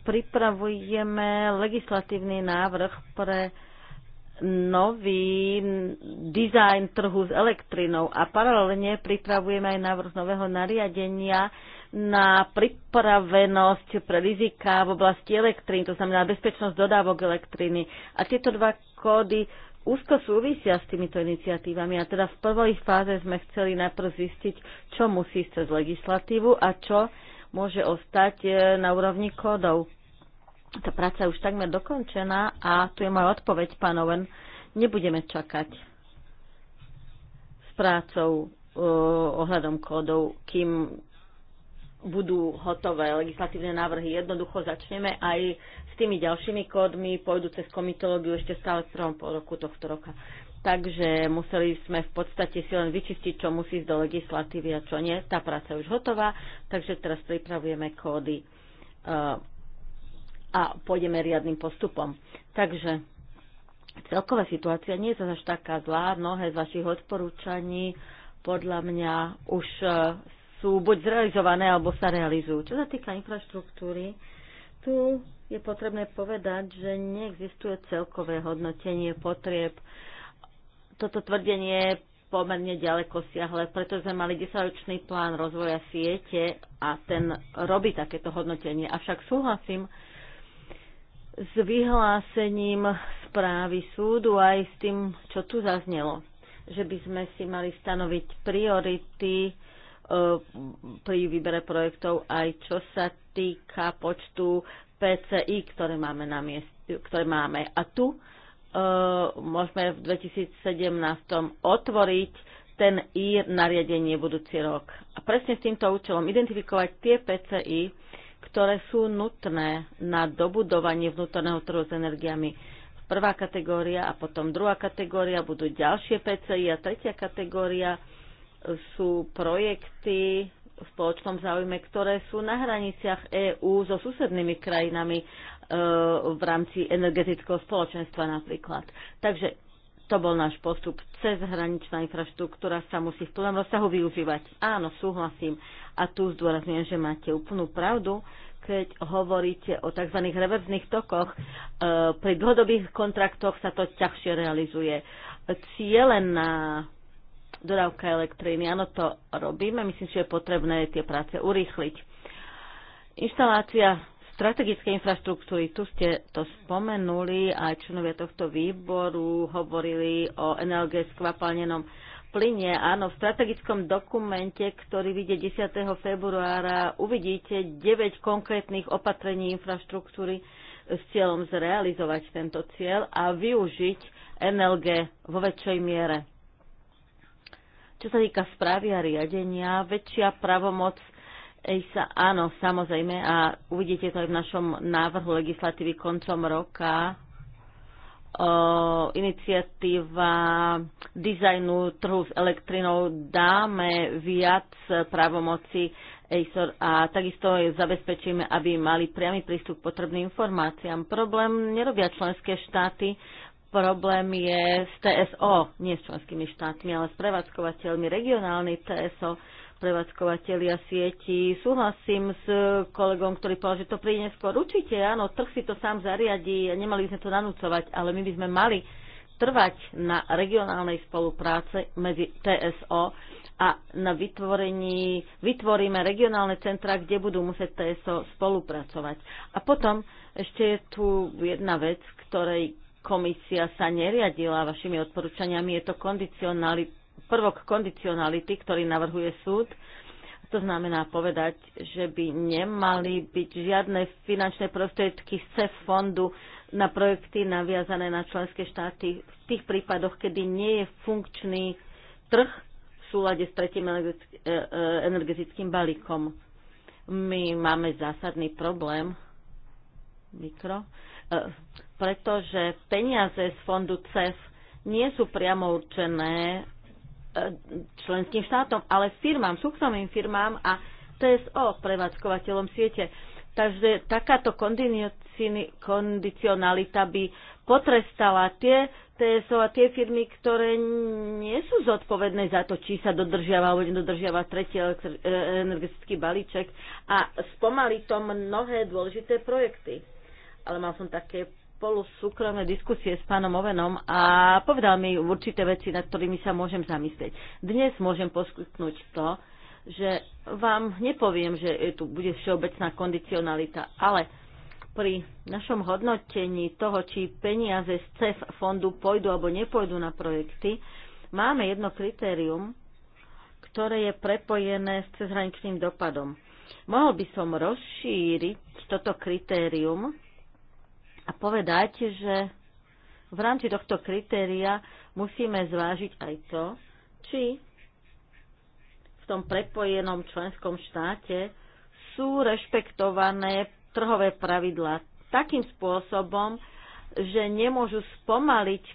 pripravujeme legislatívny návrh pre nový dizajn trhu s elektrinou a paralelne pripravujeme aj návrh nového nariadenia na pripravenosť pre rizika v oblasti elektriny, to znamená bezpečnosť dodávok elektriny. A tieto dva kódy úzko súvisia s týmito iniciatívami a teda v prvej fáze sme chceli najprv zistiť, čo musí ísť cez legislatívu a čo môže ostať e, na úrovni kódov. Tá práca je už takmer dokončená a tu je moja odpoveď, pán Owen. Nebudeme čakať s prácou e, ohľadom kódov, kým budú hotové legislatívne návrhy. Jednoducho začneme aj s tými ďalšími kódmi, pôjdu cez komitológiu ešte stále v prvom pol roku tohto roka. Takže museli sme v podstate si len vyčistiť, čo musí ísť do legislatívy a čo nie. Tá práca je už hotová, takže teraz pripravujeme kódy e, a pôjdeme riadnym postupom. Takže celková situácia nie je zase taká zlá. Mnohé z vašich odporúčaní podľa mňa už e, sú buď zrealizované, alebo sa realizujú. Čo sa týka infraštruktúry, tu je potrebné povedať, že neexistuje celkové hodnotenie potrieb. Toto tvrdenie je pomerne ďaleko siahle, pretože sme mali 10-ročný plán rozvoja siete a ten robí takéto hodnotenie. Avšak súhlasím s vyhlásením správy súdu aj s tým, čo tu zaznelo, že by sme si mali stanoviť priority pri výbere projektov aj čo sa týka počtu PCI, ktoré máme, na mieste, ktoré máme. A tu e, môžeme v 2017 otvoriť ten I nariadenie budúci rok. A presne s týmto účelom identifikovať tie PCI, ktoré sú nutné na dobudovanie vnútorného trhu s energiami. Prvá kategória a potom druhá kategória budú ďalšie PCI a tretia kategória sú projekty v spoločnom záujme, ktoré sú na hraniciach EÚ so susednými krajinami e, v rámci energetického spoločenstva napríklad. Takže to bol náš postup. cez hraničná infraštruktúra sa musí v plnom rozsahu využívať. Áno, súhlasím. A tu zdôrazňujem, že máte úplnú pravdu, keď hovoríte o tzv. reverzných tokoch. E, pri dlhodobých kontraktoch sa to ťažšie realizuje. Cielená dodávka elektriny. Áno, to robíme. Myslím, že je potrebné tie práce urýchliť. Inštalácia strategickej infraštruktúry, tu ste to spomenuli a členovia tohto výboru hovorili o NLG skvapalnenom plyne. Áno, v strategickom dokumente, ktorý vyjde 10. februára, uvidíte 9 konkrétnych opatrení infraštruktúry s cieľom zrealizovať tento cieľ a využiť NLG vo väčšej miere. Čo sa týka správy a riadenia, väčšia pravomoc sa, áno, samozrejme, a uvidíte to aj v našom návrhu legislatívy koncom roka, o, iniciatíva dizajnu trhu s elektrinou dáme viac právomoci ACER a takisto zabezpečíme, aby mali priamy prístup k potrebným informáciám. Problém nerobia členské štáty, problém je s TSO, nie s členskými štátmi, ale s prevádzkovateľmi regionálnej TSO, prevádzkovateľia sieti. Súhlasím s kolegom, ktorý povedal, že to príde neskôr. Určite, áno, trh si to sám zariadí, nemali by sme to nanúcovať, ale my by sme mali trvať na regionálnej spolupráce medzi TSO a na vytvorení, vytvoríme regionálne centra, kde budú musieť TSO spolupracovať. A potom ešte je tu jedna vec, ktorej komisia sa neriadila vašimi odporúčaniami. Je to kondicionali, prvok kondicionality, ktorý navrhuje súd. To znamená povedať, že by nemali byť žiadne finančné prostriedky z CEF fondu na projekty naviazané na členské štáty v tých prípadoch, kedy nie je funkčný trh v súlade s tretím e, e, energetickým balíkom. My máme zásadný problém mikro, e, pretože peniaze z fondu CEF nie sú priamo určené e, členským štátom, ale firmám, súkromným firmám a TSO, prevádzkovateľom siete. Takže takáto kondicionalita by potrestala tie TSO a tie firmy, ktoré nie sú zodpovedné za to, či sa dodržiava alebo nedodržiava tretí e, energetický balíček a spomalí to mnohé dôležité projekty. Ale mal som také spolu súkromné diskusie s pánom Ovenom a povedal mi určité veci, nad ktorými sa môžem zamyslieť. Dnes môžem poskytnúť to, že vám nepoviem, že tu bude všeobecná kondicionalita, ale pri našom hodnotení toho, či peniaze z CEF fondu pôjdu alebo nepôjdu na projekty, máme jedno kritérium, ktoré je prepojené s cezhraničným dopadom. Mohol by som rozšíriť toto kritérium a povedať, že v rámci tohto kritéria musíme zvážiť aj to, či v tom prepojenom členskom štáte sú rešpektované trhové pravidlá takým spôsobom, že nemôžu spomaliť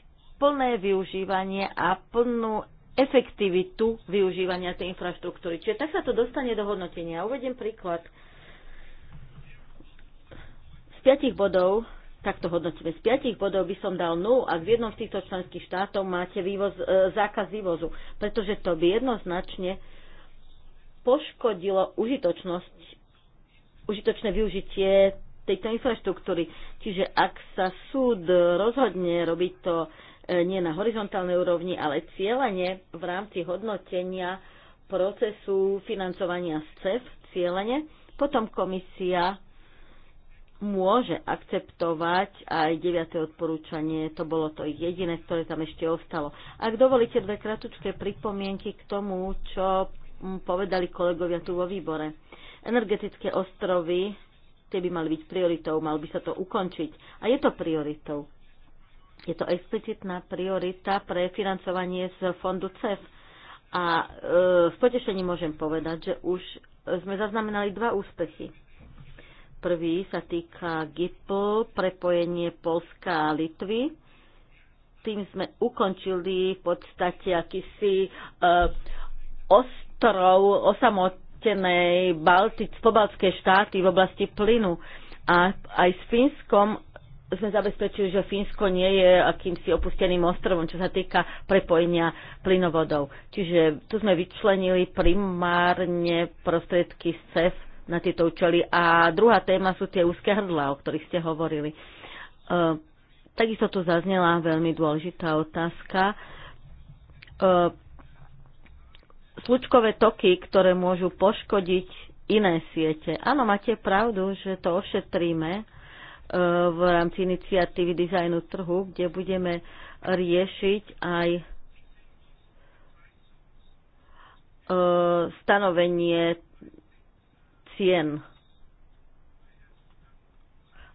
plné využívanie a plnú efektivitu využívania tej infraštruktúry. Čiže tak sa to dostane do hodnotenia. Uvediem príklad. Z piatich bodov takto hodnotíme. Z piatich bodov by som dal nul, ak v jednom z týchto členských štátov máte vývoz, e, zákaz vývozu, pretože to by jednoznačne poškodilo užitočnosť, užitočné využitie tejto infraštruktúry. Čiže ak sa súd rozhodne robiť to e, nie na horizontálnej úrovni, ale cieľene v rámci hodnotenia procesu financovania z CEF, cieľene, potom komisia môže akceptovať aj 9. odporúčanie, to bolo to ich jediné, ktoré tam ešte ostalo. Ak dovolíte dve kratučké pripomienky k tomu, čo povedali kolegovia tu vo výbore. Energetické ostrovy, tie by mali byť prioritou, mal by sa to ukončiť. A je to prioritou. Je to explicitná priorita pre financovanie z fondu CEF. A e, v potešení môžem povedať, že už sme zaznamenali dva úspechy Prvý sa týka GIPL, prepojenie Polska a Litvy. Tým sme ukončili v podstate akýsi uh, ostrov osamotenej Baltic, pobaltské štáty v oblasti plynu. A aj s Fínskom sme zabezpečili, že Fínsko nie je akýmsi opusteným ostrovom, čo sa týka prepojenia plynovodov. Čiže tu sme vyčlenili primárne prostriedky z CEF na tieto účely. A druhá téma sú tie úzke hrdla, o ktorých ste hovorili. E, takisto tu zaznela veľmi dôležitá otázka. E, slučkové toky, ktoré môžu poškodiť iné siete. Áno, máte pravdu, že to ošetríme e, v rámci iniciatívy dizajnu trhu, kde budeme riešiť aj stanovenie cien.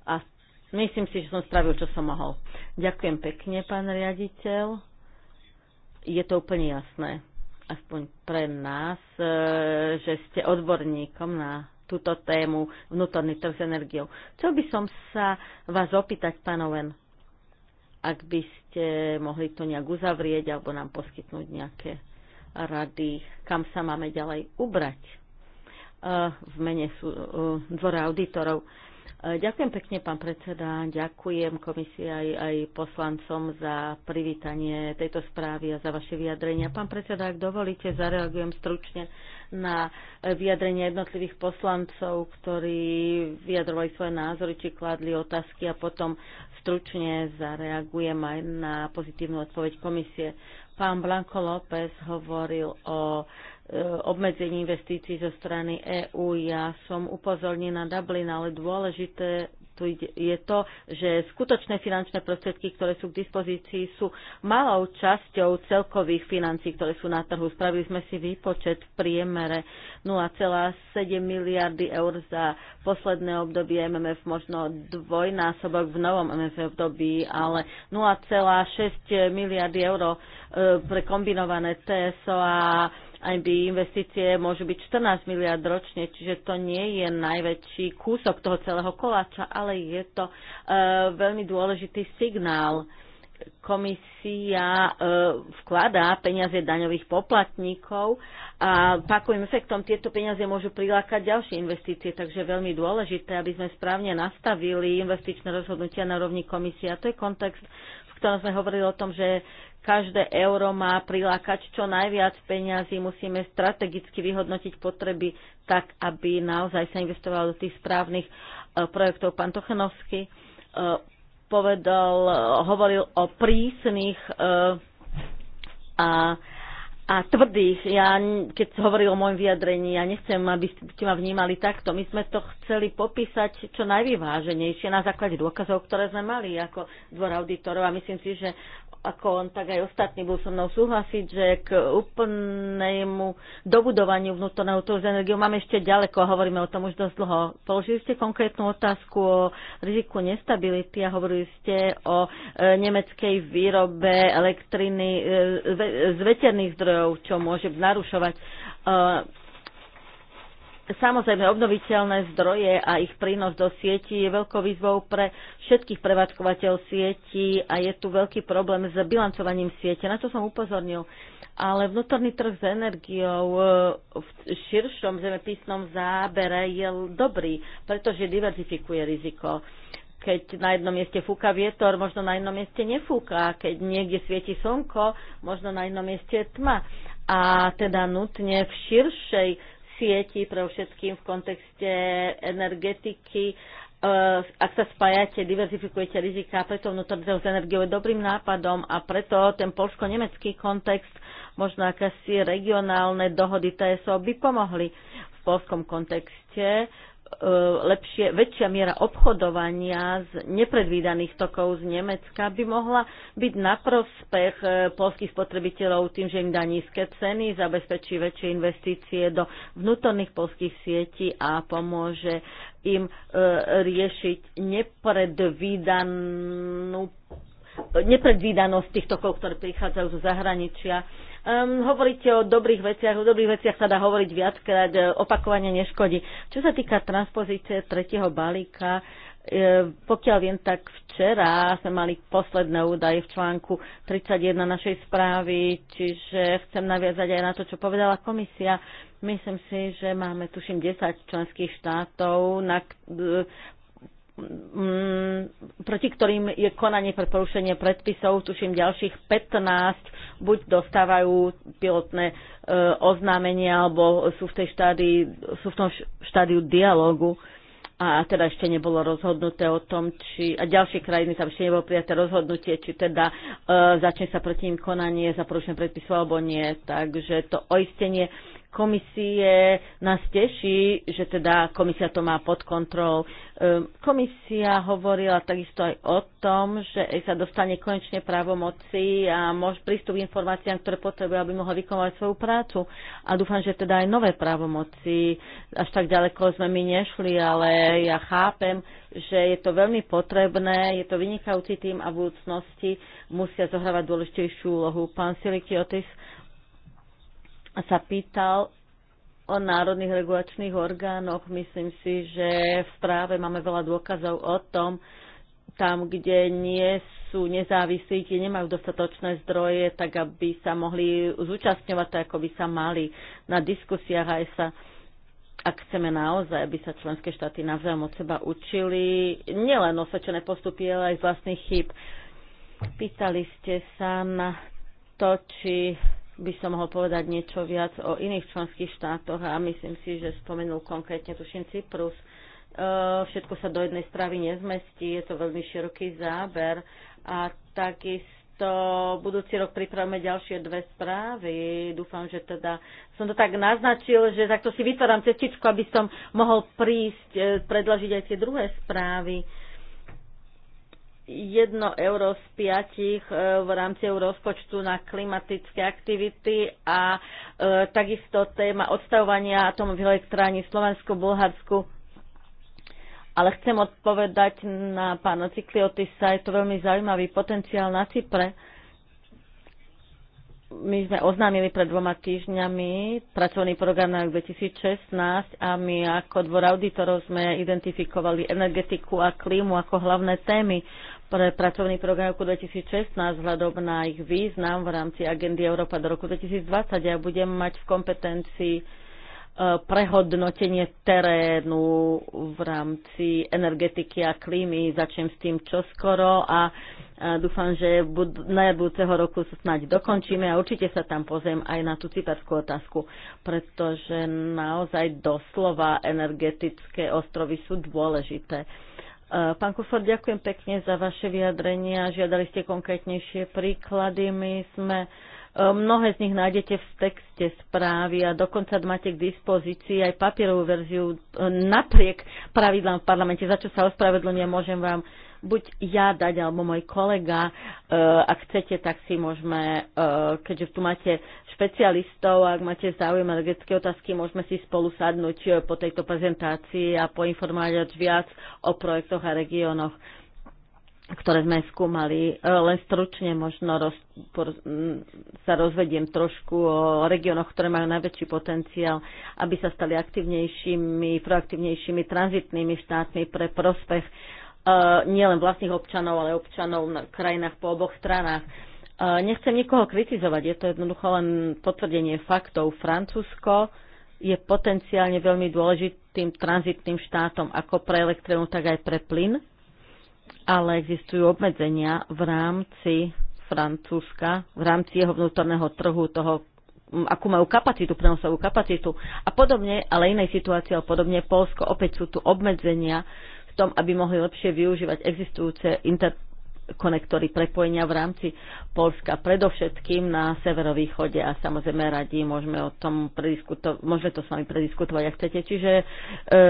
A myslím si, že som spravil, čo som mohol. Ďakujem pekne, pán riaditeľ. Je to úplne jasné, aspoň pre nás, e, že ste odborníkom na túto tému vnútorný trh s energiou. Chcel by som sa vás opýtať, pán Owen, ak by ste mohli to nejak uzavrieť alebo nám poskytnúť nejaké rady, kam sa máme ďalej ubrať v mene e, dvora auditorov. E, ďakujem pekne, pán predseda. Ďakujem komisii aj, aj poslancom za privítanie tejto správy a za vaše vyjadrenia. Pán predseda, ak dovolíte, zareagujem stručne na vyjadrenie jednotlivých poslancov, ktorí vyjadrovali svoje názory či kladli otázky a potom stručne zareagujem aj na pozitívnu odpoveď komisie. Pán Blanco López hovoril o obmedzení investícií zo strany EÚ. Ja som upozornená na Dublin, ale dôležité tu je to, že skutočné finančné prostriedky, ktoré sú k dispozícii, sú malou časťou celkových financí, ktoré sú na trhu. Spravili sme si výpočet v priemere 0,7 miliardy eur za posledné obdobie MMF, možno dvojnásobok v novom MMF období, ale 0,6 miliardy eur e, pre kombinované TSO a aj by investície môžu byť 14 miliard ročne, čiže to nie je najväčší kúsok toho celého koláča, ale je to e, veľmi dôležitý signál. Komisia e, vkladá peniaze daňových poplatníkov a takovým efektom tieto peniaze môžu prilákať ďalšie investície, takže je veľmi dôležité, aby sme správne nastavili investičné rozhodnutia na rovni komisia. To je kontext, v ktorom sme hovorili o tom, že každé euro má prilákať čo najviac peňazí, musíme strategicky vyhodnotiť potreby tak, aby naozaj sa investovalo do tých správnych e, projektov. Pán Tochenovský e, povedal, e, hovoril o prísnych a a tvrdých. Ja, keď hovorím o môjom vyjadrení, ja nechcem, aby ste ma vnímali takto. My sme to chceli popísať čo najvyváženejšie na základe dôkazov, ktoré sme mali ako dvor auditorov a myslím si, že ako on, tak aj ostatní budú so mnou súhlasiť, že k úplnému dobudovaniu vnútorného trhu s energiou máme ešte ďaleko a hovoríme o tom už dosť dlho. Položili ste konkrétnu otázku o riziku nestability a hovorili ste o e, nemeckej výrobe elektriny e, e z veterných zdrojov zdrojov, čo môže narušovať eh, Samozrejme, obnoviteľné zdroje a ich prínos do sieti je veľkou výzvou pre všetkých prevádzkovateľov sieti a je tu veľký problém s bilancovaním siete. Na to som upozornil. Ale vnútorný trh s energiou eh, v širšom zemepisnom zábere je dobrý, pretože diverzifikuje riziko keď na jednom mieste fúka vietor, možno na jednom mieste nefúka, keď niekde svieti slnko, možno na jednom mieste je tma. A teda nutne v širšej sieti, pre všetkým v kontexte energetiky, e, ak sa spájate, diverzifikujete rizika, preto vnútorný s energiou je dobrým nápadom a preto ten polsko-nemecký kontext, možno akési regionálne dohody TSO by pomohli v polskom kontexte E, lepšie, väčšia miera obchodovania z nepredvídaných tokov z Nemecka by mohla byť na prospech e, polských spotrebiteľov tým, že im dá nízke ceny, zabezpečí väčšie investície do vnútorných polských sietí a pomôže im e, riešiť nepredvídanú nepredvídanosť tých tokov, ktoré prichádzajú zo zahraničia Um, hovoríte o dobrých veciach, o dobrých veciach sa dá hovoriť viackrát, e, opakovanie neškodí. Čo sa týka transpozície tretieho balíka, e, pokiaľ viem, tak včera sme mali posledné údaje v článku 31 našej správy, čiže chcem naviazať aj na to, čo povedala komisia. Myslím si, že máme, tuším, 10 členských štátov, na, e, Mm, proti ktorým je konanie pre porušenie predpisov, tuším ďalších 15, buď dostávajú pilotné e, oznámenia, alebo sú v, tej štádii, sú v tom štádiu dialogu a teda ešte nebolo rozhodnuté o tom, či a ďalšie krajiny tam ešte nebolo prijaté rozhodnutie, či teda e, začne sa proti im konanie za porušenie predpisov alebo nie. Takže to oistenie komisie nás teší, že teda komisia to má pod kontrolou. Ehm, komisia hovorila takisto aj o tom, že sa dostane konečne právomoci a môže prístup k informáciám, ktoré potrebuje, aby mohla vykonávať svoju prácu. A dúfam, že teda aj nové právomoci. Až tak ďaleko sme my nešli, ale ja chápem, že je to veľmi potrebné, je to vynikajúci tým a v budúcnosti musia zohrávať dôležitejšiu úlohu. Pán Siliky Otis, sa pýtal o národných regulačných orgánoch. Myslím si, že v správe máme veľa dôkazov o tom, tam, kde nie sú nezávislí, kde nemajú dostatočné zdroje, tak aby sa mohli zúčastňovať tak, ako by sa mali na diskusiách aj sa ak chceme naozaj, aby sa členské štáty navzájom od seba učili, nielen osvedčené postupy, ale aj z vlastných chyb. Pýtali ste sa na to, či by som mohol povedať niečo viac o iných členských štátoch a myslím si, že spomenul konkrétne tuším Cyprus. E, všetko sa do jednej správy nezmestí, je to veľmi široký záber a takisto budúci rok pripravíme ďalšie dve správy. Dúfam, že teda som to tak naznačil, že takto si vytváram cestičku, aby som mohol prísť, e, predložiť aj tie druhé správy jedno euro z piatich e, v rámci rozpočtu na klimatické aktivity a e, takisto téma odstavovania atomových elektrární v Slovensku, Bulharsku. Ale chcem odpovedať na pána Cikliotisa, je to veľmi zaujímavý potenciál na Cypre. My sme oznámili pred dvoma týždňami pracovný program na 2016 a my ako dvor auditorov sme identifikovali energetiku a klímu ako hlavné témy pre pracovný program roku 2016 vzhľadom na ich význam v rámci agendy Európa do roku 2020 ja budem mať v kompetencii e, prehodnotenie terénu v rámci energetiky a klímy. Začnem s tým čoskoro a e, dúfam, že bud- na budúceho roku sa snáď dokončíme a určite sa tam pozriem aj na tú cyperskú otázku, pretože naozaj doslova energetické ostrovy sú dôležité. Uh, E, pán Kufor, ďakujem pekne za vaše vyjadrenia. Žiadali ste konkrétnejšie príklady. My sme e, Mnohé z nich nájdete v texte správy a dokonca máte k dispozícii aj papierovú verziu e, napriek pravidlám v parlamente, za čo sa ospravedlňujem, môžem vám buď ja dať, alebo môj kolega. Ak chcete, tak si môžeme, keďže tu máte špecialistov. Ak máte záujem energetické otázky, môžeme si spolu sadnúť eh, po tejto prezentácii a poinformovať viac o projektoch a regiónoch ktoré sme skúmali. Eh, len stručne možno roz, por, mm, sa rozvediem trošku o regiónoch, ktoré majú najväčší potenciál, aby sa stali aktívnejšími, proaktívnejšími tranzitnými štátmi pre prospech eh, nielen vlastných občanov, ale občanov na krajinách po oboch stranách. Uh, Nechcem nikoho kritizovať, je to jednoducho len potvrdenie faktov. Francúzsko je potenciálne veľmi dôležitým tranzitným štátom ako pre elektrínu, tak aj pre plyn, ale existujú obmedzenia v rámci Francúzska, v rámci jeho vnútorného trhu, toho, akú majú kapacitu, prenosovú kapacitu a podobne, ale inej situácii, ale podobne Polsko, opäť sú tu obmedzenia, v tom, aby mohli lepšie využívať existujúce inter- konektory prepojenia v rámci Polska, predovšetkým na severovýchode a samozrejme radi môžeme o tom prediskutovať, môžeme to s vami prediskutovať, ak chcete. Čiže e,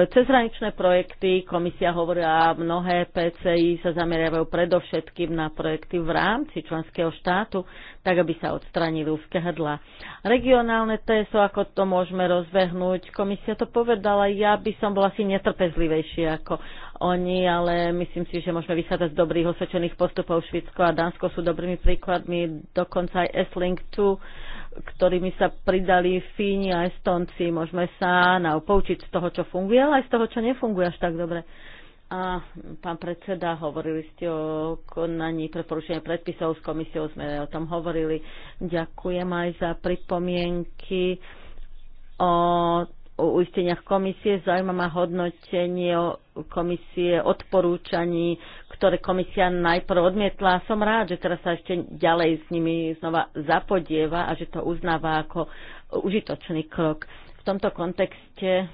cezhraničné projekty, komisia hovorí a mnohé PCI sa zameriavajú predovšetkým na projekty v rámci členského štátu, tak aby sa odstranili úzke hrdla. Regionálne TSO, ako to môžeme rozvehnúť, komisia to povedala, ja by som bola asi netrpezlivejšia ako oni, ale myslím si, že môžeme vychádzať z dobrých osvedčených postupov. Švedsko a Dánsko sú dobrými príkladmi, dokonca aj S-Link 2, ktorými sa pridali Fíni a Estonci. Môžeme sa poučiť z toho, čo funguje, ale aj z toho, čo nefunguje až tak dobre. A pán predseda, hovorili ste o konaní pre porušenie predpisov, s komisiou sme o tom hovorili. Ďakujem aj za pripomienky o o uisteniach komisie, zaujímavá hodnotenie komisie, odporúčaní, ktoré komisia najprv odmietla. Som rád, že teraz sa ešte ďalej s nimi znova zapodieva a že to uznáva ako užitočný krok. V tomto kontexte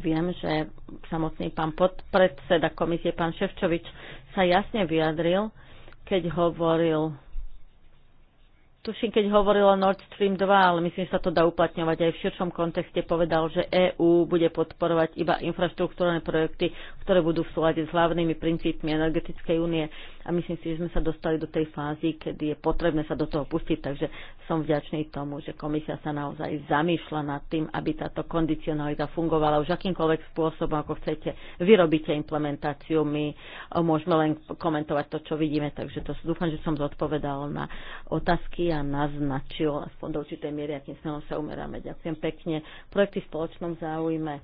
viem, že samotný pán podpredseda komisie, pán Ševčovič, sa jasne vyjadril, keď hovoril tuším, keď hovoril o Nord Stream 2, ale myslím, že sa to dá uplatňovať aj v širšom kontexte, povedal, že EÚ bude podporovať iba infraštruktúrne projekty, ktoré budú v súlade s hlavnými princípmi energetickej únie. A myslím si, že sme sa dostali do tej fázy, kedy je potrebné sa do toho pustiť, takže som vďačný tomu, že komisia sa naozaj zamýšľa nad tým, aby táto kondicionalita fungovala už akýmkoľvek spôsobom, ako chcete. Vyrobíte implementáciu, my môžeme len komentovať to, čo vidíme, takže to dúfam, že som zodpovedal na otázky a naznačil, aspoň do určitej miery, akým smerom sa umeráme. Ďakujem pekne. Projekty v spoločnom záujme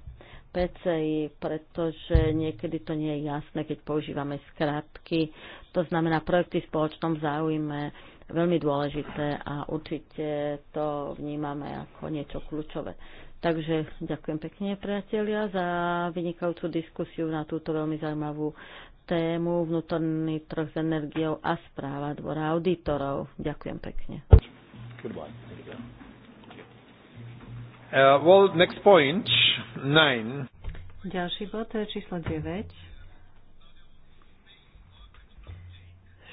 PCI, pretože niekedy to nie je jasné, keď používame skratky. To znamená projekty v spoločnom záujme veľmi dôležité a určite to vnímame ako niečo kľúčové. Takže ďakujem pekne, priatelia, za vynikajúcu diskusiu na túto veľmi zaujímavú tému vnútorný trh s energiou a správa dvora auditorov. Ďakujem pekne. Uh, well, next point, nine. Ďalší bod to je číslo 9.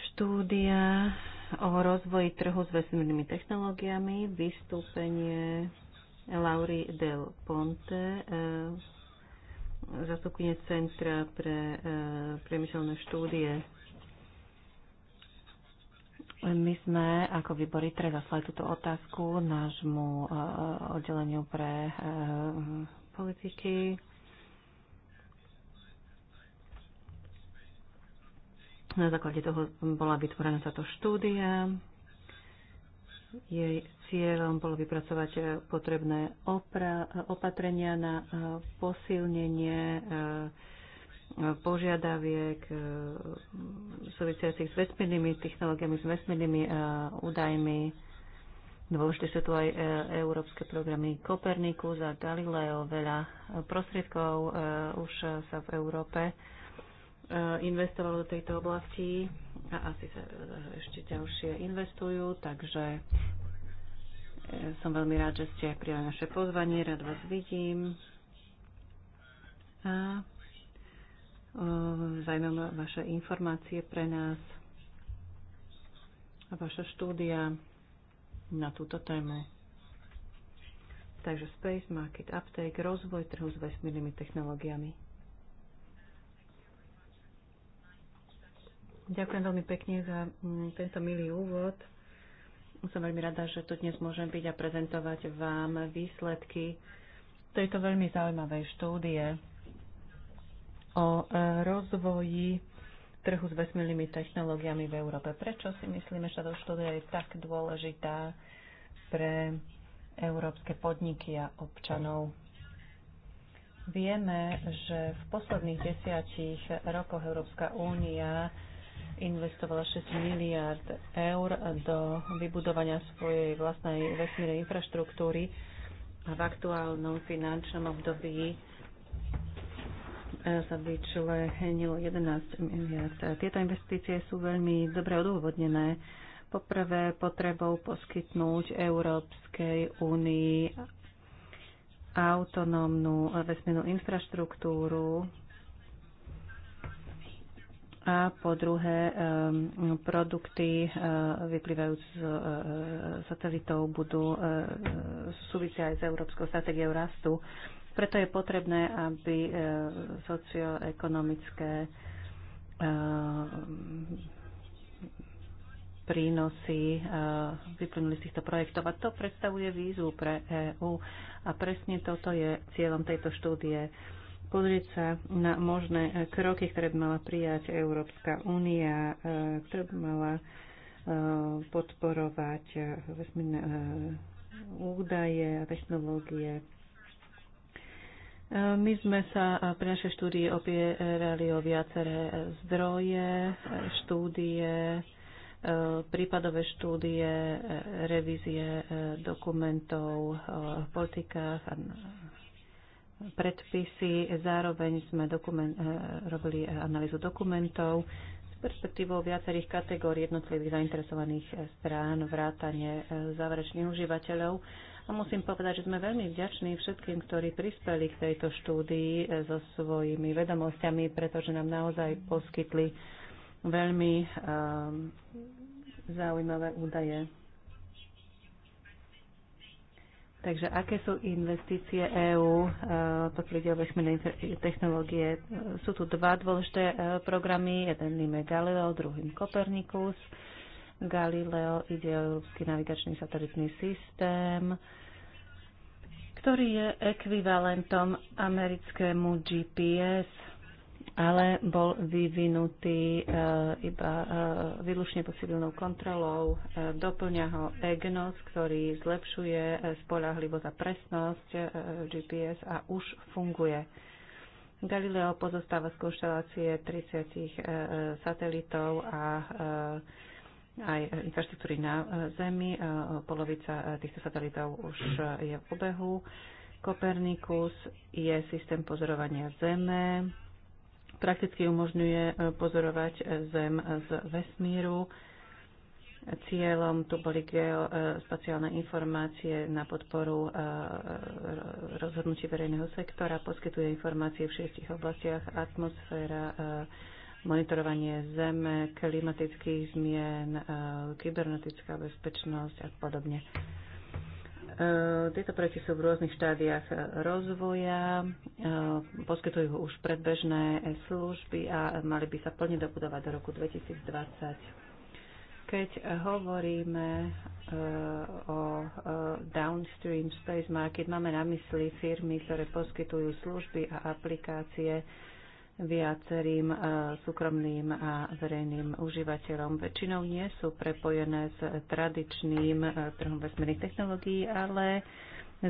Štúdia o rozvoji trhu s vesmírnymi technológiami, vystúpenie Laury Del Ponte, uh, zastupkyne Centra pre eh, priemyselné štúdie. My sme ako výbory ITRE zaslali túto otázku nášmu eh, oddeleniu pre eh, politiky. Na základe toho bola vytvorená táto štúdia. Jej Cieľom bolo vypracovať e, potrebné opatrenia na e, posilnenie e, požiadaviek súvisiacich s vesmírnymi technológiami, s vesmírnymi údajmi. Dôležité sú tu aj európske programy Kopernikus a Galileo. Veľa prostriedkov už sa v Európe investovalo do tejto oblasti a asi sa ešte ďalšie investujú, takže som veľmi rád, že ste prijali naše pozvanie, rád vás vidím. A zaujímavé vaše informácie pre nás a vaša štúdia na túto tému. Takže Space Market Uptake, rozvoj trhu s vesmírnymi technológiami. Ďakujem veľmi pekne za tento milý úvod. Som veľmi rada, že tu dnes môžem byť a prezentovať vám výsledky tejto veľmi zaujímavej štúdie o e, rozvoji trhu s vesmírnymi technológiami v Európe. Prečo si myslíme, že táto štúdia je tak dôležitá pre európske podniky a občanov? Vieme, že v posledných desiatich rokoch Európska únia investovala 6 miliard eur do vybudovania svojej vlastnej vesmírnej infraštruktúry a v aktuálnom finančnom období e, sa vyčlenilo 11 miliard. Tieto investície sú veľmi dobre odôvodnené. Poprvé potrebou poskytnúť Európskej únii autonómnu vesmírnu infraštruktúru, a po druhé produkty eh, vyplývajúce z eh, eh, satelitov budú súvisia aj s Európskou stratégiou rastu. Preto je potrebné, aby socioekonomické prínosy vyplynuli z týchto projektov. A to predstavuje výzvu pre EÚ. A presne toto je cieľom tejto štúdie pozrieť sa na možné e, kroky, ktoré by mala prijať Európska únia, e, ktoré by mala e, podporovať vesmírne údaje a technológie. My sme sa pri našej štúdii opierali o viaceré zdroje, štúdie, prípadové štúdie, revízie dokumentov o politikách a predpisy. Zároveň sme dokument, eh, robili eh, analýzu dokumentov s perspektívou viacerých kategórií jednotlivých zainteresovaných eh, strán, vrátane záverečných užívateľov. A musím povedať, že sme veľmi vďační všetkým, ktorí prispeli k tejto štúdii so svojimi vedomosťami, pretože nám naozaj poskytli veľmi um, zaujímavé údaje. Takže aké sú investície EÚ, e, pokiaľ ide o vesmírne technológie? Sú tu dva dôležité e, programy, jeden je Galileo, druhým Copernicus. Galileo ide o Európsky navigačný satelitný systém, ktorý je ekvivalentom americkému GPS ale bol vyvinutý eh, iba eh, výlučne pod civilnou kontrolou. Eh, doplňa ho EGNOS, ktorý zlepšuje spolahlivosť a presnosť GPS a už funguje. Galileo pozostáva z konštelácie 30 satelitov a aj infraštruktúry na Zemi. Polovica týchto satelitov už je v obehu. Kopernikus je systém pozorovania Zeme, prakticky umožňuje e, pozorovať e, Zem z vesmíru. Cieľom tu boli geospaciálne informácie na podporu e, rozhodnutí verejného sektora, poskytuje informácie v šiestich oblastiach atmosféra, monitorovanie zeme, klimatických zmien, kybernetická bezpečnosť a podobne. E, tieto projekty sú v rôznych štádiách rozvoja, e, poskytujú už predbežné služby a mali by sa plne dobudovať do roku 2020. Keď hovoríme e, o downstream space market, máme na mysli firmy, ktoré poskytujú služby a aplikácie viacerým e, súkromným a verejným užívateľom. Väčšinou nie sú prepojené s tradičným e, trhom vesmírnych technológií, ale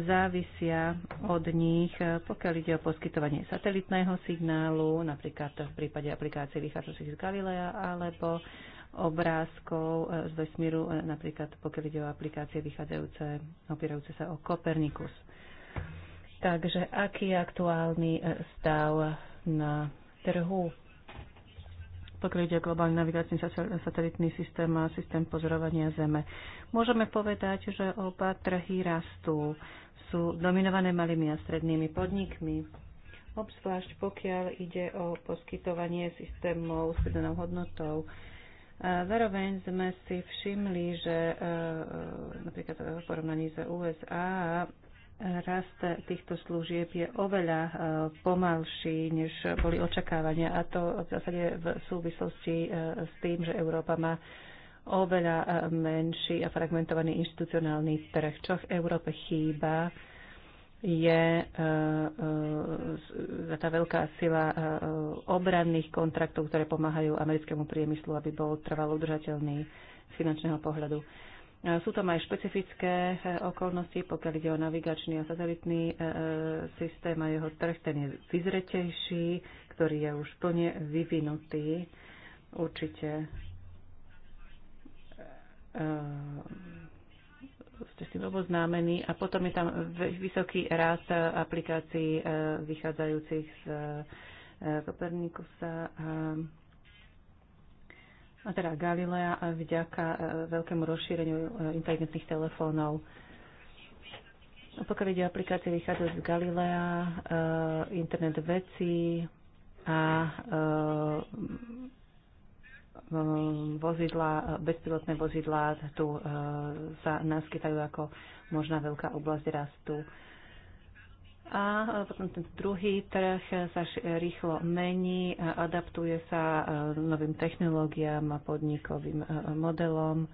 závisia od nich, e, pokiaľ ide o poskytovanie satelitného signálu, napríklad v prípade aplikácií vychádzajúcich z Galilea, alebo obrázkov z vesmíru, napríklad pokiaľ ide o aplikácie vychádzajúce, opierajúce sa o Kopernikus. Takže aký je aktuálny stav na trhu. Pokrytie globálny navigačný satelitný systém a systém pozorovania Zeme. Môžeme povedať, že oba trhy rastú. Sú dominované malými a strednými podnikmi obzvlášť pokiaľ ide o poskytovanie systémov s pridanou hodnotou. Zároveň sme si všimli, že e, e, napríklad v porovnaní s USA Rast týchto služieb je oveľa e, pomalší, než boli očakávania a to v zásade v súvislosti e, s tým, že Európa má oveľa e, menší a fragmentovaný inštitucionálny trh. Čo v Európe chýba, je tá veľká sila obranných kontraktov, ktoré pomáhajú americkému priemyslu, aby bol trvalo udržateľný z finančného pohľadu. Sú tam aj špecifické e, okolnosti, pokiaľ ide o navigačný a satelitný e, e, systém a jeho trh, ten je vyzretejší, ktorý je už plne vyvinutý. Určite ste s tým oboznámení. A potom je tam vysoký rast aplikácií vychádzajúcich z Kopernikusa. A a teda Galilea a vďaka e, veľkému rozšíreniu e, inteligentných telefónov. Pokiaľ ide aplikácie vychádzajú z Galilea, e, internet vecí a vozidla, bezpilotné vozidlá tu sa naskytajú ako možná veľká oblasť rastu. A potom ten druhý trh sa rýchlo mení, adaptuje sa e, novým technológiám a podnikovým e, modelom.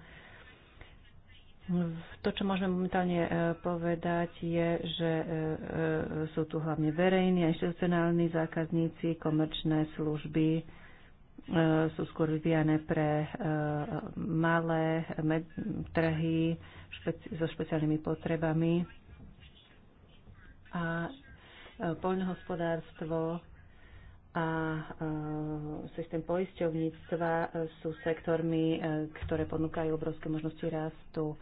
To, čo môžeme momentálne e, povedať, je, že sú tu hlavne verejní a inštitucionálni zákazníci, komerčné služby sú skôr vyvíjane pre malé trhy so špeciálnymi potrebami a e, poľnohospodárstvo a e, systém poisťovníctva e, sú sektormi, ktoré ponúkajú obrovské možnosti rastu.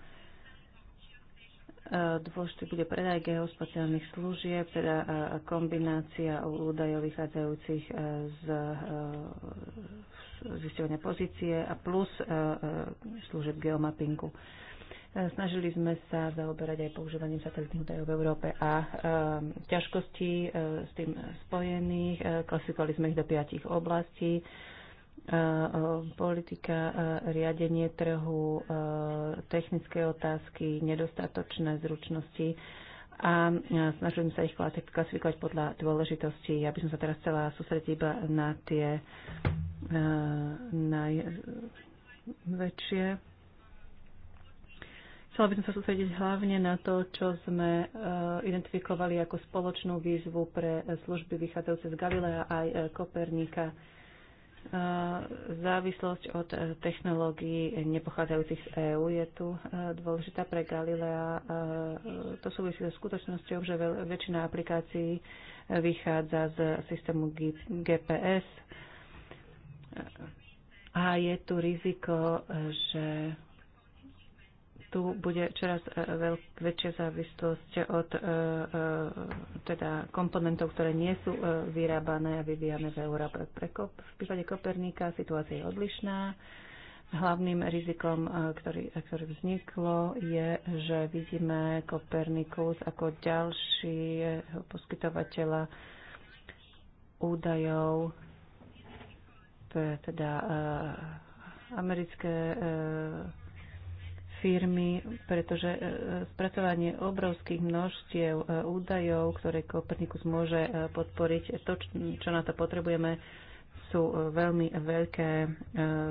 Dôležitý bude predaj geospatiálnych služieb, teda kombinácia údajov vychádzajúcich z zisťovania pozície a plus služieb geomappingu. E, snažili sme sa zaoberať aj používaním satelitných údajov v Európe a e, e s tým spojených. E, klasifikovali sme ich do piatich oblastí. Politika, riadenie trhu, technické otázky, nedostatočné zručnosti a snažili sme sa ich klasifikovať podľa dôležitosti. Ja by som sa teraz chcela sústrediť iba na tie najväčšie Chcela by som sa sústrediť hlavne na to, čo sme e, identifikovali ako spoločnú výzvu pre služby vychádzajúce z Galilea aj e, Koperníka. E, závislosť od technológií nepochádzajúcich z EÚ je tu dôležitá pre Galilea. To súvisí so skutočnosťou, že väčšina aplikácií vychádza z systému GPS a je tu riziko, že tu bude čoraz e, väčšia závislosť od e, e, teda komponentov, ktoré nie sú vyrábané a vyvíjane v Európe. Pre, v prípade Koperníka situácia je odlišná. Hlavným rizikom, ktorý, ktorý vzniklo, je, že vidíme Kopernikus ako ďalší poskytovateľa údajov teda americké firmy, pretože e, spracovanie obrovských množstiev e, údajov, ktoré Kopernikus môže e, podporiť, to, čo na to potrebujeme, sú veľmi veľké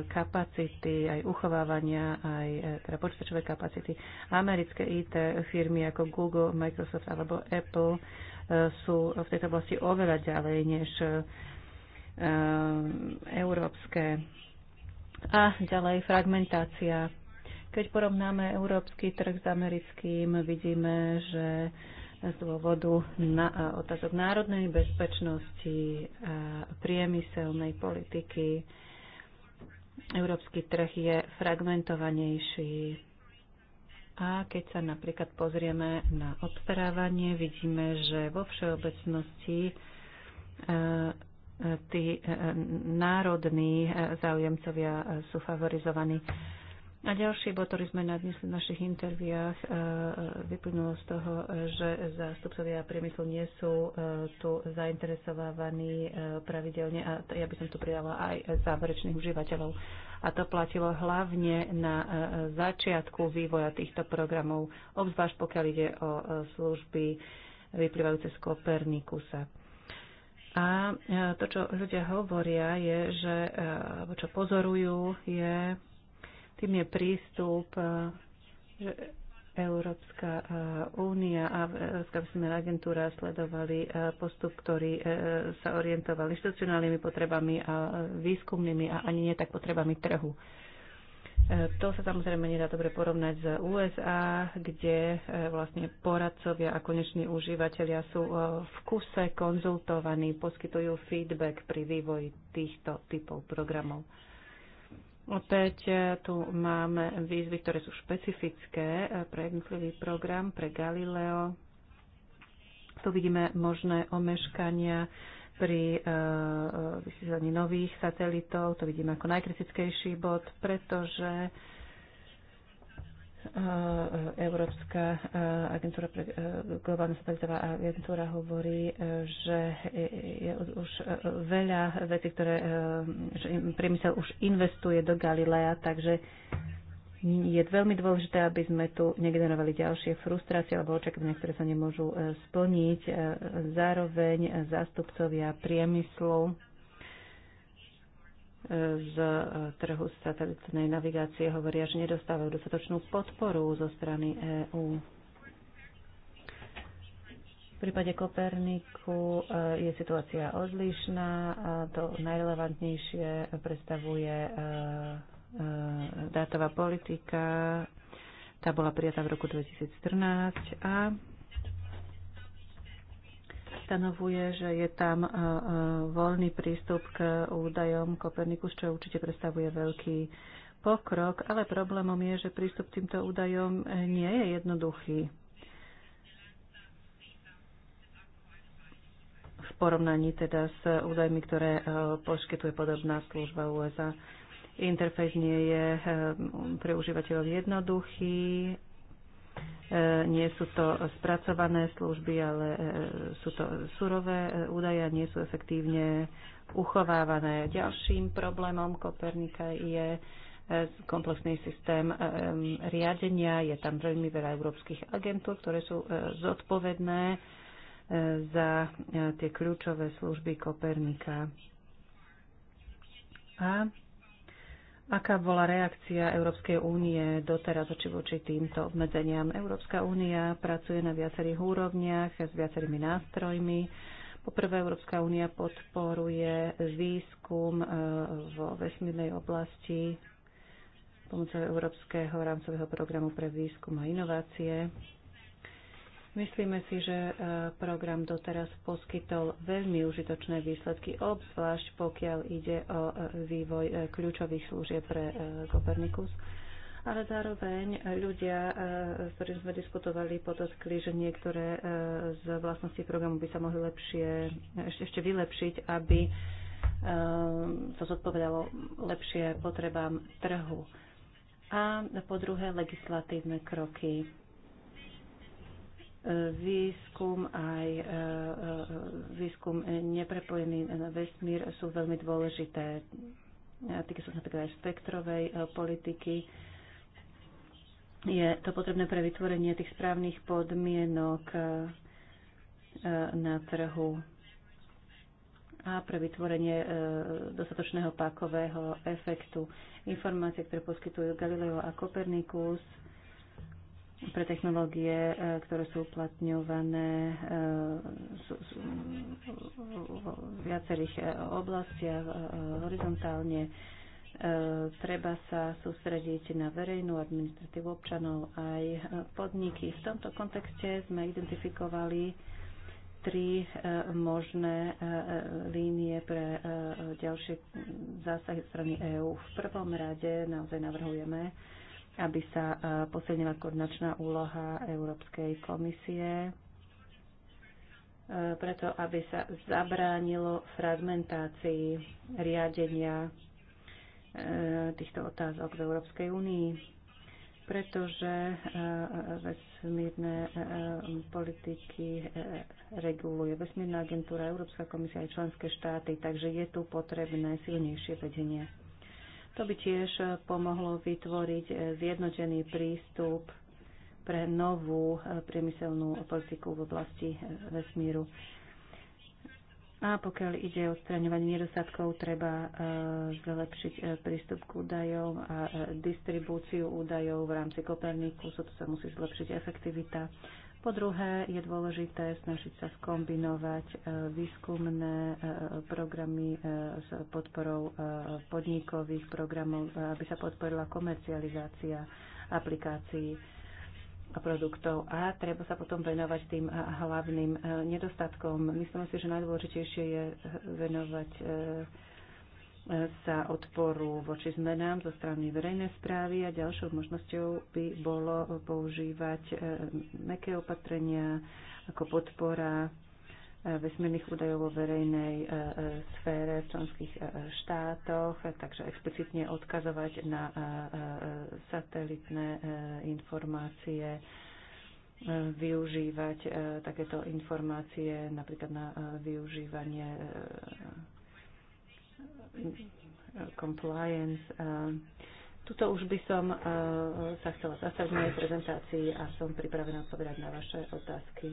kapacity, aj uchovávania, aj teda počítačové kapacity. Americké IT firmy ako Google, Microsoft alebo Apple sú v tejto oblasti oveľa ďalej než európske. A ďalej fragmentácia keď porovnáme európsky trh s americkým, vidíme, že z dôvodu na, otázok národnej bezpečnosti a priemyselnej politiky európsky trh je fragmentovanejší. A keď sa napríklad pozrieme na obstarávanie, vidíme, že vo všeobecnosti e, e, tí e, národní záujemcovia sú favorizovaní. A ďalší bod, ktorý sme nadnesli v našich interviách, e, e, vyplynulo z toho, že zástupcovia priemyslu nie sú e, tu zainteresovaní pravidelne a ja by som tu prijala aj záverečných užívateľov. A to platilo hlavne na začiatku vývoja týchto programov, obzvlášť pokiaľ ide o služby vyplývajúce z Kopernikusa. A to, čo ľudia hovoria, je, že, čo pozorujú, je, tým je prístup, e, že Európska e, únia a Európska vesmírna agentúra sledovali e, postup, ktorý sa orientoval inštitucionálnymi potrebami a výskumnými a ani nie tak potrebami trhu. To sa samozrejme nedá dobre porovnať s USA, kde vlastne poradcovia a koneční užívateľia sú v kuse konzultovaní, poskytujú feedback pri vývoji týchto typov programov. Opäť e, tu máme výzvy, ktoré sú špecifické e, pre jednotlivý program, pre Galileo. Tu vidíme možné omeškania pri e, vysielaní nových satelitov. To vidíme ako najkritickejší bod, pretože Eh, Európska eh, agentúra pre eh, globálne stabilitová agentúra hovorí, že je už veľa vecí, ktoré že priemysel už investuje do Galilea, takže je veľmi dôležité, aby sme tu negenerovali ďalšie frustrácie alebo očakávania, ktoré sa nemôžu splniť. Zároveň zástupcovia priemyslu z e, trhu satelitnej navigácie hovoria, že nedostávajú dostatočnú podporu zo strany EÚ. V prípade Koperniku e, je situácia odlišná a to najrelevantnejšie predstavuje e, dátová politika. Tá bola prijatá v roku 2014 a stanovuje, že je tam e, e, voľný prístup k údajom Kopernikus, čo určite predstavuje veľký pokrok, ale problémom je, že prístup k týmto údajom e, nie je jednoduchý. V porovnaní teda s údajmi, ktoré poskytuje podobná služba USA. Interfejs nie je pre užívateľov jednoduchý E, nie sú to spracované služby, ale e, sú to surové e, údaje a nie sú efektívne uchovávané. Ďalším problémom Kopernika je komplexný systém riadenia. Je tam veľmi veľa európskych agentúr, ktoré sú zodpovedné za tie kľúčové služby Kopernika. A Aká bola reakcia Európskej únie doteraz oči voči týmto obmedzeniam? Európska únia pracuje na viacerých úrovniach s viacerými nástrojmi. Poprvé, Európska únia podporuje výskum e, vo vesmírnej oblasti pomocou Európskeho rámcového programu pre výskum a inovácie. Myslíme si, že e, program doteraz poskytol veľmi užitočné výsledky, obzvlášť pokiaľ ide o e, vývoj e, kľúčových služieb pre Kopernikus. Ale zároveň ľudia, s ktorými sme diskutovali, podotkli, že niektoré z vlastností programu by sa mohli lepšie, ešte, ešte vylepšiť, aby to zodpovedalo lepšie potrebám trhu. A po druhé, legislatívne kroky výskum aj e, e, výskum neprepojený na vesmír sú veľmi dôležité. Týka sa napríklad aj spektrovej e, politiky. Je to potrebné pre vytvorenie tých správnych podmienok na trhu a pre vytvorenie dostatočného pákového efektu. Informácie, ktoré poskytujú Galileo a Kopernikus, pre technológie, e, ktoré sú uplatňované e, v viacerých e, oblastiach horizontálne. Treba sa sústrediť na verejnú administratívu občanov aj podniky. V tomto kontexte sme identifikovali tri možné línie pre ďalšie zásahy strany EÚ. V prvom rade naozaj navrhujeme aby sa e, posilnila koordinačná úloha Európskej komisie, e, preto aby sa zabránilo fragmentácii riadenia e, týchto otázok v Európskej únii, pretože vesmírne politiky reguluje Vesmírna agentúra, Európska komisia aj členské štáty, takže je tu potrebné silnejšie vedenie. To by tiež e, pomohlo vytvoriť e, zjednotený prístup pre novú e, priemyselnú politiku v oblasti vesmíru. A pokiaľ ide o odstraňovanie nedostatkov, treba zlepšiť prístup k údajom a distribúciu údajov v rámci Kopernikusu, to sa musí zlepšiť efektivita po druhé, je dôležité snažiť sa skombinovať e, výskumné e, e, programy s podporou podnikových programov, aby sa podporila komercializácia aplikácií a produktov a treba sa potom venovať tým hlavným nedostatkom. Myslím si, že najdôležitejšie je venovať sa odporu voči zmenám zo strany verejnej správy a ďalšou možnosťou by bolo používať e, meké opatrenia ako podpora e, vesmírnych údajov vo verejnej e, sfére v členských štátoch, takže explicitne odkazovať na satelitné informácie, využívať takéto informácie napríklad na využívanie compliance. Tuto už by som e, sa chcela zastaviť v mojej prezentácii a som pripravená odpovedať na vaše otázky.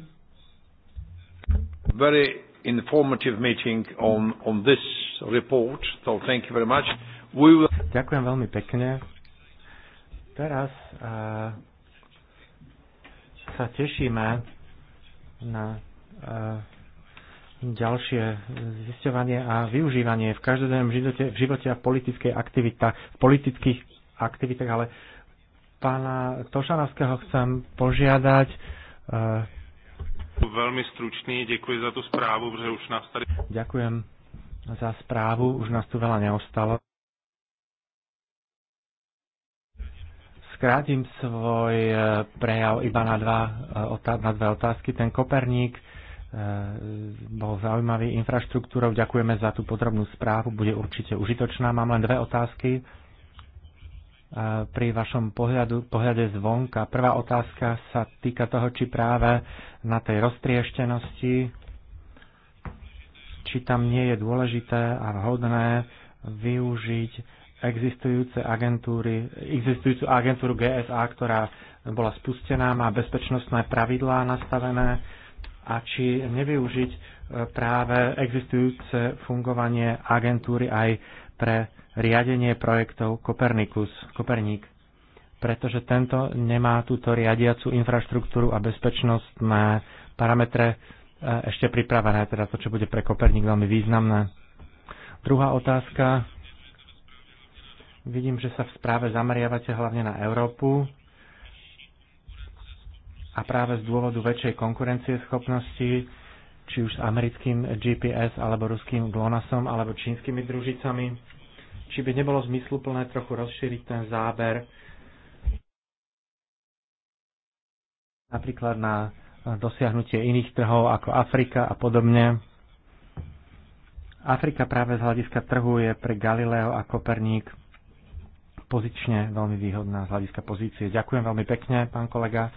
Very informative meeting on, on this report, so thank you very much. We will... Ďakujem veľmi pekne. Teraz uh, sa tešíme na uh, ďalšie zisťovanie a využívanie v každodennom živote, v živote a v politickej aktivita, v politických aktivitách, ale pána Tošanovského chcem požiadať. Eh, Veľmi stručný, ďakujem za tú správu, že už nás tady... Ďakujem za správu, už nás tu veľa neostalo. Skrátim svoj eh, prejav iba na, dva, eh, na dve otázky. Ten Koperník bol zaujímavý infraštruktúrou. Ďakujeme za tú podrobnú správu, bude určite užitočná. Mám len dve otázky pri vašom pohľadu, pohľade zvonka. Prvá otázka sa týka toho, či práve na tej roztrieštenosti, či tam nie je dôležité a vhodné využiť existujúce agentúry, existujúcu agentúru GSA, ktorá bola spustená, má bezpečnostné pravidlá nastavené, a či nevyužiť e, práve existujúce fungovanie agentúry aj pre riadenie projektov Kopernikus, Koperník, pretože tento nemá túto riadiacu infraštruktúru a bezpečnostné parametre e, ešte pripravené, teda to, čo bude pre Koperník veľmi významné. Druhá otázka. Vidím, že sa v správe zameriavate hlavne na Európu a práve z dôvodu väčšej konkurencie schopnosti, či už s americkým GPS alebo ruským GLONASom, alebo čínskymi družicami, či by nebolo zmysluplné trochu rozšíriť ten záber napríklad na dosiahnutie iných trhov ako Afrika a podobne. Afrika práve z hľadiska trhu je pre Galileo a Koperník pozične veľmi výhodná z hľadiska pozície. Ďakujem veľmi pekne, pán kolega.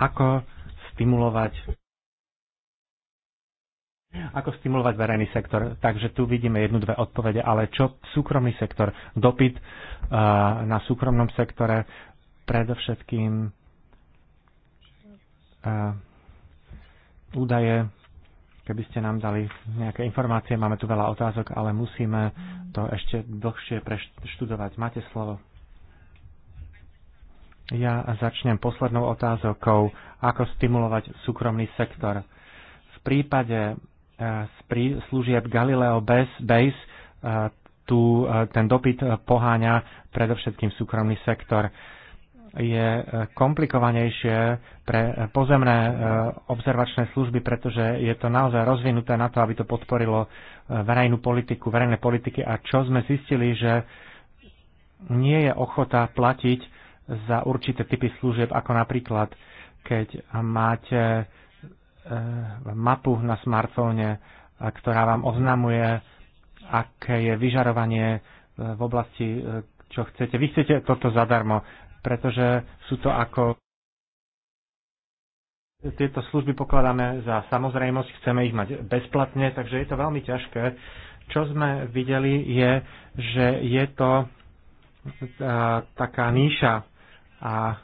Ako stimulovať ako stimulovať verejný sektor? Takže tu vidíme jednu, dve odpovede, ale čo súkromný sektor? Dopyt na súkromnom sektore predovšetkým údaje, keby ste nám dali nejaké informácie, máme tu veľa otázok, ale musíme to ešte dlhšie preštudovať. Máte slovo. Ja začnem poslednou otázokou, ako stimulovať súkromný sektor. V prípade eh, služieb Galileo Base eh, tu eh, ten dopyt poháňa predovšetkým súkromný sektor. Je komplikovanejšie pre pozemné observačné služby, pretože je to naozaj rozvinuté na to, aby to podporilo verejnú politiku, verejné politiky a čo sme zistili, že nie je ochota platiť za určité typy služieb, ako napríklad, keď máte e, mapu na smartfóne, e, ktorá vám oznamuje, aké je vyžarovanie e, v oblasti, čo chcete. Vy chcete toto zadarmo, pretože sú to ako tieto služby pokladáme za samozrejmosť, chceme ich mať bezplatne, takže je to veľmi ťažké. Čo sme videli je, že je to taká níša a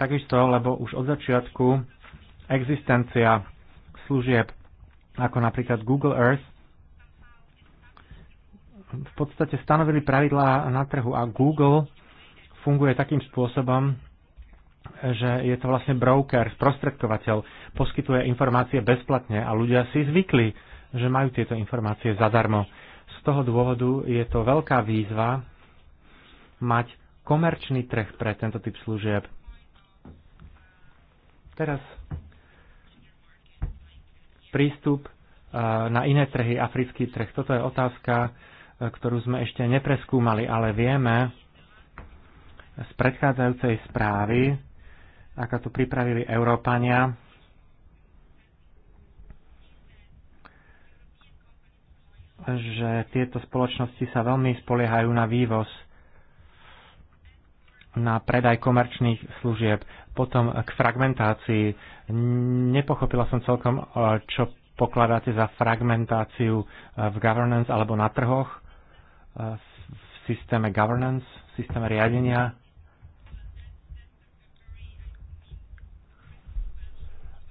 takisto, lebo už od začiatku existencia služieb ako napríklad Google Earth v podstate stanovili pravidlá na trhu a Google funguje takým spôsobom, že je to vlastne broker, sprostredkovateľ, poskytuje informácie bezplatne a ľudia si zvykli, že majú tieto informácie zadarmo. Z toho dôvodu je to veľká výzva mať komerčný trh pre tento typ služieb. Teraz prístup e, na iné trhy, africký trh. Toto je otázka, e, ktorú sme ešte nepreskúmali, ale vieme z predchádzajúcej správy, aká tu pripravili Európania, že tieto spoločnosti sa veľmi spoliehajú na vývoz na predaj komerčných služieb, potom k fragmentácii. Nepochopila som celkom, eh, čo pokladáte za fragmentáciu eh, v governance alebo na trhoch, eh, v systéme governance, v systéme riadenia.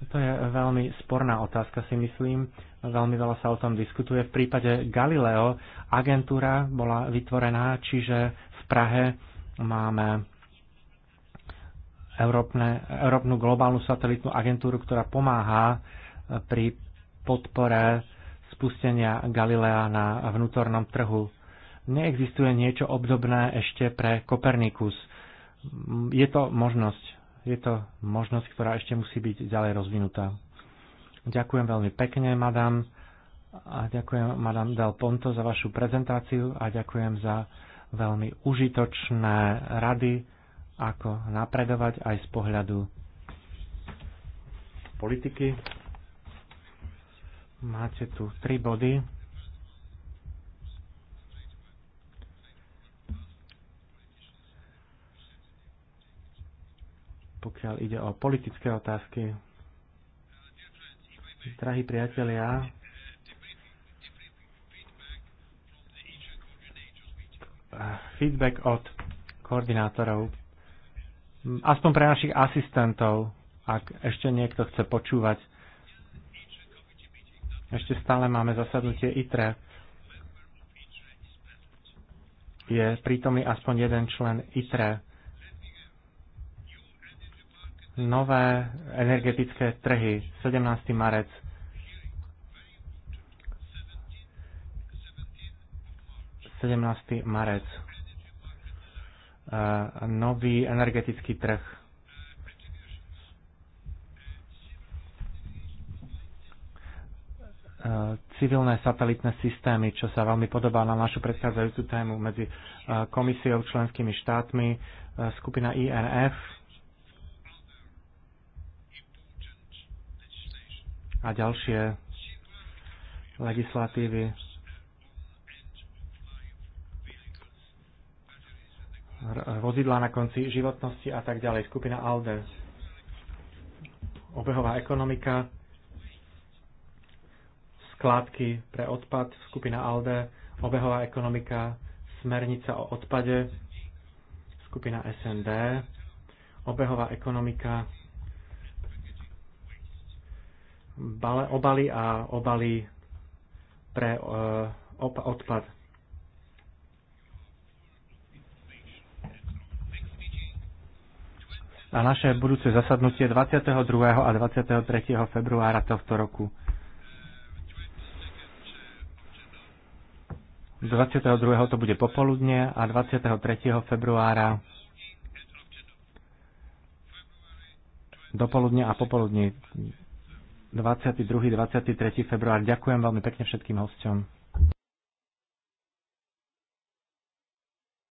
To je veľmi sporná otázka, si myslím. Veľmi veľa sa o tom diskutuje. V prípade Galileo agentúra bola vytvorená, čiže v Prahe máme Európne, Európnu globálnu satelitnú agentúru, ktorá pomáha e, pri podpore spustenia Galilea na vnútornom trhu. Neexistuje niečo obdobné ešte pre Kopernikus. Je to možnosť. Je to možnosť, ktorá ešte musí byť ďalej rozvinutá. Ďakujem veľmi pekne, madam. A ďakujem, madam Del Ponto, za vašu prezentáciu a ďakujem za veľmi užitočné rady ako napredovať aj z pohľadu politiky. Máte tu tri body. Pokiaľ ide o politické otázky, drahí priatelia, feedback od koordinátorov aspoň pre našich asistentov, ak ešte niekto chce počúvať. Ešte stále máme zasadnutie ITRE. Je prítomný aspoň jeden člen ITRE. Nové energetické trhy, 17. marec. Sedemnácty marec nový energetický trh. civilné satelitné systémy, čo sa veľmi podobá na našu predchádzajúcu tému medzi komisiou, členskými štátmi, skupina INF a ďalšie legislatívy vozidlá na konci životnosti a tak ďalej. Skupina ALDE, obehová ekonomika, skládky pre odpad, skupina ALDE, obehová ekonomika, smernica o odpade, skupina SND, obehová ekonomika, obaly a obaly pre e, odpad na naše budúce zasadnutie 22. a 23. februára tohto roku. 22. to bude popoludne a 23. februára dopoludne a popoludne 22. 23. február. Ďakujem veľmi pekne všetkým hosťom.